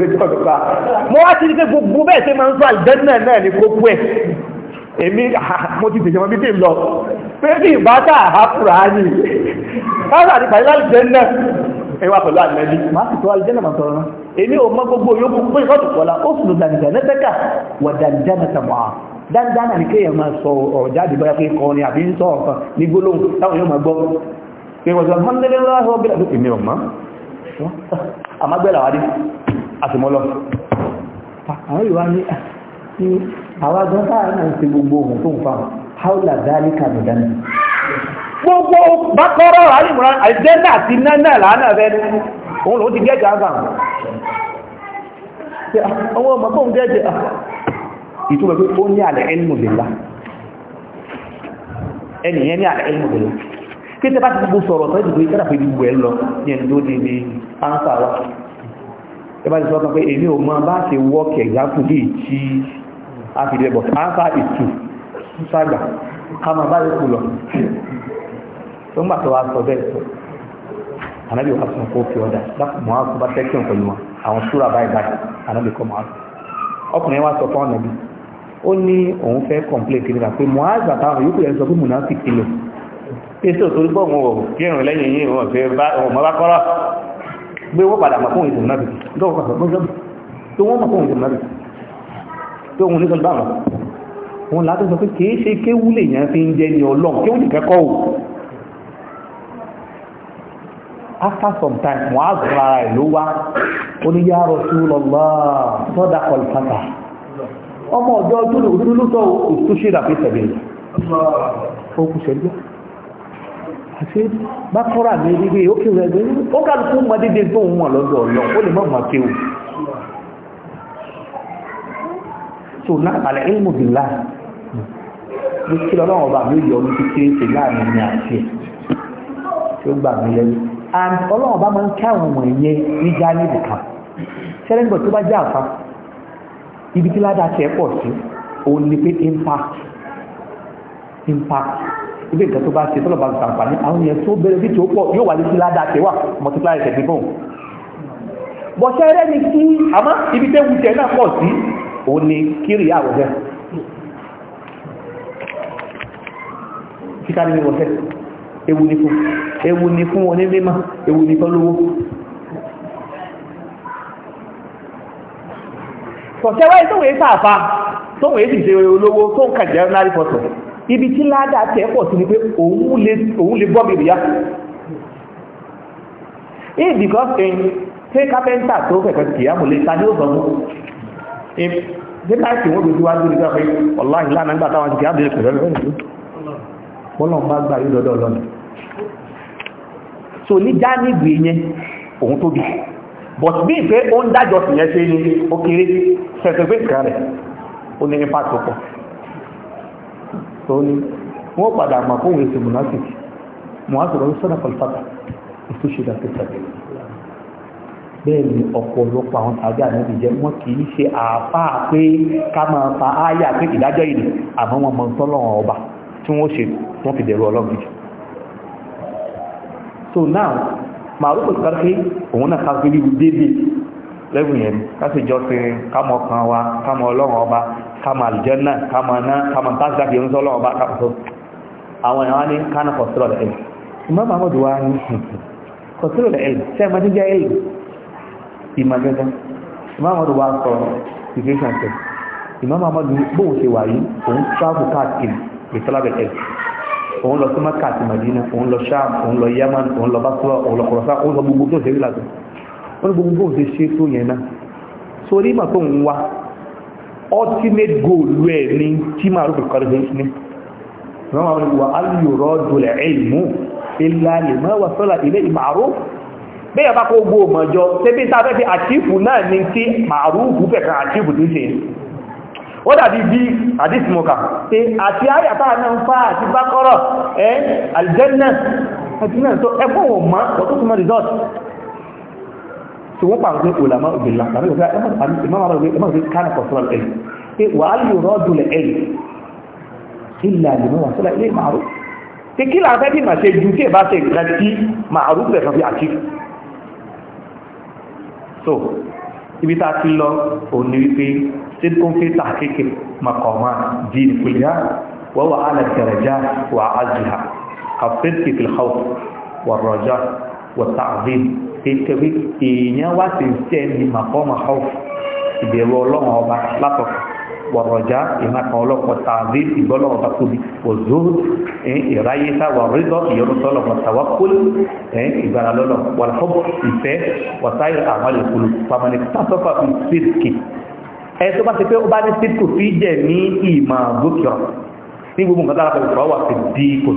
wá ti rí gbogbo bẹ́ẹ̀ ṣe máa ń sọ àlùdẹ́nà náà ní kókó ẹ̀ èmi mo ti tẹ̀sẹ̀ bí tèmi lọ pé bí ìbátà àhápùrà ní káàkiri àti pàdé láti jẹ́ náà ẹwà pẹ̀lú àlẹ́lì máa sì tó alìjẹ́ náà sọ̀rọ̀ náà èmi ò mọ́ gbogbo yóò kú pé ìkọ́tù kọ́lá ó sì lò dànìjà nẹ́tẹ́kà wà dànìjà nẹ́tà mọ́ dáadáa ni àbí ń sọ ọ̀kan ní gbólóhùn táwọn yóò máa gbọ́ pé wọ́n sọ alhamdulillah wọ́n bẹ̀rẹ̀ èmi ò mọ́ àmágbẹ́là wádìí àtìmọ́lọ́ àwọn ìwà ní àwọn agbọ́n táà haúlà dáríkà nìdánì gbogbo bákọ́rọ̀ alìmọ̀rán àìjẹ́nà àti nánà làánà rẹ̀ ní òun ló ti gẹ́gẹ́ àgbà ọmọ ọmọ kó ń gẹ́gẹ́ ìtumọ̀ pé ó ní àlẹ́ ẹni mọ̀lẹ́lá ẹnìyẹn ní àlẹ́ ẹni mọ̀lẹ́lá kí tẹ́ bá ti gbogbo sọ̀rọ̀ tó ìdìbò ìkẹ́dà pé gbogbo ẹ̀ lọ ní ẹni di ní áńsà wa ẹ bá ti sọ pé èmi ò mọ bá ṣe wọ́ọ̀kì ẹ̀gbá fún bí ìtì àfìdẹ́bọ̀ áńsà ìtù ń sàgbà ká máa bá yẹ kù lọ tó ń gbà tó wá sọ bẹ́ẹ̀ sọ ànábì wà sọ kó fi ọ̀dà mọ́ àkó bá fẹ́ kí n pẹ̀lú wọn àwọn súra báyìí báyìí ànábì kọ́ mọ́ àkó ọkùnrin wa sọ fún ọ̀nà bíi ó ní òun fẹ́ complain kìnnìkà pé mohaza táwọn yóò yẹn sọ fún munafik ilẹ̀ pèsè òtorí bọ́ wọn ò kírùn lẹ́yìn yìí wọn fẹ́ bá ọmọ bá kọ́rọ̀ gbé wọ́n padà mọ̀kún ìsìn munafik tó wọn látọ́ sọ pé kìí ṣe kéwú lè yàn fi ń jẹ́ ní ọlọ́run kéwú nìkan kọ́ o after some time wọ́n á zọra ẹ̀ ló wá oníyá Rasulullah sọ́dà kọlùpàtà ọmọ ọ̀dọ́ tó lè òdúdú ló sọ òtún ṣe rà pé tẹ̀lé ó kù ṣẹ́jú àti bákọ́rà mi rí bí ó kí rẹ̀ bí ó kálukú mọ́ dédé tó ń wọ̀n lọ́dọ̀ ọ̀lọ́ ó lè mọ́ mọ́ kéwú so náà àlẹ́ ilmu billah bí kí lọ́wọ́ ọba mi yọ ní kékeré ṣe láàrin ní àti ẹ̀ tí ó gbà mí lẹ́nu and ọlọ́wọ́ ọba máa ń kí àwọn ọmọ ẹ̀yẹ ní jáde nìkan sẹ́lẹ̀ nígbà tó bá jẹ́ àfa ibi tí ládàá tiẹ̀ pọ̀ sí òun ni pé impact impact ibi nǹkan tó bá ṣe tọ́lọ̀ bá ń sàǹfààní àwọn yẹn tó bẹ̀rẹ̀ bí tí ó pọ̀ yóò wà létí ládàá tẹ̀ wà multiply ẹ̀sẹ̀ fífún un bọ̀ṣẹ́ rẹ̀ ni kí àmọ́ ibi tẹ́wù tẹ̀ náà pọ̀ sí òun ni kí tí ká ewu ni fun ewu ni fun wọn ní ewu ni fún lówó sọ̀tẹ́ wáyé tóun èé sàfà tóun èé sì ṣe olówó tó ń kàjẹ́ ibi tí ládàá tẹ̀ pọ̀ ni le òun lè bọ́ bìbìyà if because in ṣé kápẹ́ńtà tó fẹ̀kọ́ ti kìyàmù lè ta ní bọ́lọ̀n bá gbà yóò dọ́dọ̀ lọ́nà so ní jánìgbì yẹn òun tóbi but bí ìpé ó ń dájọ́ sí yẹn ṣe ni ó kéré sẹ́sẹ̀gbé kan ó ní ipa tó pọ̀ so ni wọ́n padà mọ̀ fún òun èsì mùnásìkì mùnásìkì ló sọ́nà pẹ̀lúpàtà ìtúṣe dàtí sàbẹ̀ bẹ́ẹ̀ ni ọ̀pọ̀lọpọ̀ àwọn tàbí ànábì jẹ́ wọ́n kì í ṣe àáfàá pé ká máa pa ááyà pé ìdájọ́ ìdè àmọ́ wọn mọ̀ ń tọ́lọ́wọ́n ọba tí wọ́n ṣe wọ́n fi dẹ̀rọ ọlọ́run so now màálù kò sáré pé òun náà ká gbélé ìwú dédé lẹ́gùn yẹn ká sì jọ sí kámọ kan wa kámọ ọlọ́run ọba kámọ àlùjànnà kámọ náà kámọ tásídàkì oúnjẹ ọlọ́run ọba kámọ tó àwọn èèyàn wá ní kánà kọ̀sílọ̀ lẹ̀ ẹ̀lì ìmọ̀ mahmud wá ní [laughs] kọ̀sílọ̀ lẹ̀ ẹ̀lì sẹ́ẹ̀ máa jẹ́ ẹ̀lì ìmọ̀ gẹ́gẹ́ ìmọ̀ mahmud wá sọ situation tẹ̀ ìmọ̀ mahmud bóun ṣe wà yìí òun travel káàkiri ìtọ́lábẹ̀ ẹ̀lì òun lọ sí maka àti madina òun lọ sham òun lọ yaman òun lọ basra òun lọ kọ̀rọ̀sá òun lọ gbogbo tó ṣe rí lásán wọ́n ní gbogbo òun ṣe tó yẹn náà sórí mà tó ń wá ultimate goal rẹ̀ ní tí máa rúbì kọ́rí ṣe ní wọ́n máa wà á yóò rọ́ọ̀dù rẹ̀ ilmu illa lima wasala ilé ìmàrú bẹ́ẹ̀ bá kó gbogbo òmọ̀jọ tẹ́bí sáfẹ́fẹ́ àtìfù náà ní tí màrú fúfẹ̀ kan àtìfù tó ṣe ó dàbí bí àdísìmọ̀kà pé àti àyàtà náà ń fà àti bákọ́rọ̀ ẹ́ aljanna àti náà tó ẹgbọ́n wọn mọ́ ọ̀tún súnmọ́ resort tí wọ́n pàrọ̀ pé òlàmọ́ òbìlà tàbí òbí ẹmọ́ òbí kánà kọ̀sọ́rọ̀ ẹ̀ pé so ibi tá a ti lọ òun ni wípé sídkún fi tàkìkì makọ̀mọ́ di ìpìlẹ̀ wọ́n wà á dàrẹ́jà wà á jìhà kàfíìsì fìlhàù wà rọ̀jà wà tààbí kékeré èèyàn wá sí ìṣẹ́ ní makọ̀mọ́ hàù ìbẹ̀rù ọlọ́run ọba látọ̀kọ̀ wọ̀rọ̀já ìmákan ọlọ́pọ̀ tààdé ìgbọ́lọ́wọ́ bá tóbi òzó ìráyéta wàrídọ́ ìyọrùsọ́lọ́pọ̀ tàwákólú ìgbàlálọ́lọ́ wàlúfọ́bọ̀ ìfẹ́ wàtáyé àwọn ìkòlù pàmàlì tàtọ́fà fi sídìkì ẹ tó bá ti pé ó bá ní sídìkì fi jẹ ní ìmọ̀ àgbókìọ̀ ní gbogbo nǹkan dára pẹ̀lú wà sí díkù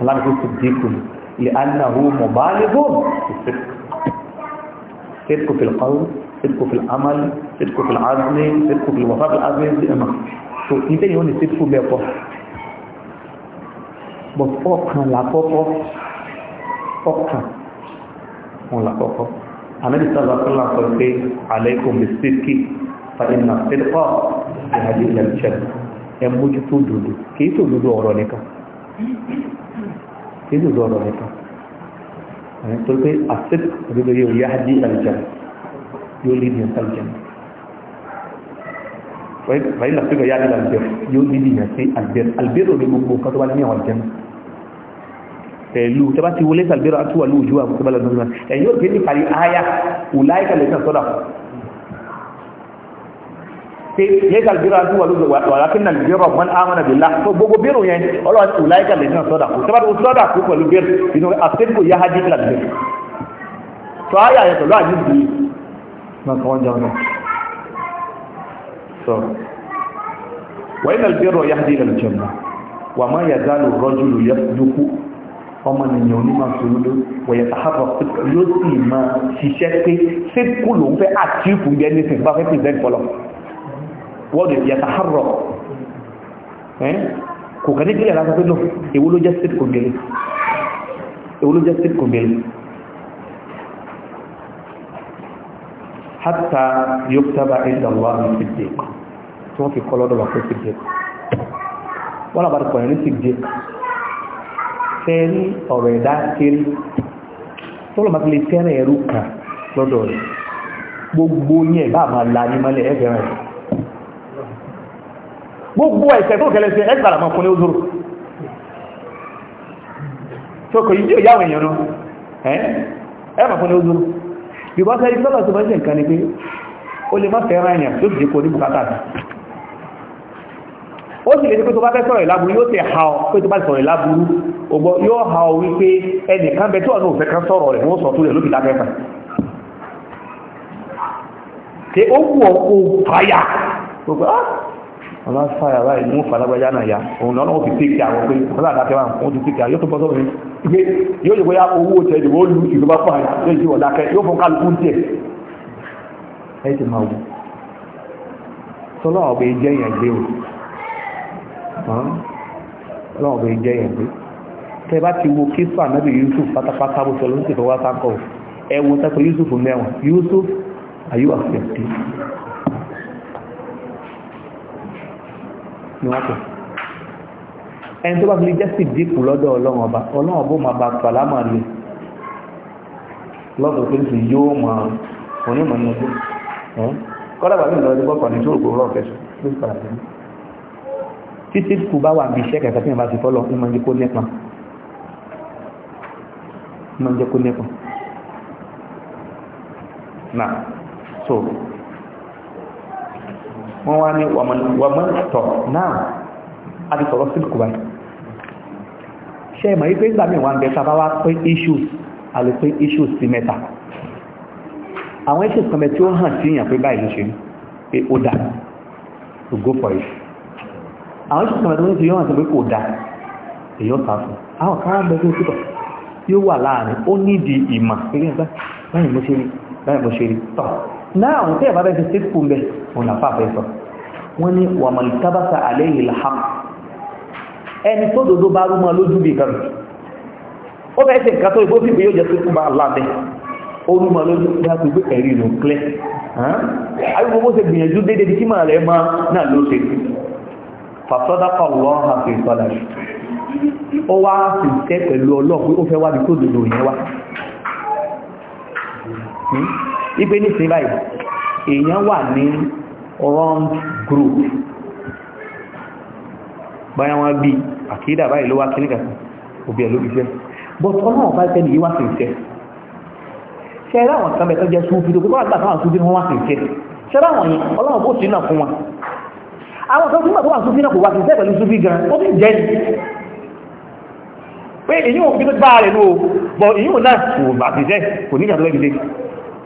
aláàbò sí díkù صدق في العمل صدق في العزم صدق في الوفاء بالعزم so nítorí wọn ni sídìkù bẹ́ẹ̀ pọ̀ but ọkàn làkọ́kọ́ ọkàn wọn làkọ́kọ́ anabi sábà sọlá sọ pé aleikum bi sídìkì fa iná sídìkọ́ ìhàjì ìlẹ̀mìṣẹ́ ẹ mójútó dòdò kìí tó dòdò ọ̀rọ̀ nìkan kìí tó dòdò ọ̀rọ̀ nìkan torí pé àsìkò dòdò yóò yáhàjì ìlẹ̀mìṣẹ́ yóò lé ní ẹ̀sán jẹ́ wàyí làfíìkọ̀ yá ní albert yóò lé ní ẹ̀sán albert albert ò ní gbogbo nǹkan tó bá ní àwọn jẹ́ pẹ̀lú tó bá ti wọlé sàlbẹ́rọ àtúwà lóòjú àwọn tó bá lọ nínú ẹ̀yìn òkè ní parí àyà òláìkà lẹ́sàn sọ́dà pé yẹ sàlbẹ́rọ àtúwà lóòjú wà láti nà lẹ́rọ wọn àmàna bí lá gbogbo bẹ́rù yẹn ọlọ́run òláìkà lẹ́sàn sọ́dà kó sábà tó sọ́dà kó pẹ̀lú bẹ́rù inú àfẹ́kù yá hajj làbẹ́rù tó àyà yẹn pẹ̀lú àyè náà kọ́ so wọ́n náà bẹ̀rọ yáhàdì ilẹ̀ jẹun wà má yà dálò rọ́jú lò yẹ́kú ọmọ nìyàn onímọ̀ sòrúdó wọ̀yẹ̀ tàhábọ̀ yóò sì máa ṣiṣẹ́ pé ṣé kú ló ń fẹ́ àtìkù bí ẹni sìn bá fẹ́ eh, fọlọ́ wọ́n lè yẹ tàhábọ̀ kò kàn ní kílẹ̀ lásán pé náà èwo ló jẹ́ state kòmìnir hátà yóò tábà ìdàlọ́wà ní sídèk tí wọ́n fi kọ́ do wà fún sídèk wọ́n làbá ti pọ̀yẹ̀ ní o fẹ́rí ọ̀rọ̀ ẹ̀dá kéré tó lọ́mà ti lè fẹ́rẹ̀ ẹ̀rú kan lọ́dọ̀ rẹ̀ gbogbo yẹn bá máa la ní mọ́lẹ̀ ẹ̀fẹ́ rẹ̀ gbogbo ẹ̀sẹ̀ tó kẹlẹ̀ sí ẹgbàrà mọ́ fúnlé òzòrò tó kò yí tí ò yáwó èèyàn náà ẹ̀ ẹ̀ mọ́ fúnlé òzòrò ìbọ́sẹ̀ ìgbẹ́ lọ́sẹ̀ bọ́ sí nǹkan ni pé ó lè má fẹ́ràn èèyàn tó sì kò ní bùkátà sí ó sì lè ní pé tó bá fẹ́ sọ̀rọ̀ ìlàbúrú yóò tẹ̀ ha ọ pé tó bá sọ̀rọ̀ ìlàbúrú ògbọ́ yóò ha ọ wípé ẹnìkan bẹ tí ọ̀nà òfẹ́ kan sọ̀rọ̀ rẹ̀ wọ́n sọ tó rẹ̀ ọ̀nà sáyà láì mú fàlágbájá náà yá òun náà wọ́n fi àwọn pé ọ̀nà àdáfẹ́ wọ́n ti tèkì yóò tó bọ́ sọ́run pé yóò yẹ bóyá owó tẹ̀ ìdìbò lu ìjọba fún àyà yóò yí ọ̀dà kẹ yóò fún kálukú tiẹ̀ ẹ ti máa wù sọlá ọ̀bẹ jẹ́ yẹn gbé o sọlá ọ̀bẹ jẹ́ yẹn gbé tẹ bá ti wo kíso ànábì Yusuf pátápátá bó sọ ló wá sáńkọ̀ ẹ wo sẹ́kọ̀ ni wọ́n pè ẹni tó bá fi lè jẹ́ sídìkù lọ́dọ̀ ọlọ́run ọba ọlọ́run ọba máa bá pàlámà lè lọ́dọ̀ tó ń fi yóò máa onímọ̀ ní ọdún kọ́dà bàbá ìlọ́dún gbọ́kàn ní tó rò gbòòrò ọ̀fẹ́ ló ń padà sí tí sídìkù bá so wọ́n wá ní wàmọ́tọ̀ náà a ti sọ̀rọ̀ sílùkù báyìí ṣe ìmọ̀ yìí pé nígbà míì wà ń bẹ tá bá wá pé issues a lè issues sí mẹ́ta àwọn issues kan bẹ tí ó hàn sí èèyàn pé báyìí ló ṣe pé ó dà to go for it àwọn issues kan bẹ tó ń fi hàn sí pé kò dà èèyàn sá fún àwọn kan bẹ tó ń túbọ̀ yóò wà láàrin ó nídìí ìmọ̀ pé báyìí mo ṣe rí báyìí mo ṣe rí tọ̀ náà àwọn tẹ́ẹ̀bá bẹ́ẹ̀ fi síkù mẹ́ òun àfáàfẹ́ sọ wọ́n ní wà mọ̀ tábàtà àlẹ́yìn ìlham ẹni tó dòdó bá rú mọ́ lójú bí kan ó bẹ́ẹ̀ sì nǹkan tó ìbó sì pé yóò jẹ́ síkù bá aláàbẹ̀ ó rú mọ́ lójú bí a ti gbé ẹ̀rí ìlú clẹ́ ayé gbogbo ṣe gbìyànjú déédéé kí màá rẹ̀ máa náà ló ṣe fàtọ́dákọ̀ lọ́hà fi sọ́dà ó wá sì tẹ́ pẹ̀lú ọlọ́ọ̀ pé ó fẹ́ wá bí tó dòdó yẹn wá hmm? ipe ní sin báyìí èèyàn wà ní wrong group báyà wọn bí àkídà báyìí ló wá kí nígbà òbí ẹ̀ ló fi fẹ́ but ọlọ́run bá fẹ́ nìyí wá sí ìfẹ́ ṣe ẹ̀rọ àwọn kan bẹ̀ tó jẹ́ súnfì tó kọ́ àgbà fáwọn súnfì wọn wá sí ìfẹ́ ṣe ẹ̀rọ àwọn yẹn ọlọ́run bó sí náà fún wọn àwọn kan súnmọ̀ tó wà súnfì náà kò wá sí ìfẹ́ pẹ̀lú súnfì gan ó ti jẹ́ pé èyí ò fi tó bá rẹ̀ lóò bọ̀ èyí ò náà kò bá sí ìfẹ́ kò ní ìjà tó lẹ́gbẹ̀ẹ́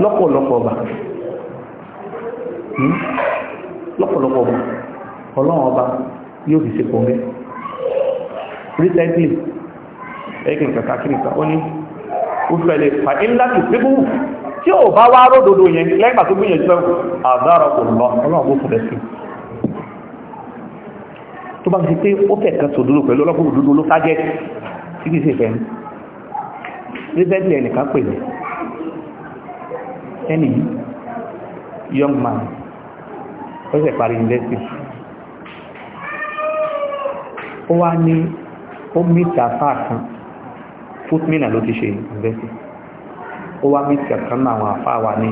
lọ́pọ̀lọpọ̀ ọba hmm? lọ́pọ̀lọpọ̀ ọba ọlọ́run ọba yóò fi ṣe kọ̀ọ̀rẹ́ recently ẹgbẹ̀ kàkà kìrìkà ó ní ó fẹ́lẹ̀ fà ńlá tí ó bá wá ródòdó yẹn lẹ́gbà tó gbìyànjú lọ́wọ́ ọlọ́run Any young man ó ṣẹ̀ parí university ó wá ní ó mítà fáà kan footmina ló ti ṣe university ó wá mítà kan náà àwọn àfáà wà ní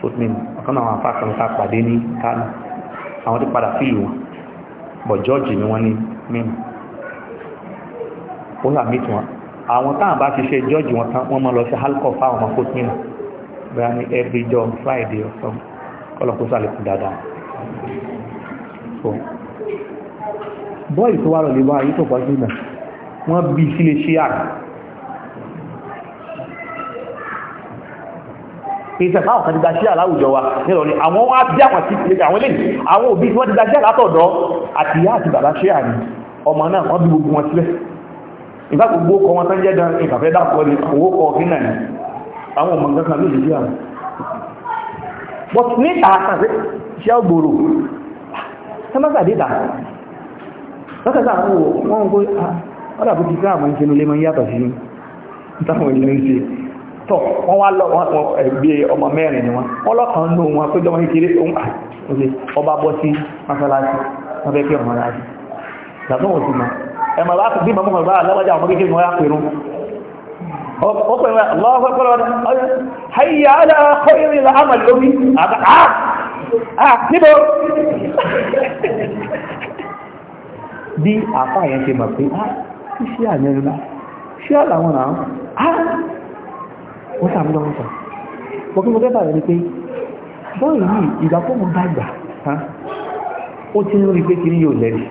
footmina ọ̀kan náà àwọn àfáà kan ká pàdé ní Kánò àwọn ti padà sí ìlú bọ̀ George ni wọ́n ní mímu ó là mítì wọn àwọn táwọn bá ti ṣe George wọn tán wọ́n mọ́ lọ sí halkọ́ fáwọn ọmọ footmina bẹ́ẹ̀ ní every job friday or some kọ́lọ̀kú sàlẹ̀kù dáadáa so bọ́ọ̀lù tó wà lọ́lẹ́wà yìí tó pàṣẹ ìgbà wọ́n bí sílé ṣíà ìṣẹ̀ fáwọn kan ti gba u láwùjọ wa ni ní àwọn wá bí àwọn tí àwọn ilé àwọn òbí tí wọ́n ti gba ṣíà látọ̀dọ̀ àti ìyá àti bàbá ṣíà ni ọmọ náà wọ́n bí gbogbo wọn sílẹ̀ ìgbà gbogbo ọkọ̀ wọn tán jẹ́ dan ìfàfẹ́ ní owó kọ̀ọ̀kí náà àwọn ọmọ nǹkan kan lóòlù díà but níta ṣe ọgbòrò sẹ́mọ́sàdéta lọ́kẹ̀sà àwọn wọ́n ń kó ọ́dàbò ti sáà mọ́ ìṣẹ́nu lé mọ́ yàtọ̀ sí ìtàwọn ìlú ń ṣe tọ́ wọ́n wá lọ ẹgbẹ́ ọmọ mẹ́rin ni wọ́n wọ́n lọ́kàn ń lò wọn pé jọmọ kékeré ohun àti ọba bọ́ sí mọ́sálásí ọkùnrin lọ́wọ́ pẹ́pẹ́rẹ́ wọn ọ̀yọ́ hayya ala khayri al-amal lórí àà ah, ah, níbo bí àfá yẹn ṣe mọ̀ pé á ah, iṣẹ́ àyẹnlá ṣé àlàwọn àwọn á wọ́n sàmì lọ́wọ́ sọ mo kí mo fẹ́ bàrẹ̀ ni pé bọ́ọ̀lù yìí ìgbà fún mo dàgbà ó ti rí pé kiri yóò lẹ́rìí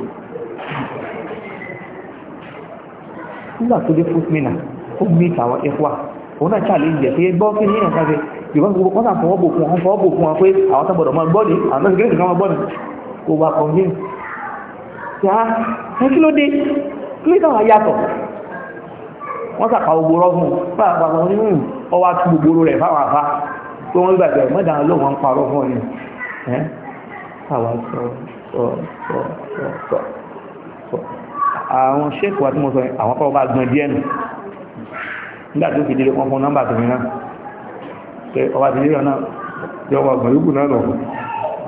nígbà tó dé fún mìíràn ó mí tàwọn ẹ̀kọ́ òun náà challenge ẹ̀ pé gbọ́ kí ní ẹ̀ka ṣe ìwọ́n gbogbo wọ́n sàn fọwọ́ bò fún wọn fọwọ́ bò fún wọn pé àwọn tó gbọ́dọ̀ mọ́ gbọ́dì àwọn tó gẹ́gẹ́ kan gbọ́dì kò wà convince yá ẹ kí ló dé kí ló dáwà yàtọ̀ wọ́n sàkà ogbó rọ́gùn pàápàá ní ọwá tún gbogbo hmm, rẹ̀ fáwọn àfá tó wọ́n gbàgbẹ̀ mọ́dà lóhun parọ́ fún ọ̀nà ẹ́ àwọn àti mọ́sọ àwọn kọ́ bá gbọ́n díẹ̀ nù nígbà tó fi délé pọ́n fún nọ́mbà tòmí náà pé ọba ti délé ọ̀nà yọwọ́ ọgbọ̀n yókù náà lọ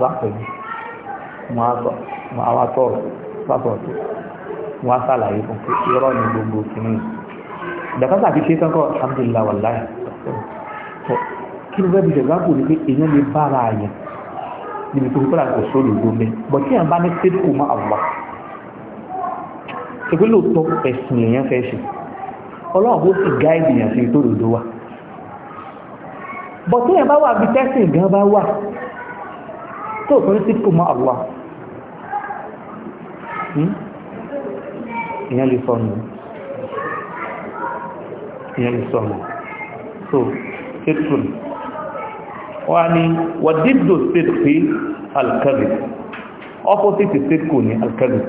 bá pẹ̀lú máa wá tọ́ sọ́tọ̀ tó wá sàlàyé fún pé irọ́ ni gbogbo kìíní ìdàkọ́sà fi ṣe tán kọ́ alhamdulillah wallahi kí ló fẹ́ bí ṣẹ̀gbọ́n kò ní pé èèyàn lè bára àyàn níbi tó kọ́ra kò sóòlù lómi bọ̀ tí à fẹ́ ṣe ọlọ́run ó sì gá ènìyàn sí tó lòdó wa bọ̀ tí ẹ̀ bá wà bí tẹ́sìn gan bá wà tó fún ní sípò mọ́ àwọ̀ ìyẹn lè sọnù ìyẹn lè sọnù so faithful ní alkazi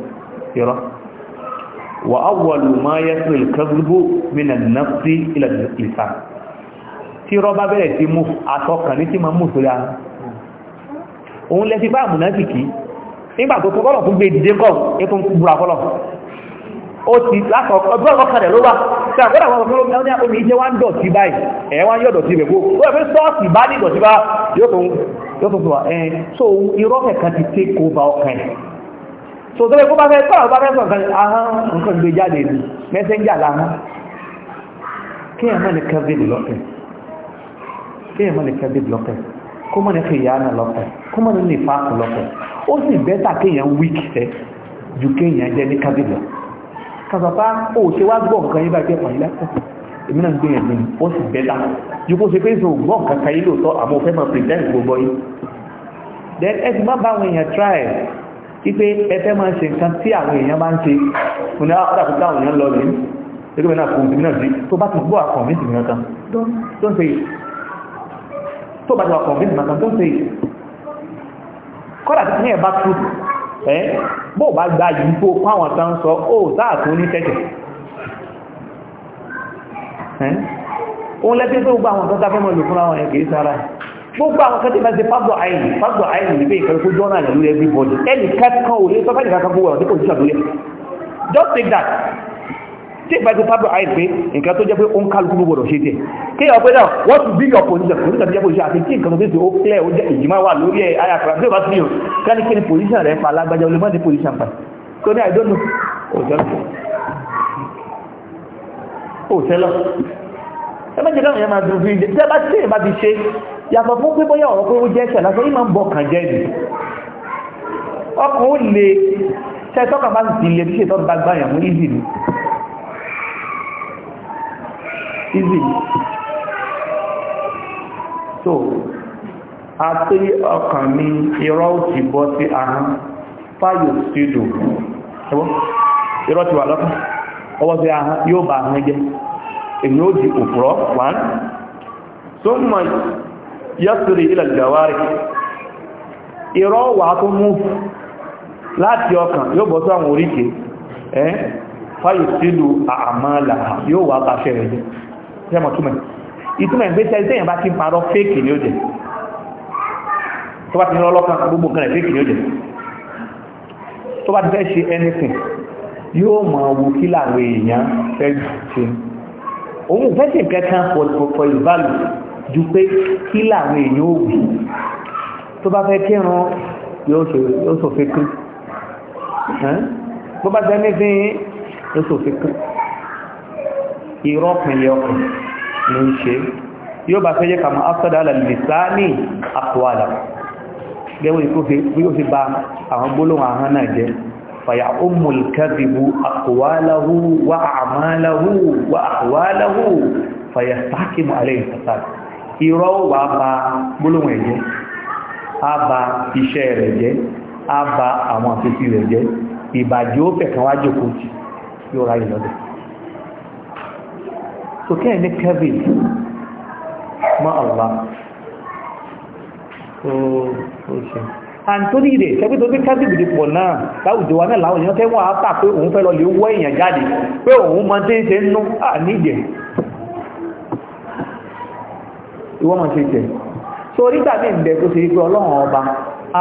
wa awwalu ma yasri al-kadhibu min an-nafsi ila al-lisan tí roba bẹ̀rẹ̀ tí mú àtọkàn ni tí ma mú sórí ara ohun lè ti bá munafiki nígbà tó ko lo tún gbé dìde ko e tún búra ko lo ó ti lato obo ko kare lo wa ta ko àwọn ko lo mi àwọn mi je wa ndo ti báyìí e wa yo do ti be ko o fẹ́ so ti ba ni do ti ba yo tún yo tún so eh so irọ́ kan ti take over ọkàn so tó lè kó bá fẹ́ kọ́lá bá fẹ́ sọ nǹkan ahán nǹkan gbé jáde ní mẹ́sẹ́njà láhán kí ẹ̀ mọ́ ní kẹ́bìlì lọ́pẹ̀ kí ẹ̀ mọ́ ní kẹ́bìlì lọ́pẹ̀ kó mọ́ ní kìyànà lọ́pẹ̀ kó mọ́ ní nífàkù lọ́pẹ̀ ó sì bẹ́tà kéèyàn wíkì ẹ ju kéèyàn jẹ́ ní kẹ́bìlì kàbàbá ó ṣe wá gbọ́ nǹkan yín bá jẹ́ pàyí lẹ́kọ̀ọ́ èmi náà gbìyànjú ni ó sì bẹ́tà ju kó ṣe pé ìṣòwò gbọ́ nǹkan kan yín lóòótọ́ àmọ́ òfẹ́ máa pèsè then ẹ ti má try wípé ẹfẹ́ máa ń ṣe nǹkan tí àwọn èèyàn máa ń ṣe fún ní àpàdàkù ah, táwọn èèyàn lọ rí ẹgbẹ́ náà kò sí náà sí tó bá ti gbọ́ àkọ̀mísì mìíràn kan tó ń ṣe tó bá ti wà kọ̀mísì mìíràn kan tó ń ṣe kọ́dà títí ní ẹ̀bá tú ẹ́ bó bá gba yìí tó fún àwọn gbogbo àwọn kan tí máa ṣe fábọ̀ àìní fábọ̀ àìní jọ́nà lórí everybody ẹni kẹ́kọ́ ò sọ́fẹ́ ìkẹ́kọ́ gbogbo ọ̀dí kò ní just take that tí ìbá ti fábọ̀ àìní pé nǹkan tó jẹ́ pé ó ń kálukú gbogbo ṣe tẹ̀ kí ọ̀ pé náà what to your position kò ní ṣàdúlẹ̀ jẹ́ position àti tí nǹkan clear ó jẹ́ ìjìmá wà lórí ẹ̀ ayàfẹ́ àti ìbá ti yàn kẹ́ni kí ni position rẹ̀ pa I don't know òtẹ́lọ́ ẹ má jẹ́ káwọn yẹn máa dùn fi tẹ́ bá tí èèyàn bá ti ṣe yàtọ̀ fún pé bóyá ọ̀rọ̀ pé ó jẹ́ ẹ̀ṣẹ̀ lásán yìí máa ń bọ̀ kàn jẹ́ ni ọkàn ó le tẹ́ tọ́ka bá sì ti le tí ṣètọ́ bá gbà yàn mú easy ni easy ni so àti ọkàn mi irọ́ ó ti bọ́ sí ahọ́n fáyò sí dùn ẹ̀wọ́n irọ́ ti wà lọ́kàn ọwọ́ sí ahọ́n yóò bá ahọ́n jẹ́ èmi ó di òfurọ́ wán tó mọ̀ yẹ́sùrì ilẹ̀ ìgbàwárí ìrọ́ wà tó mú láti ọkàn yóò bọ́ sí àwọn oríkè ẹ́ fáyì sílù àmàlà yóò wà pàṣẹ rẹ̀ jẹ́ ìtumẹ̀ ìgbésẹ̀ ìsẹ́yìn bá ti parọ́ fẹ́ẹ̀kì ni ó jẹ́ tó bá ti ní ọlọ́kan gbogbo òun fẹ́ sì kankan for his value ju pé kí làwọn èèyàn ò wù tó bá fẹ́ kírun yóò sòfin kú bó bá jẹ́ nísìnyí yóò sòfin kú irọ́ pìnlẹ̀ ọkùn ló ń ṣe yóò bá fẹ́jẹ́ kàmọ́ afẹ́dàlà lìsá ní àpòwàdà gẹ́wọ́ ìkófẹ́ bí ó fi ba àwọn gbólóhùn ahọ́n náà jẹ́ fàyà الكذب kadhibu aqwalahu wa فيستحكم عليه ahwalahu fàyà sákìmù alẹ́ ìfàsàkì irọ́ wà bá gbólóhùn ẹ̀jẹ́ a bá iṣẹ́ rẹ̀ jẹ́ a bá àwọn àfẹ́sí rẹ̀ jẹ́ ìbàjẹ́ ó fẹ̀kan wá jòkó tì yóò ráyè lọ́dẹ̀ so kẹ́ ní kevin mọ́ Allah ṣe àǹtórí rẹ̀ ṣẹ́gbẹ́ tó ní kẹ́sìbìdì pọ̀ náà láwùjọ wa náà láwọn èèyàn tẹ́wọ̀n àátà pé òun fẹ́ lọ lè wọ́ èèyàn jáde pé òun mọ́ tí ń ṣe nú àníjẹ̀ ìwọ́n mọ́ ṣe jẹ́ so nígbà ní ìbẹ̀ tó ṣe pé ọlọ́run ọba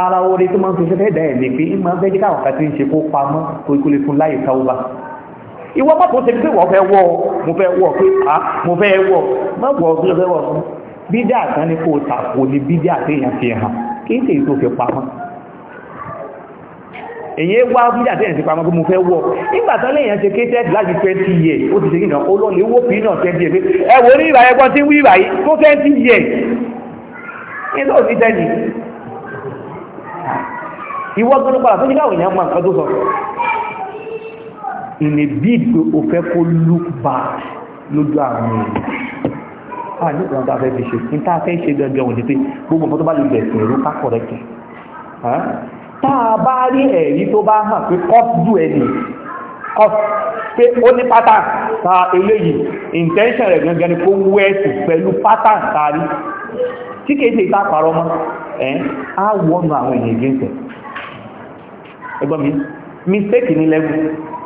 ara orí tó máa ń fi fẹ́ dá ẹ̀ lè pé ìmọ̀ fẹ́ jíkà ọ̀kà tí ń ṣe kó pamọ́ kó ikú lè fún láyé káwọ́bà ìwọ́n mọ́ tó ṣe pé wọ́n fẹ́ wọ́ mo fẹ́ wọ́ kìí tèyí tó fi pamọ́ èyí wá fíjà tẹ́yìn ti pamọ́ kí mo fẹ́ wọ́ nígbàtán lẹ́yìn ṣe kéte láti 20 years ó ti ṣe ìnà olóòlì owó fi náà 20 years ẹ wò ní ìbàyẹ̀ kan tí ń wí ìbàyí tó 20 years ní tó ti tẹ́jì ìwọ́ gbọ́nú padà tó ní káwọn èèyàn mọ̀ nǹkan tó sọ in a bid pé o fẹ́ kó look back lójú àwọn èèyàn àníkùn ah, náà tá a fẹ́ fi ṣe ní tá a fẹ́ ṣe gẹ́gẹ́ òun ni pé gbogbo nǹkan tó bá lè bẹ̀sẹ̀ ẹ̀rú ká kọ̀rẹ́kẹ̀ tá a bá rí ẹ̀rí tó bá hàn pé kọ́ọ̀dù ẹni pé ó ní pátá ta eléyìí intention rẹ̀ gangan ni kó wẹ́ẹ̀sì pẹ̀lú pátá tàrí tí kìí ṣe ìta pàrọ mọ́ ẹ̀ á wọ́nà àwọn èèyàn jíǹsẹ̀ ẹgbọ́n mi mistake ni lẹ́gùn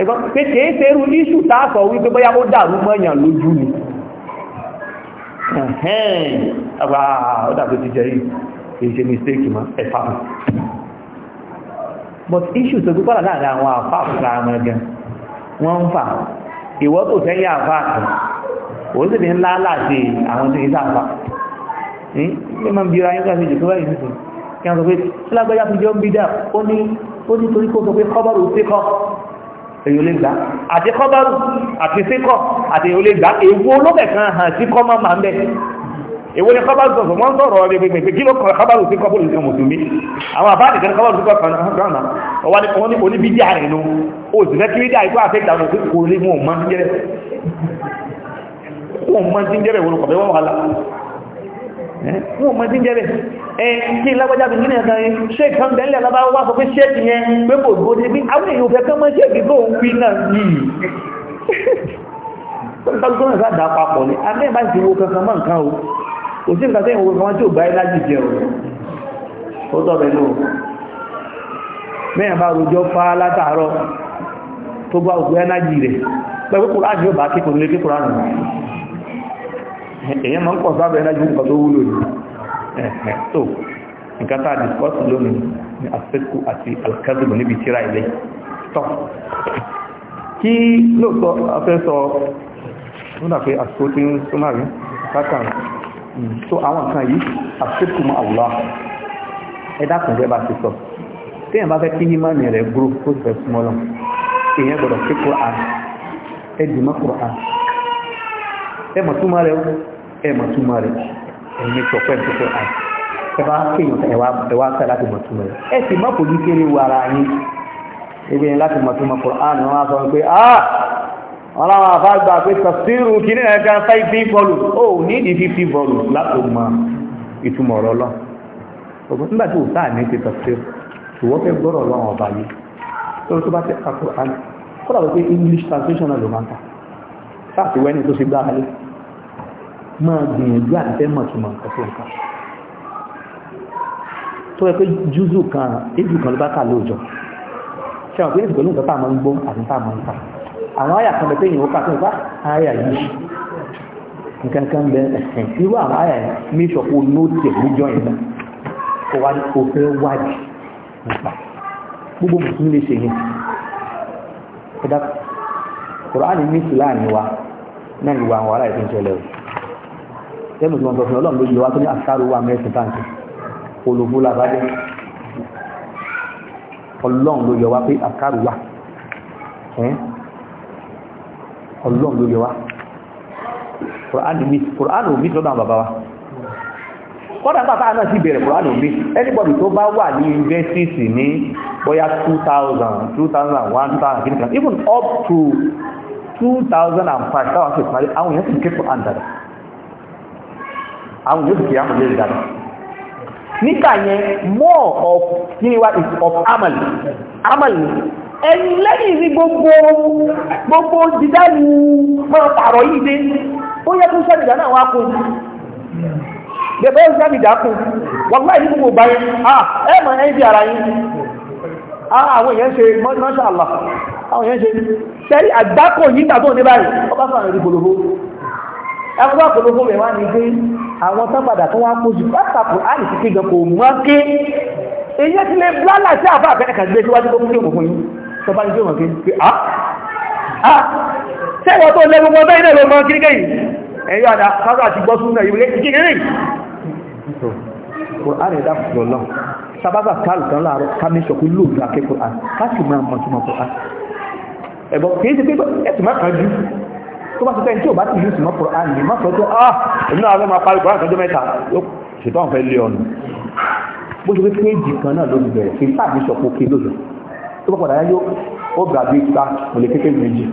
ẹ̀gbọ́n pé kìí ṣe irú iṣu tààsọ̀ wípé bóyá ó dàrú mọ́yàn lójú ni ẹ̀hẹ́n àgbà ó dàbí ti jẹ́rí kìí but iṣu tó gbígbọ́lá láàrin àwọn àfà àfà àmọ́ gan wọ́n ń fà ìwọ́ tó sẹ́yìn àfà àtọ̀ òun sì ní ńlá láti àwọn tó ń sáfà hm? ní mọ́ bí ra yín ká sí ìjọ tó wáyé nítorí kí wọ́n sọ pé sílágbájá fi èyí ò lè gbà àti kọ́bárù àti síkọ̀ àti èyí ò lè gbà èwo olóbẹ̀ kan hàn sí kọ́mọ́ máa ń bẹ̀ èwo ni kọ́bárù sọ̀sọ̀ wọ́n sọ̀rọ̀ ọ̀rẹ́ pẹ̀pẹ̀ pé kí ló kọ̀ kọ́bárù síkọ̀ bó lè ṣe mùsùlùmí àwọn àbá nìkan kọ́bárù síkọ̀ kan gánà ọwọ́ ni wọ́n ní oníbídí àrẹ̀ nu o sì fẹ́ kí bídí àìkú àfẹ́ ìtàwọn òkú kò lè wọn mọ́ jẹ́rẹ̀ wọn mọ́ jẹ́rẹ̀ wọn tí lágbàjá bí nínú ẹ̀kan yẹn ṣe kan bẹ̀lẹ̀ lọ bá wá sọ pé ṣẹ́ẹ̀kì yẹn pé kò gbóde bí àwọn èèyàn fẹ́ kán mọ́ ṣẹ́ẹ̀kì tó ń fi náà yìí tọ́lùkọ́ náà sáà dà papọ̀ ní abẹ́ bá ti wo kankan mọ́ nǹkan o kò sí nǹkan tẹ́yìn wo kankan tí ò bá yẹ láti jẹ o ó tọ́bẹ̀ ní o mẹ́yàn bá rojọ́ fa látàárọ̀ tó bá òkú ẹ́nájì rẹ̀ pẹ̀lú kúrò ń pọ̀ sábẹ̀ ẹ́nájì nǹkan tó wúlò yìí So, tó nǹkan tá a discuss lónìí ní asẹ́kù àti alkazibu níbi tíra ilé tọ́ kí lóòótọ́ afẹ́ sọ nígbà pé àsìkò tí ń súnmọ́ rí bákan hmm. so àwọn nǹkan yìí asẹ́kù mọ́ àwùlá ẹ̀dá kan rẹ̀ bá ti sọ téèyàn bá fẹ́ kí ní mọ́ni rẹ̀ gbúrú tó sì fẹ́ súnmọ́ lọ èèyàn gbọ́dọ̀ kí Qur'an ẹ̀dùnmọ́ Qur'an ẹ̀mọ̀túnmọ́ rẹ̀ ẹ̀mọ̀túnmọ́ rẹ̀ ẹ̀yin sọ pé ẹ̀yin sọ pé ẹ bá kéèyàn ẹ wá ẹ wá sá láti mọ̀túmọ̀ rẹ̀ ẹ sì má fojú kéré wo ara yín ebi ni láti mọ̀túmọ̀ Qur'an wọn á sọ pé ah wọn làwọn àfa gbà pé tafsiru kìnìún ẹ̀ gan fáìtì bọ́ọ̀lù ó nídìí fífi bọ́ọ̀lù láti mọ ìtumọ̀ ọ̀rọ̀ lọ ọgbọ́n nígbà tí òsá ní ti tafsiru ṣùgbọ́n fẹ́ gbọ́rọ̀ lọ́wọ́ ọba yìí lórí tó bá fẹ́ kakọ̀ àná kọ́lá wọ́n pé English translation náà ló máa ń ta sáà ti máa gbìyànjú àti fẹ́ mọ̀ túmọ̀ nǹkan tó nǹkan tó yẹ pé júzù kan éjù kan ló bá kà lóòjọ́ ṣe àwọn pé pẹ̀lú nǹkan tá a máa ń gbọ́ àti tá a máa ń kà àwọn àyà kan bẹ pé èèyàn ó kà tó nípa àyà yìí nǹkan kan bẹ ẹ̀sìn irú àwọn àyà yẹn mí sọ pé ní ó tiẹ̀ lójọ́ yẹn náà kó wá wájì nípa gbogbo mùsùlùmí lè ṣe yẹn ẹ̀dá kùránì ní ìsìláàmì wa náà ni wà àwọn ará ìpínlẹ̀ ọ̀hún tẹ́mù tí wọ́n sọ fún ọlọ́run ló yẹ wá tó ní àṣàrò wà mẹ́sìn táǹkì olùbú làbájẹ́ ọlọ́run ló yẹ wá pé àṣàrò wà ọlọ́run ló yẹ wá Quran ò mí tó dáhùn bàbá wa kọ́dà bàbá náà sì bẹ̀rẹ̀ Quran ò mí anybody tó bá wà ní university ní bóyá 2000 2001 even up to 2005 táwọn sì parí àwọn èèyàn sì kẹ́kọ̀ọ́ àǹdàdà àwọn yóò kìí àmọ̀ lórí dànù nígbà yẹn more of kini is of amal amal ni ẹni lẹ́yìn ní gbogbo gbogbo dídánù máa pààrọ̀ yìí dé ó yẹ kó sábìdá náà wá kún bẹ̀bẹ̀ ó sábìdá kún wọ́n láì ní gbogbo báyìí ah ẹ mọ̀ ẹ́ di ara yín ah àwọn èèyàn ṣe masha Allah àwọn èèyàn ṣe sẹ́rí àgbákò yìí tàbí òní báyìí ọba fún àwọn ìdí polówó ẹgbẹ́ polówó rẹ̀ wá ní gbé àwọn tán padà tó wọ́n kójú pátákó àrùn títí gan kò mọ́ ké èyí ti lè blálà sí àbá àbẹ́rẹ́ kan gbé síwájú tó kúrò fún yín tó bá ní tó mọ̀ ké pé á á sẹ́wọ́n tó lẹ́nu mọ́ bẹ́ẹ̀ náà ló mọ́ kí kẹ́yìn ẹ̀yọ́ àdá káwọ́ àti gbọ́ súnmọ́ ìwé kékeré Kùránì ẹ̀dá kùsùn lọ. Sábàbà káàlù kan láàárọ̀ ká ní sọ pé lóòdù akẹ́kọ̀ọ́ àti ká sì máa mọ̀ tí mo kọ̀ á. Ẹ̀bọ̀ kìí tó bá ti fẹ́ tí ò bá ti yíṣù mọ́ Quran ní má sọ pé ah èmi náà fẹ́ máa parí Quran tọ́jọ́ mẹ́ta ṣètò àwọn fẹ́ lé ọ̀nà bó ṣe pé péjì kan náà ló ti bẹ̀rẹ̀ kí sáà bíṣọ̀ kó ké lóṣù tó bá padà yáyó ó gbà bí gba kò lè kékeré méjì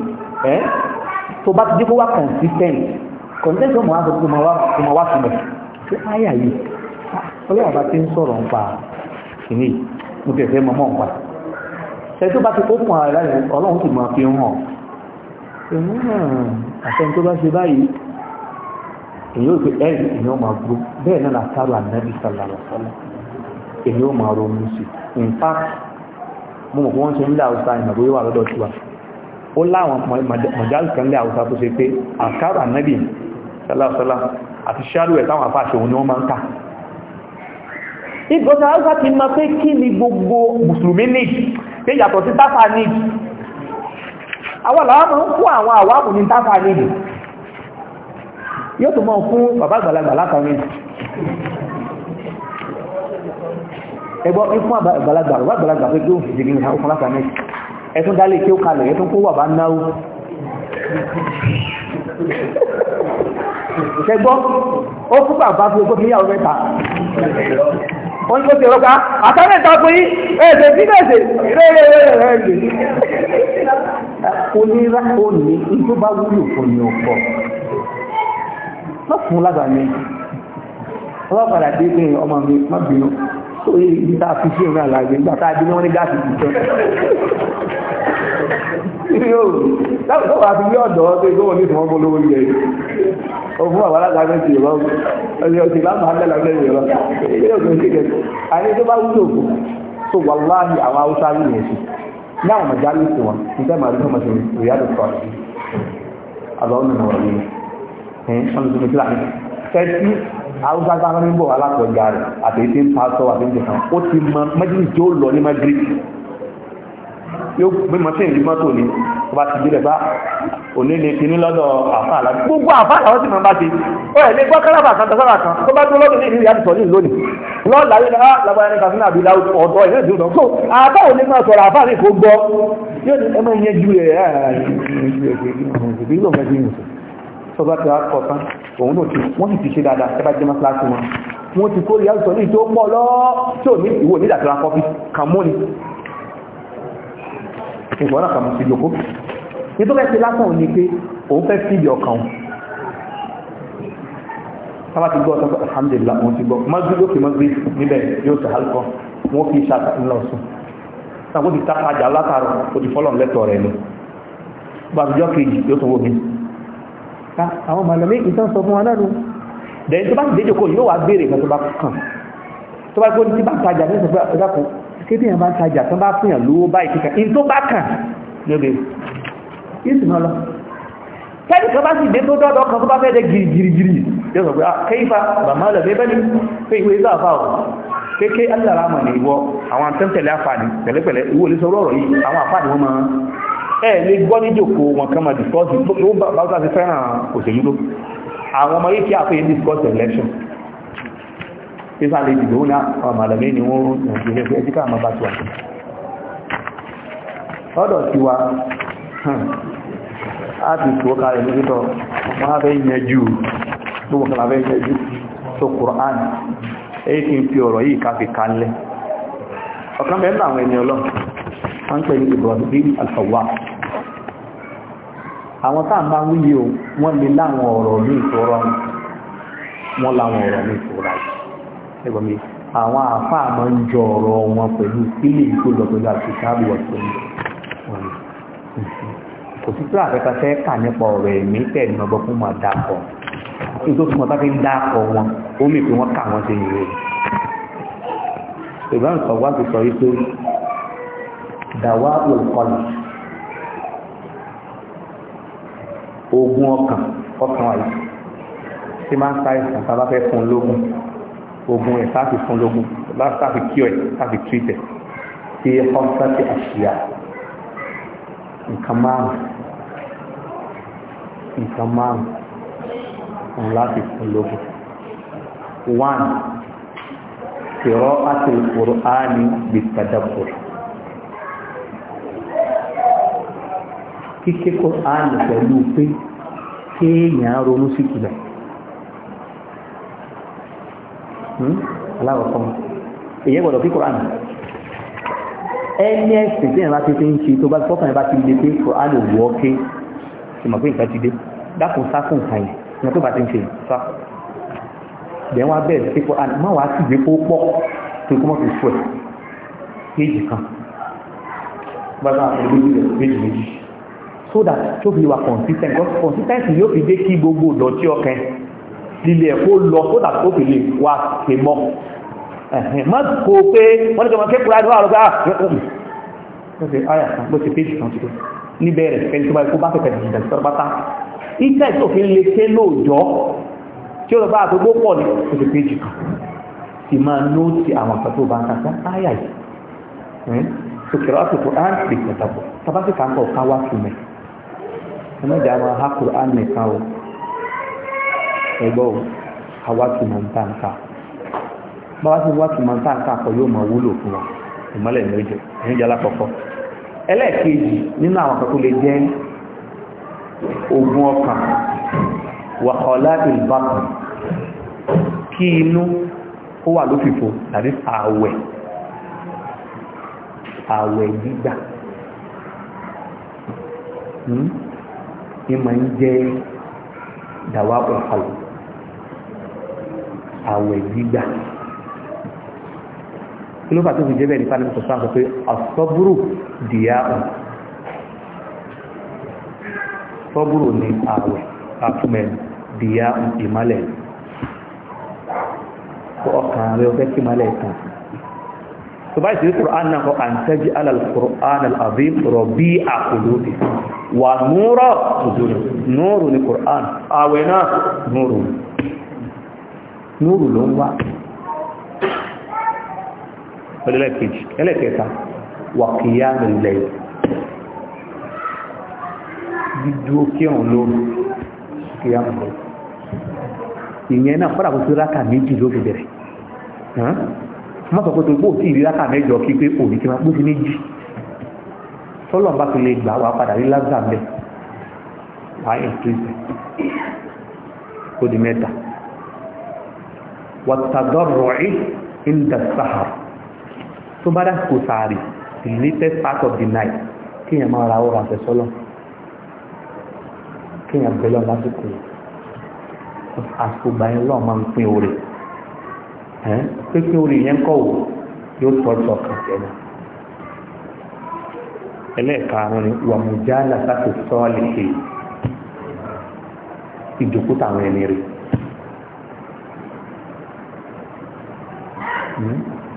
ẹ́ tó bá ti dé kó wá consistent consistent tó mọ̀ wá sọ pé mo máa wá sílẹ̀ pé áyà yìí ọlọ́wọ́ ah, bá ti ń sọ̀rọ̀ ń pa kìnnì mo tẹ̀ fẹ́ mọ́ mọ́ ń pa ẹ̀ tó bá ti kó fún ara rẹ̀ ọlọ́run sì máa fi ń hàn èyàn náà àtẹni tó bá ṣe báyìí èyàn ò fi ẹ̀rì èyàn máa gbó bẹ́ẹ̀ náà látàrò ànábì sàlàyé sọ́lá èyàn ò máa ronú sí in fact mo mọ̀ pé wọ́n ṣe ń lé àwùsá ìmọ̀ bóyá wà lọ́dọ̀ tiwa ó láwọn mọ̀jálù kan lé àwùsá tó ṣe pé àkàrò ànábì sàlàsọ́lá àti ṣáàrù ẹ̀ táwọn afáṣe òun ni wọ́n máa ń kà ìgbọ́ta àwùsá ti máa pé kí ni gbogbo mùsùlùmí ní pé yàtọ̀ sí táfà ní àwọn làwọn máa ń fún àwọn àwámù ní tábà níbi yóò tó mọ́ fún bàbá àgbàlagbà látàn ní ẹgbọ́ fún àgbàlagbà bàbá àgbàlagbà pé kí ó fi jìgì ìhà òkun látàn ní ẹ̀tún dálé kí ó kalẹ̀ ẹ̀tún kó wà bá náwó ṣẹgbọ́ ó fún bàbá fún ogó wọ́n tó ti rọ́gbá àtàrà ìta fún yí ẹ̀ẹ́sẹ̀ sí ẹ̀ẹ́sẹ̀ rẹ́rẹ́rẹ́rẹ́ onírà òní tó bá wúlò fún ní ọ̀pọ̀ lọ́kùn lágbà mi ọlọ́pàá dé pé ọmọ mi má bínú tó yí ibi tá a fi sí ìrìn àlàyé nígbà tá a bí wọ́n ní gáàsì tuntun yóò láwùjọ wa fi yóò dọ̀ ọ́ pé gbọ́n ní ìfọwọ́ polówó yẹ òfin àwọn alágbàgbé ti yọ̀ lọ́wọ́ ọ̀sẹ̀ ọ̀sẹ̀ láàmú àgbẹ̀lá ọ̀sẹ̀ yọ̀ lọ́wọ́ ilé òkè sí kẹ̀kẹ́ àní tó bá wúlò fún so wàláhì àwọn haúsá rí yẹn sí náà mà já lùsì wọn níta màá rí fún ọmọdé ìyá ló sọ àti àbá ọ̀nà ìwà rí ẹ̀ẹ́n ọ̀nà tuntun kíláà kẹ́sí haúsá sáfẹ́ ń bọ̀ alákọ̀ọ́jà rẹ̀ àti ètè ń pa sọ àti yóò gbé mọ́tò ìlú mọ́tò ní ọba ti gbé lẹ́bá onílé kìíní lọ́dọ̀ àfáàlá gbogbo àfáàlá wọ́n sì máa bá ti ọ ẹ̀ lè gbọ́ kálábà kan tọ́sára kan tó bá tó lọ́dọ̀ ní ìlú ìyáàdì sọ̀rí lónìí lọ́ọ̀lá yóò dá lábára ní kàfínà àbí ọ̀dọ́ ìlú ìdúró tó àbá òní máa sọ̀rọ̀ àfáàlá kò gbọ́ yóò ní ẹmọ ìyẹn ju rẹ̀ tọ́ba ti akọ̀ tán òun náà ti wọ́n sì ti ṣe dáadáa ẹ bá jẹ́ mọ́sálásí wọn wọ́n ti kó ìyá ìsọ̀rí tó pọ̀ lọ́ọ́ tí ò ní ìwò nídàtúrà kọfí kàmọ́ni ìwọ́n náà kàmù sí ìjòkó nítorí ẹ̀sẹ̀ lásán ò ní pé òun fẹ́ fíìdì ọkàn òun sábà ti gbọ́ ọ̀sán alhamdulillah òun ti gbọ́ mọ́gbí lókè mọ́gbí níbẹ̀ yóò sọ alkọ wọn fi ṣàtà ńlọ sùn náà ó ti tápàjà látàrọ ó fọ́lọ̀ lẹ́tọ̀ rẹ̀ ni gbàgbọ́jọ́ kejì yóò tún wò mí àwọn màlẹ́mí ìtàn sọ fún wa náà dẹ̀yìn tó bá ti déjòkó yóò wá béèrè nǹkan tó bá kàn tó bá kó ní tí bá tajà ní ìsọ̀fẹ́ ẹ̀dá kéde yẹn bá ń tajà tó bá fún yàn lówó báyìí kíkà in tó bá kàn lóbi yìí sì máa lọ kẹ́lì kan bá sì dé tó dọ́dọ̀ kan tó bá fẹ́ dé girigirigiri yóò sọ pé ah kẹ́yìnfà bàmá lọ bẹ́ẹ̀ bẹ́ẹ̀ ni pé ìwé ìgbà fà ó kéèké alára mọ̀ ní ìwọ àwọn àtẹ́ntẹ̀lẹ̀ àfààní pẹ̀lẹ́pẹ̀lẹ́ ìwò lè sọ̀rọ̀ ọ̀rọ̀ yìí election sai da jidona a malamai ne wurin najeriya sai jika ma ba su wata ọdọ̀ tiwa a ti tó kààrẹ̀ lókítọ̀ wọ́n fẹ́ yẹjú gbogbo kan fẹ́ yẹjú tó kùrán èyí kí n fi ọ̀rọ̀ yìí ká fi kalẹ̀ ọ̀kan bẹ̀rẹ̀ àwọn ẹni ọlọ́ wọ́n pẹ̀lú Ibrahim alfawa àwọn táà máa wúyẹ wọ́n lè láwọn ọ̀rọ̀ ní ìtọ́rọ̀ wọn láwọn ọ̀rọ̀ ní ìtọ́rọ̀ ẹgbọ̀mí àwọn àfáà máa ń jọ ọ̀rọ̀ wọn pẹ̀lú kílè tó lọ pẹ̀lú àtìkáàbù ọ̀sẹ̀ kò sí sílá àfẹ́fẹ́ fẹ́ kà nípa ọ̀rọ̀ ẹ̀mí tẹ̀lé ọgbọ́ fún máa dàpọ̀ kí tó fún wọn táfi ń dàpọ̀ wọn ó mì pé wọ́n kà wọ́n sí ìwé ìbáraẹn sọ wá ti sọ yìí dàwa olùkọ́ni ogun ọkàn ọkàn wáyé tí máa ń sáré sàn tá a bá fẹ́ fún un lógún ogun ẹ̀ sáfi fún lógún sáfi kí ẹ̀ sáfi tírítẹ̀ tí ọ́sá ti àṣìyà nǹkan márùn nǹkan márùn òun láti fún lógún one kìrọ́ àti ìkòrò áàní bí tàdàbòrò kíké kó áàní pẹ̀lú pé kéèyàn ronú sí kìlọ̀ Hmm? aláwọ̀kọ́ èyẹ gbọ́dọ̀ kí koran ẹni ẹ̀sìn tí ìrìnlá ti fi ń ṣe tó bá fọ́kàn bá ti lè pé koran ò wọ́ ké ìmọ̀ pé nǹkan ti dé dákun sákùn kan yìí ìmọ̀ tó bá ti ń ṣe sá bẹ́ẹ̀ wá bẹ́ẹ̀ sí koran má wàá sì gbé kó pọ̀ tó kọ́ mọ́ fi fún ẹ̀ kéjì kan bá bá àwọn olóyè rẹ̀ méjì méjì so that tó fi wà consistent consistent yóò fi dé kí gbogbo ìdọ̀tí ọkàn lílẹ̀ kó lọ kó dà tó fi lè wá pè mọ́ má kó pé wọ́n ní kí wọ́n ké kúrò àdúrà lọ́gbà ọ̀sẹ̀ ayà kan bó ti péjì kan ti tó níbẹ̀ rẹ̀ fẹ́ni tó bá ikú bá fẹ́ fẹ́ jìdà sọ́rọ̀ pátá iṣẹ́ tó fi lè ké lóòjọ́ tí ó lọ bá àtúgbó pọ̀ ní bó ti péjì kan ti máa nóòtì àwọn àṣà tó ẹgbọ́ awátùmọ̀ ń tà ń kà bá wá sí wátùmọ̀ ń tà ń kà kọ yóò máa wúlò fún wa ìmọ́lẹ̀ ní ojú ẹ̀yìn jẹ́ alákọ̀ọ́kọ́ ẹlẹ́ẹ̀kejì nínú àwọn kan tó lè jẹ́ ogun ọkàn wàhálà ìbákan kí inú ó wà lófìfo tàbí ààwẹ̀ ààwẹ̀ gbígbà hmm? ìmọ̀ ń jẹ́ dàwà ọ̀hálà àwẹ̀ gbígbà kí ló fà tó fi jẹ́ bẹ́ẹ̀ nípa ní sọ̀tọ̀ àti pé àsọ́búrò dìyà ọ̀ sọ́búrò ní àwẹ̀ àfúnmẹ̀ dìyà ìmálẹ̀ kó ọkàn rẹ ọfẹ́ kí ìmálẹ̀ kan tó bá ìṣẹ́lẹ̀ Qur'an náà kọ àǹtẹ́jì al-Qur'an al-azim rọ̀bí àkùlóbi wà núrọ̀ òjò núrù ní Qur'an Awena náà nóòrù ló ń wá ọdẹ́lẹ́kejì ẹlẹ́kẹta wàkìyà nílẹ̀ dídúó kí ọ̀run lóòrù kìyà nílẹ̀ ìyẹn náà fọ́nà kó tó rákà méjì ló fi bẹ̀rẹ̀ má sọ pé tó gbóòtì ìrí rákà mẹ́jọ kí pé òní ti máa gbóòtì méjì tọ́lọ̀ bá fi lè gbà wá padà rí lázàmẹ́ wáyé ìtúsẹ̀ ó di mẹ́ta wàtàdọ́rọ̀ẹ́ in the sahar tó bá dásìkò sàárì the latest part of the night kíyàn máa ra ọrọ̀ àfẹ́sọ́lọ́ kíyàn bẹ̀lọ́ lásìkò àsìkò gbàyẹn lọ́ọ̀ máa ń pín orí pínpín orí yẹn kọ̀ wò yóò tọ́jú ọkàn tẹ̀lé ẹlẹ́ẹ̀karùn-ún ni wà mú jálá sáfẹ́ sọ́ọ̀lì ìjòkúta àwọn ẹni rèé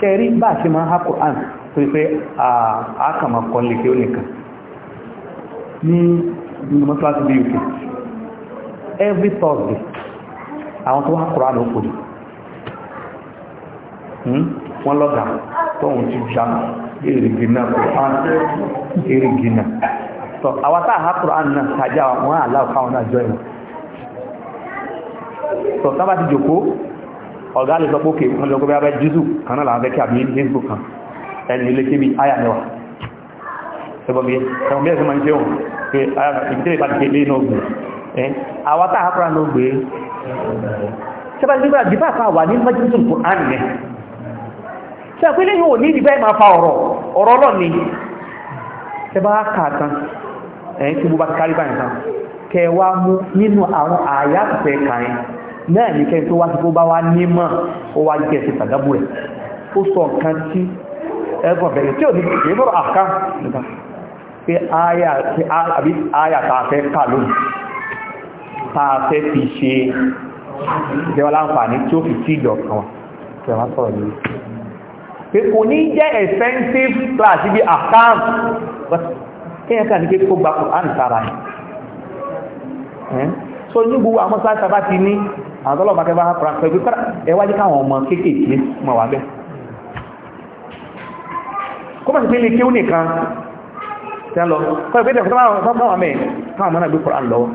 ṣẹ̀rí bá ṣe ma ha Qur'an tó wípé àákàmà kan lè kí ó nìkan ní ìgbìmọ̀ tó láti every Thursday àwọn tó ha Qur'an ó kòdì hmm? wọ́n lọ́gà tóhun ti já erigina Qur'an erigina so àwọn tá ha Qur'an náà tajá wọn káwọn náà jọ ọ̀gá lè sọ pókè wọ́n lọ gbogbo abẹ́ jùzù kan náà làwọn bẹ́kẹ́ àbí hezbo kan ẹni ilé kébì àyà mẹ́wàá ẹgbọ́n bí ẹ̀wọ̀n bí ẹ̀sùn máa ń jẹun pé àyà ìbítẹ́lẹ̀ bá ti kéde náà gbé àwọn tá àkúrà náà gbé ṣẹ́bà nígbà jìbá kan wà ní májísùn kò án nẹ ṣe pé lẹ́yìn òní ìdíbẹ́ máa fa ọ̀rọ̀ ọ̀rọ̀ ọlọ́ni ṣẹ́bà kàtàn ẹ̀yìn tí mo bá kárí báyìí kan kẹwàá mú nínú àwọn àyà pẹ̀ẹ́ kàrin náà ní kẹ́ tó wá sí kó bá wá nímọ̀ ó wá jẹ́ sí tàdábù rẹ̀ ó sọ nǹkan tí ẹgbọ̀n bẹ̀rẹ̀ tí ò ní kìí mọ́rọ̀ àká nìkan pé àyà tààfẹ́ kà lónìí tààfẹ́ fi ṣe ìjẹ́wọ́ láǹfààní tí ó fi tí ìjọ kan so ní gbogbo àwọn sáà sábà ti ní àwọn tọ́lọ̀ bàtẹ́ bá kọ́ra pẹ̀lú kọ́ra ẹ wájú káwọn ọmọ kéékèèké mọ̀ wá bẹ́ẹ̀ kó bá ti pé ilé kéwú nìkan tí a lọ kọ́ ìpínlẹ̀ fún káwọn ọmọ ẹ̀ káwọn ọmọ náà gbé kọ́ra lọ́wọ́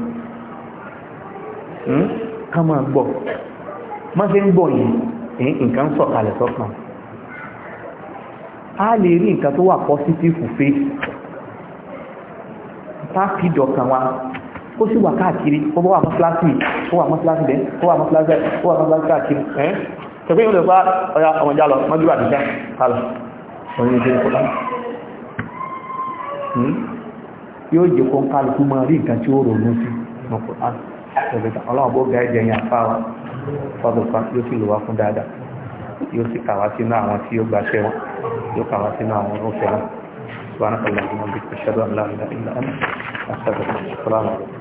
hmm? ká máa gbọ́ má ṣe ń gbọ́ yìí positive faith tá a fi ó sì wà káàkiri ó bọ́ wà mọ́síláṣì ó wà mọ́síláṣì bẹ́ẹ̀ ó wà mọ́síláṣì ó wà mọ́síláṣì káàkiri ẹ́ tẹ̀gbẹ́ ìwọ̀n lọ́pàá ọya ọmọ jálọ mọ́júwà àdìjá kálọ̀ ọ̀rẹ́ ìṣẹ́ ìkọlá yóò jẹ́ kó ń kálukú máa rí nǹkan tí ó rò lóṣù ọlọ́wọ́ bó ga ẹ̀jẹ̀ yẹn apá wa fọ́dọ̀ kan yóò sì lò wá fún dáadáa yóò سبحانك اللهم وبحمدك اشهد ان لا اله الا انت استغفرك السلام عليكم